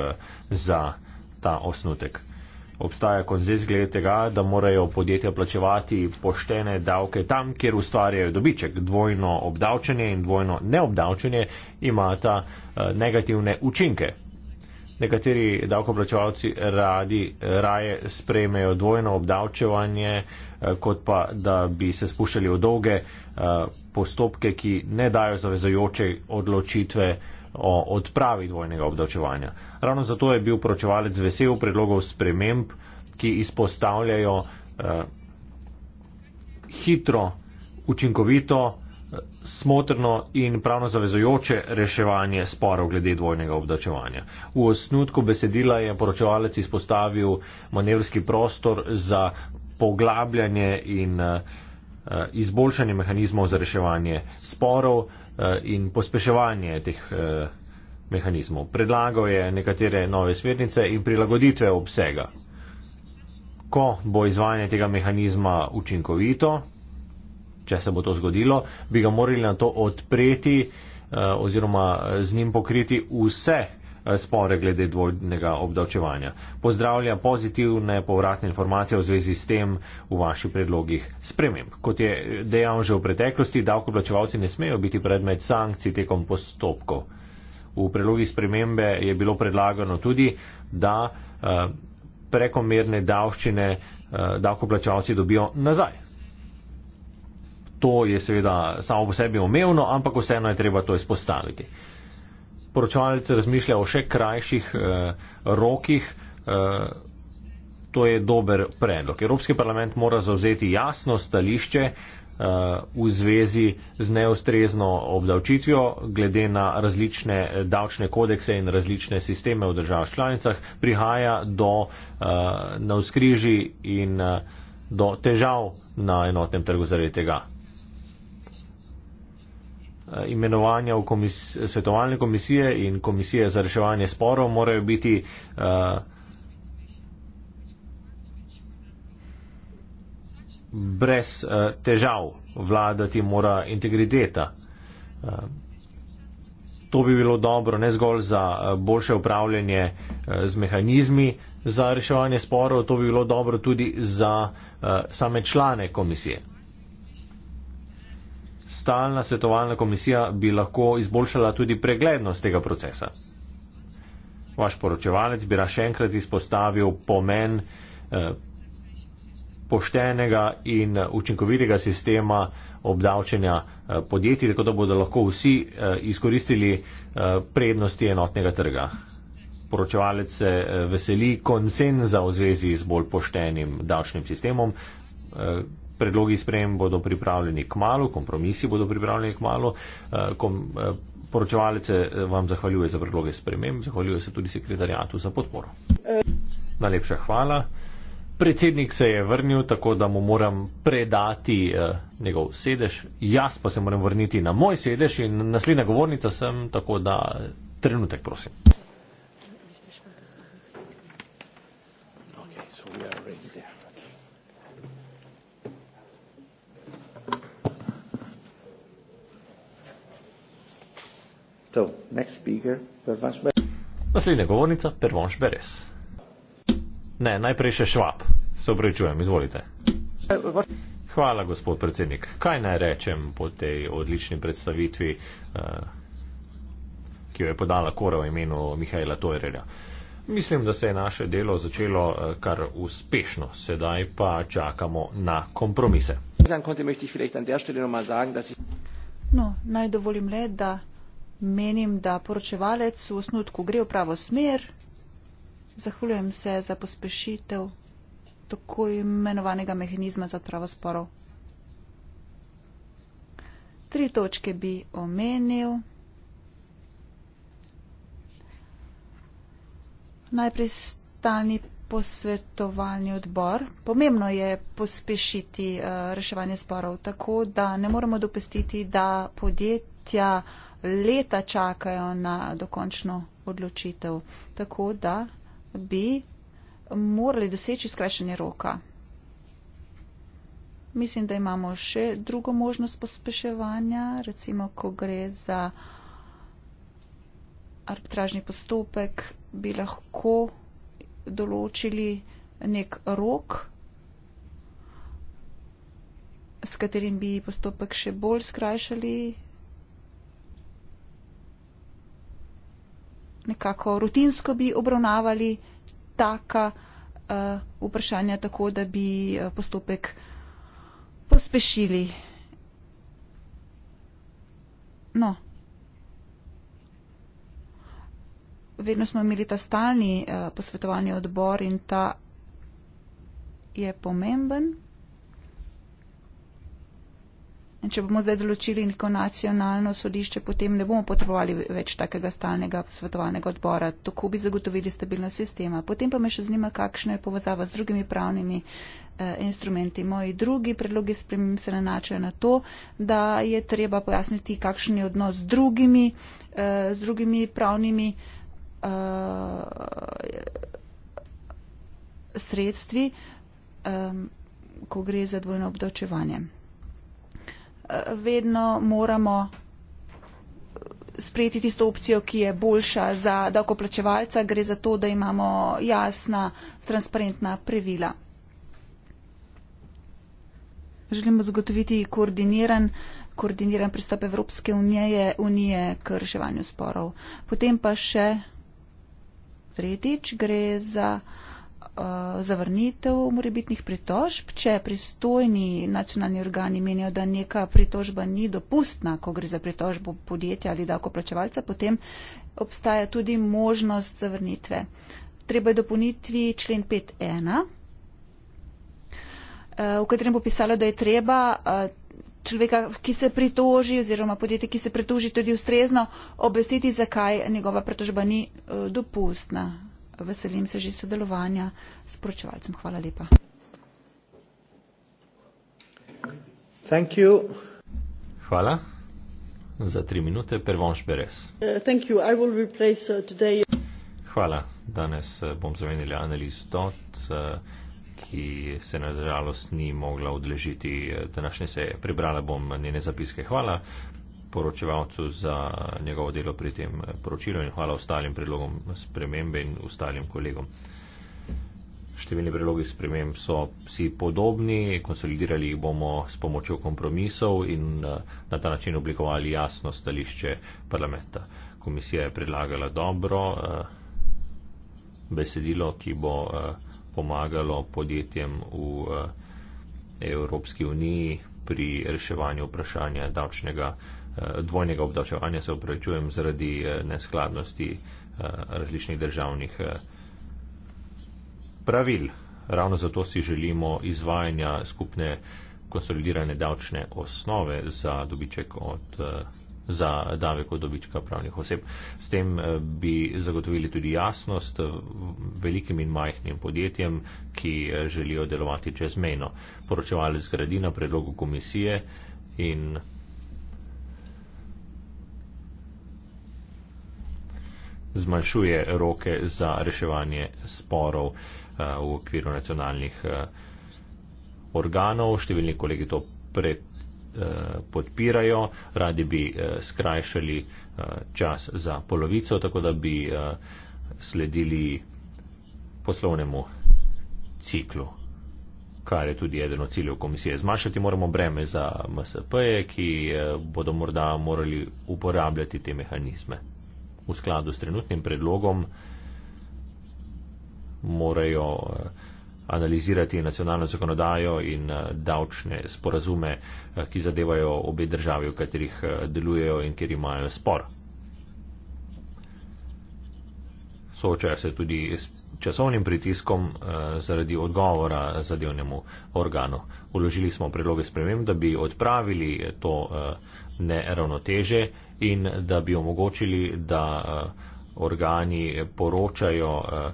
Speaker 2: za ta osnutek. Obstaja konzens glede tega, da morajo podjetja plačevati poštene davke tam, kjer ustvarjajo dobiček. Dvojno obdavčenje in dvojno neobdavčenje imata eh, negativne učinke Nekateri davkoplačevalci radi raje sprejmejo dvojno obdavčevanje, eh, kot pa da bi se spuščali v dolge eh, postopke, ki ne dajo zavezojoče odločitve o odpravi dvojnega obdavčevanja. Ravno zato je bil pročevalec vesel predlogov sprememb, ki izpostavljajo eh, hitro, učinkovito, smotrno in pravno zavezojoče reševanje sporov glede dvojnega obdačevanja. V osnutku besedila je poročevalec izpostavil manevrski prostor za poglabljanje in eh, eh, izboljšanje mehanizmov za reševanje sporov eh, in pospeševanje teh mehanizmov. Predlagal je nekatere nove smernice in prilagoditve obsega. Ko bo izvajanje tega mehanizma učinkovito, če se bo to zgodilo, bi ga morali na to odpreti eh, oziroma z njim pokriti vse eh, spore glede dvojnega obdavčevanja. Pozdravlja pozitivne povratne informacije v zvezi s tem v vaših predlogih sprememb. Kot je dejal že v preteklosti, davkoplačevalci ne smejo biti predmet sankcij tekom postopkov. V predlogih spremembe je bilo predlagano tudi, da eh, prekomerne davščine davkoplačevalci dobijo nazaj, to je seveda samo po sebi omejeno, ampak vseeno je treba to izpostaviti. Poročevalce razmišlja o še krajših eh, rokih. Eh, To je dober predlog. Evropski parlament mora zauzeti jasno stališče uh, v zvezi z neustrezno obdavčitvijo, glede na različne eh, davčne kodekse in različne sisteme v državah članicah. Prihaja do uh, eh, navskriži in uh, do težav na enotnem trgu zaradi tega. Eh, imenovanja v komis svetovalne komisije in komisije za reševanje sporov morajo biti uh, brez uh, težav. Vladati mora integriteta. Uh, to bi bilo dobro ne zgolj za uh, boljše upravljanje uh, z mehanizmi za reševanje sporov, to bi bilo dobro tudi za uh, same člane komisije stalna svetovalna komisija bi lahko izboljšala tudi preglednost tega procesa. Vaš poročevalec bi raš enkrat izpostavil pomen eh, poštenega in učinkovitega sistema obdavčenja eh, podjetij, tako da bodo lahko vsi eh, izkoristili prednosti enotnega trga. Poročevalec se veseli konsenza v zvezi z bolj poštenim davčnim sistemom, predlogi sprejem bodo pripravljeni k malu, kompromisi bodo pripravljeni k malu. Eh, eh, poročevalce eh, vam zahvaljuje za predloge sprejem, zahvaljuje se tudi sekretarjatu za podporo. Najlepša hvala. Predsednik se je vrnil, tako da mu moram predati eh, njegov sedež, jaz pa se moram vrniti na moj sedež in naslednja govornica sem, tako da trenutek prosim. So, next speaker, Bervanš Beres. Naslednja govornica, Bervanš Beres. Ne, najprej še švab. Se oprečujem, izvolite. Hvala, gospod predsednik. Kaj naj rečem po tej odlični predstavitvi, uh, ki jo je podala Kora v imenu Mihajla Tojrelja? Mislim, da se je naše delo začelo uh, kar uspešno, sedaj pa čakamo na kompromise.
Speaker 1: No, naj dovolim le, da Menim, da poročevalec v osnutku gre v pravo smer. Zahvaljujem se za pospešitev tako imenovanega mehanizma za odpravo sporov. Tri točke bi omenil. Najprej stalni posvetovalni odbor. Pomembno je pospešiti uh, reševanje sporov tako, da ne moremo dopustiti, da podjetja leta čakajo na dokončno odločitev. Tako da bi morali doseči skrajšanje roka. Mislim, da imamo še drugo možnost pospeševanja, recimo, ko gre za arbitražni postopek, bi lahko določili nek rok, s katerim bi postopek še bolj skrajšali, nekako rutinsko bi obravnavali taka uh, vprašanja, tako da bi eh, postopek pospešili. No. Vedno smo imeli ta stalni uh, posvetovalni odbor in ta je pomemben. Če bomo zdaj določili neko nacionalno sodišče, potem ne bomo potrebovali več takega stalnega svetovalnega odbora. Tako bi zagotovili stabilnost sistema. Potem pa me še zanima, kakšna je povezava z drugimi pravnimi eh, instrumenti. Moji drugi predlogi spremem se nanačajo na to, da je treba pojasniti, kakšen je odnos z drugimi, eh, z drugimi pravnimi eh, sredstvi, eh, ko gre za dvojno obdočevanje vedno moramo sprejeti tisto opcijo, ki je boljša za davkoplačevalca, gre za to, da imamo jasna, transparentna pravila. Želimo zagotoviti koordiniran, koordiniran pristop Evropske unije, unije k reševanju sporov. Potem pa še tretjič gre za. Eh, zavrnitev morebitnih pritožb, če pristojni nacionalni organi menijo, da neka pritožba ni dopustna, ko gre za pritožbo podjetja ali davkoplačevalca, potem obstaja tudi možnost zavrnitve. Treba je dopolniti člen 5.1, eh, v katerem bo pisalo, da je treba eh, človeka, ki se pritoži oziroma podjetje, ki se pritoži tudi ustrezno, obvestiti, zakaj njegova pritožba ni dopustna veselim se že sodelovanja s poročevalcem. Hvala lepa. Thank you.
Speaker 2: Hvala. Za tri minute, Pervonš Beres.
Speaker 1: Uh,
Speaker 3: uh,
Speaker 2: Hvala. Danes uh, bom zamenila analizo Dot, ki se na žalost ni mogla odležiti današnje seje. Prebrala bom njene zapiske. Hvala poročevalcu za njegovo delo pri tem poročilu in hvala ostalim predlogom spremembe in ostalim kolegom. Številni predlogi sprememb so vsi podobni, konsolidirali jih bomo s pomočjo kompromisov in eh, na ta način oblikovali jasno stališče parlamenta. Komisija je predlagala dobro eh, besedilo, ki bo eh, pomagalo podjetjem v Evropski uniji pri reševanju vprašanja davčnega. Eh, dvojnega obdavčevanja, se upravičujem, zaradi eh, neskladnosti eh, različnih državnih pravil. Ravno zato si želimo izvajanja skupne konsolidirane davčne osnove za dobiček od za davek od dobička pravnih oseb. S tem bi zagotovili tudi jasnost velikim in majhnim podjetjem, ki želijo delovati čezmejno. Poročevalec gradi na predlogu komisije in zmanjšuje roke za reševanje sporov eh, v okviru nacionalnih eh, organov. Številni kolegi to pred, eh, podpirajo, radi bi skrajšali čas za polovico, tako da bi sledili poslovnemu ciklu kar je tudi eden od ciljev komisije. Zmanjšati moramo breme za MSP-je, ki bodo morda morali uporabljati te mehanizme v skladu s trenutnim predlogom morajo eh, analizirati nacionalno zakonodajo in eh, davčne sporazume, eh, ki zadevajo obe državi, v katerih delujejo in kjer imajo spor. Soočajo se tudi s časovnim pritiskom zaradi odgovora zadevnemu organu. Uložili smo predloge sprememb, da bi odpravili to neravnoteže in da bi omogočili, da eh, organi poročajo eh,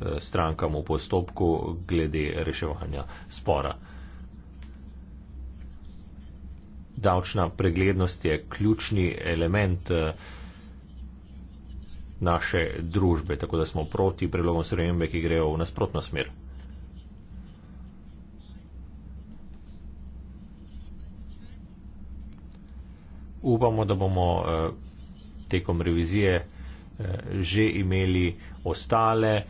Speaker 2: eh, strankam v postopku glede reševanja spora. Davčna preglednost je ključni element naše družbe, tako da smo proti predlogom spremembe, ki grejo v nasprotno smer. upamo, da bomo eh, tekom revizije eh, že imeli ostale eh,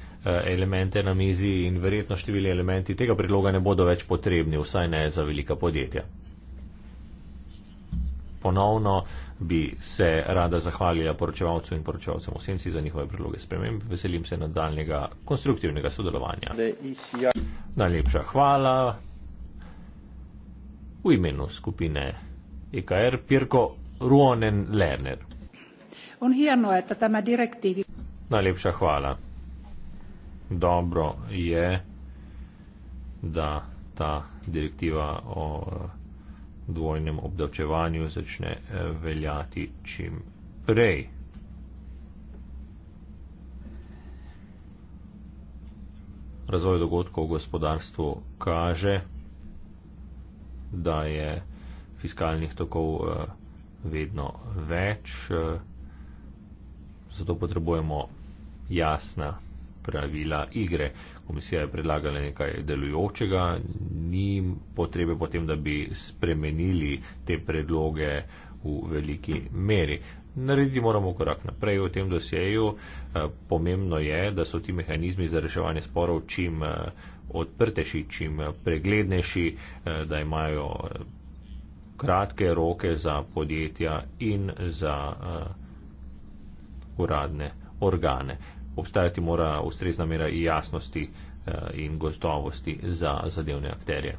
Speaker 2: elemente na mizi in verjetno številni elementi tega predloga ne bodo več potrebni, vsaj ne za velika podjetja. Ponovno bi se rada zahvalila poročevalcu in poročevalcem v senci za njihove predloge sprememb. Veselim se nadaljnega konstruktivnega sodelovanja. Najlepša hvala v imenu skupine. IKR e Pirko Ruonen Lerner.
Speaker 1: On hieno, että tämä direktiivi...
Speaker 2: Najlepša hvala. Dobro je, da ta direktiva o dvojnem obdavčevanju začne eh, veljati čim prej. Razvoj dogodkov v gospodarstvu kaže, da je fiskalnih tokov eh, vedno več, eh, zato potrebujemo jasna pravila igre. Komisija je predlagala nekaj delujočega, ni potrebe potem, da bi spremenili te predloge v veliki meri. Narediti moramo korak naprej v tem dosjeju. Eh, pomembno je, da so ti mehanizmi za reševanje sporov čim odprtejši, čim preglednejši, da imajo kratke roke za podjetja in za uh, uradne organe. Obstajati mora ustrezna mera jasnosti uh, in gostovosti za zadevne akterje.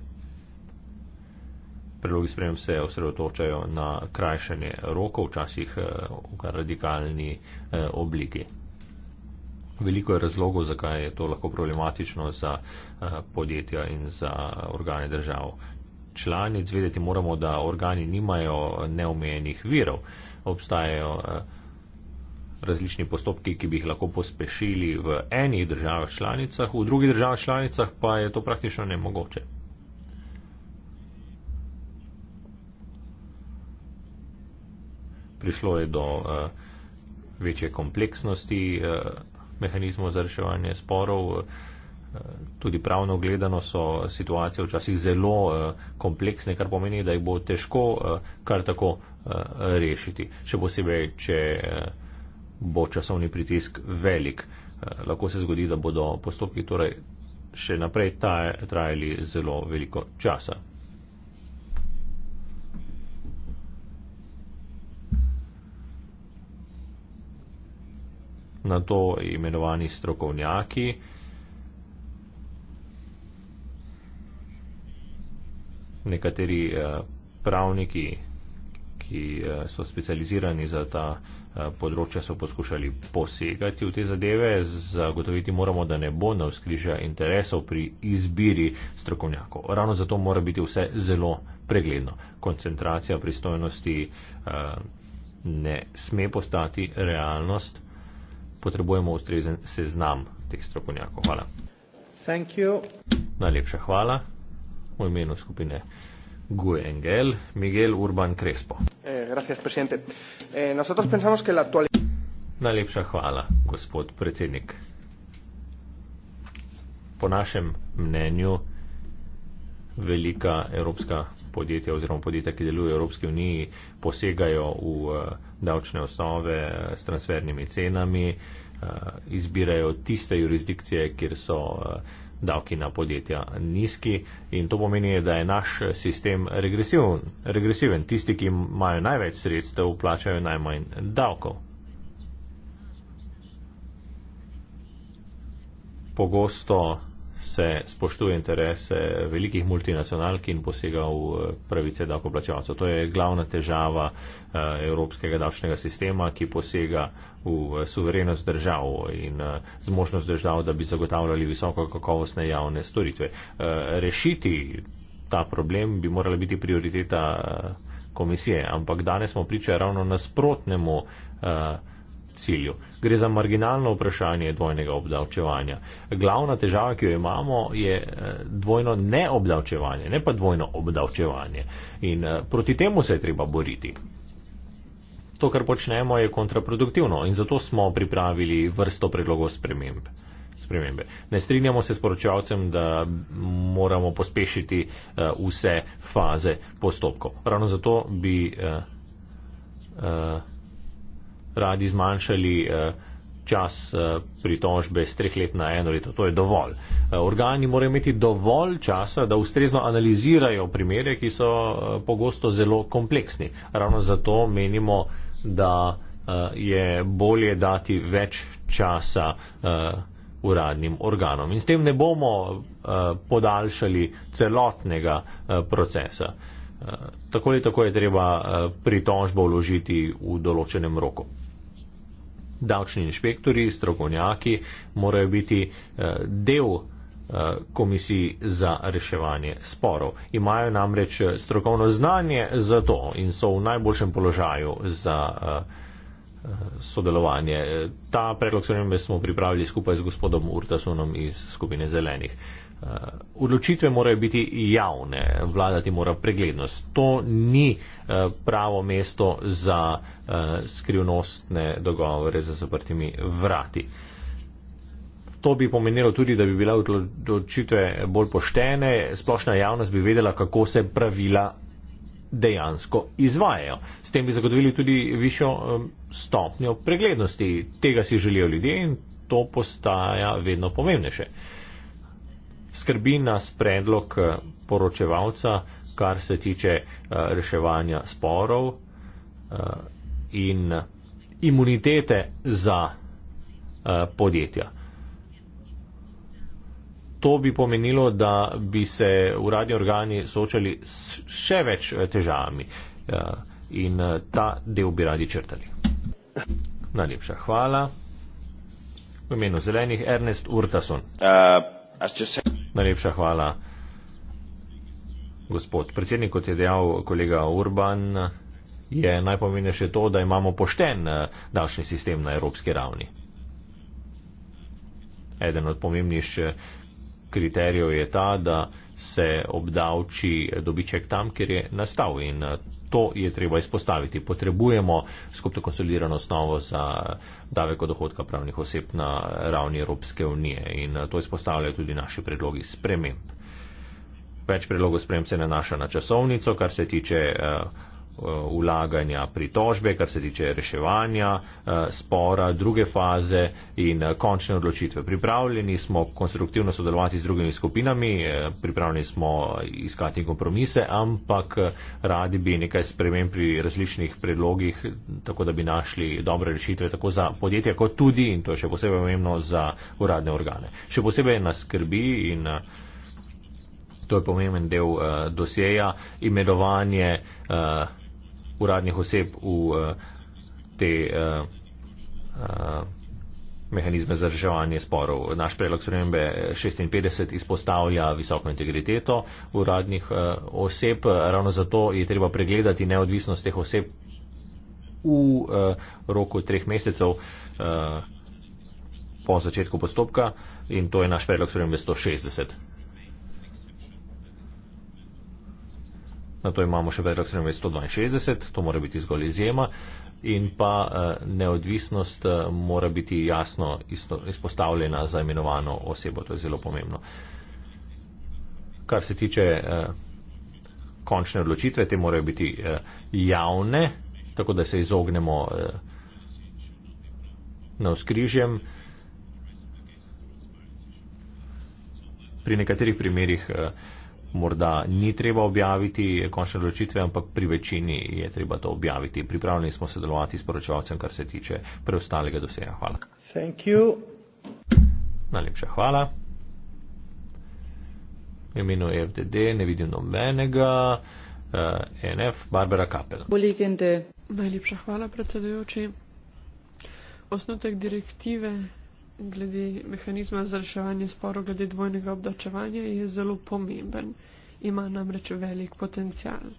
Speaker 2: Predlogi sprejem se osredotočajo na krajšanje rokov, včasih eh, v radikalni obliki. Veliko je razlogov, zakaj je to lahko problematično za podjetja in za organe držav članic, vedeti moramo, da organi nimajo neomejenih virov. Obstajajo eh, različni postopki, ki bi jih lahko pospešili v enih državah članicah, v drugih državah članicah pa je to praktično nemogoče. Prišlo je do uh, večje kompleksnosti uh, mehanizmov za reševanje sporov. Uh, tudi pravno gledano so situacije včasih zelo eh, kompleksne, kar pomeni, da jih bo težko eh, kar tako eh, rešiti. Še posebej, če bo časovni pritisk velik, lahko se zgodi, da bodo postopki torej še naprej trajali zelo veliko časa. Na to imenovani strokovnjaki. nekateri eh, pravniki, ki eh, so specializirani za ta eh, področja, so poskušali posegati v te zadeve. Zagotoviti moramo, da ne bo navskrižja interesov pri izbiri strokovnjakov. Ravno zato mora biti vse zelo pregledno. Koncentracija pristojnosti ne sme postati realnost. Potrebujemo ustrezen seznam teh strokovnjakov. Hvala. Najlepša hvala v imenu skupine Gue Engel, Miguel Urban Crespo.
Speaker 3: Eh, eh,
Speaker 2: Najlepša hvala, gospod predsednik. Po našem mnenju velika evropska podjetja oziroma podjetja, ki delujejo v Evropski uniji, posegajo v eh, davčne osnove s transfernimi cenami, izbirajo tiste jurisdikcije, kjer so davki na podjetja nizki in to pomeni, da je naš sistem regresiven. regresiven. Tisti, ki imajo največ sredstev, plačajo najmanj davkov. Pogosto se spoštuje interese velikih multinacionalk in posega v eh, pravice davkoplačevalcev. To je glavna težava eh, evropskega davčnega sistema, ki posega v eh, suverenost držav in zmožnost držav, da bi zagotavljali visoko kakovostne javne storitve. Rešiti ta problem bi morala biti prioriteta komisije, ampak danes smo priča ravno nasprotnemu cilju. Gre za marginalno vprašanje dvojnega obdavčevanja. Glavna težava, ki jo imamo, je eh, dvojno neobdavčevanje, ne pa dvojno obdavčevanje. In eh, proti temu se je treba boriti. To, kar počnemo, je kontraproduktivno in zato smo pripravili vrsto predlogov sprememb. Spremembe. Ne strinjamo se s poročevalcem, da moramo pospešiti uh, vse faze postopkov. Ravno zato bi. Uh, uh, radi zmanjšali eh, čas eh, pritožbe z treh let na eno leto. To je dovolj. Eh, organi morajo imeti dovolj časa, da ustrezno analizirajo primere, ki so pogosto zelo kompleksni. Ravno zato menimo, da je bolje dati več časa uradnim organom. In s tem ne bomo podaljšali celotnega procesa. Tako ali tako je treba pritožbo vložiti v določenem roku davčni inšpektori, strokovnjaki morajo biti eh, del eh, komisij za reševanje sporov. Imajo namreč eh, strokovno znanje za to in so v najboljšem položaju za sodelovanje. Ta predlog sprememb smo pripravili skupaj z gospodom Urtasunom iz skupine zelenih. Eh, odločitve morajo biti javne, vladati mora preglednost. To ni eh, pravo mesto za eh, skrivnostne dogovore za zaprtimi vrati. To bi pomenilo tudi, da bi bile odločitve bolj poštene, splošna javnost bi vedela, kako se pravila dejansko izvajajo. S tem bi zagotovili tudi višjo stopnjo preglednosti. Tega si želijo ljudje in to postaja vedno pomembnejše skrbi nas predlog eh, poročevalca, kar se tiče eh, reševanja sporov eh, in imunitete za podjetja. To bi pomenilo, da bi se uradni organi soočali s še več težavami in ta del bi radi črtali. Najlepša hvala. V imenu zelenih Ernest Urtason. Uh. Najlepša hvala. Gospod predsednik, kot je dejal kolega Urban, je najpomembnejše to, da imamo pošten eh, davčni sistem na evropski ravni. Eden od pomembnejših eh, kriterijev je ta, da se obdavči dobiček tam, kjer je nastal in eh, To je treba izpostaviti. Potrebujemo skupno konsolidirano osnovo za davek od dohodka pravnih oseb na ravni Evropske unije in to izpostavljajo tudi naši predlogi sprememb. Več predlogov sprememb se nanaša na časovnico, kar se tiče uh, vlaganja eh, pritožbe, kar se tiče reševanja eh, spora, druge faze in eh, končne odločitve. Pripravljeni smo konstruktivno sodelovati z drugimi skupinami, pripravljeni smo iskati kompromise, ampak radi bi nekaj spremen pri različnih predlogih, tako da bi našli dobre rešitve tako za podjetja, kot tudi, in to je še posebej pomembno, za uradne organe. Še posebej nas skrbi in To je pomemben del uh, dosjeja, imenovanje uh, uradnih oseb v eh, te eh, eh, mehanizme za reševanje sporov. Naš predlog spremembe 56 izpostavlja visoko integriteto uradnih oseb. Ravno zato je treba pregledati neodvisnost teh oseb v roku treh mesecev po začetku postopka in to je naš predlog spremembe 160. na to imamo še predlog 1762, to mora biti zgolj izjema. In pa eh, neodvisnost eh, mora biti jasno izpostavljena za imenovano osebo, to je zelo pomembno. Kar se tiče eh, končne odločitve, te morajo biti javne, tako da se izognemo na vzkrižjem. Pri nekaterih primerjih eh, morda ni treba objaviti končne odločitve, ampak pri večini je treba to objaviti. Pripravljeni smo sodelovati s poročevalcem, kar se tiče preostalega dosega. Hvala. Najlepša hvala. V imenu FDD ne vidim nobenega. Uh, eh, NF Barbara Kapel.
Speaker 3: Najlepša hvala, predsedujoči. Osnutek direktive glede mehanizma za reševanje sporo glede dvojnega obdačevanja je zelo pomemben. Ima namreč velik potencial.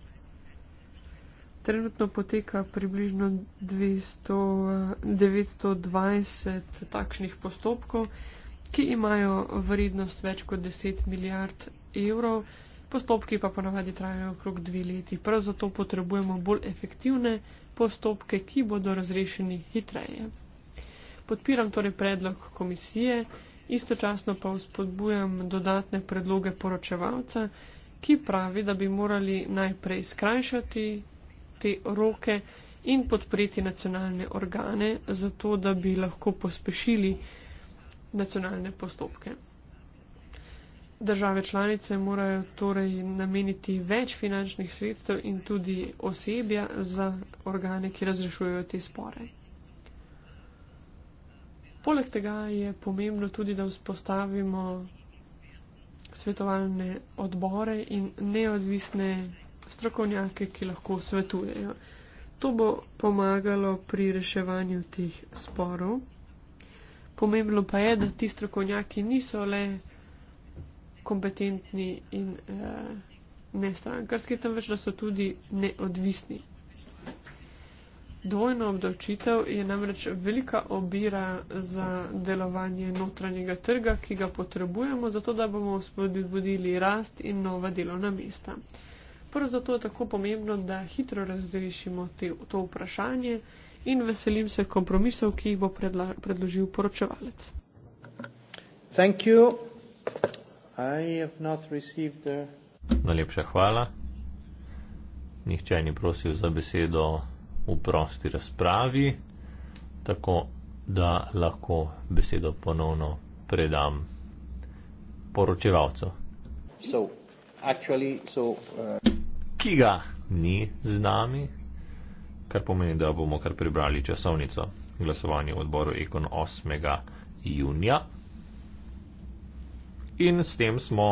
Speaker 3: Trenutno poteka približno 200, 920 takšnih postopkov, ki imajo vrednost več kot 10 milijard evrov, postopki pa ponavadi trajajo okrog dve leti. Prav zato potrebujemo bolj efektivne postopke, ki bodo razrešeni hitreje. Podpiram torej predlog komisije, istočasno pa vzpodbujam dodatne predloge poročevalca, ki pravi, da bi morali najprej skrajšati te roke in podpreti nacionalne organe, zato da bi lahko pospešili nacionalne postopke. Države članice morajo torej nameniti več finančnih sredstev in tudi osebja za organe, ki razrešujejo te spore. Poleg tega je pomembno tudi, da vzpostavimo svetovalne odbore in neodvisne strokovnjake, ki lahko svetujejo. To bo pomagalo pri reševanju teh sporov. Pomembno pa je, da ti strokovnjaki niso le kompetentni in eh, nestrankarski, temveč da so tudi neodvisni. Dvojno obdavčitev je namreč velika obira za delovanje notranjega trga, ki ga potrebujemo, zato da bomo spodbudili rast in nova delovna mesta. Prvo zato je tako pomembno, da hitro razrešimo te, to vprašanje in veselim se kompromisov, ki jih bo predla, predložil poročevalec.
Speaker 2: Najlepša hvala. Nihče ni prosil za besedo v prosti razpravi, tako da lahko besedo ponovno predam poročevalcu. So, actually, so, uh... Ki ga ni z nami, kar pomeni, da bomo kar prebrali časovnico glasovanja v odboru Ekon 8. junija. In s tem smo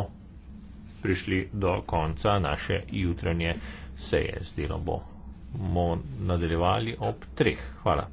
Speaker 2: prišli do konca naše jutranje
Speaker 1: seje. Zdelo bo bomo nadaljevali ob treh. Hvala.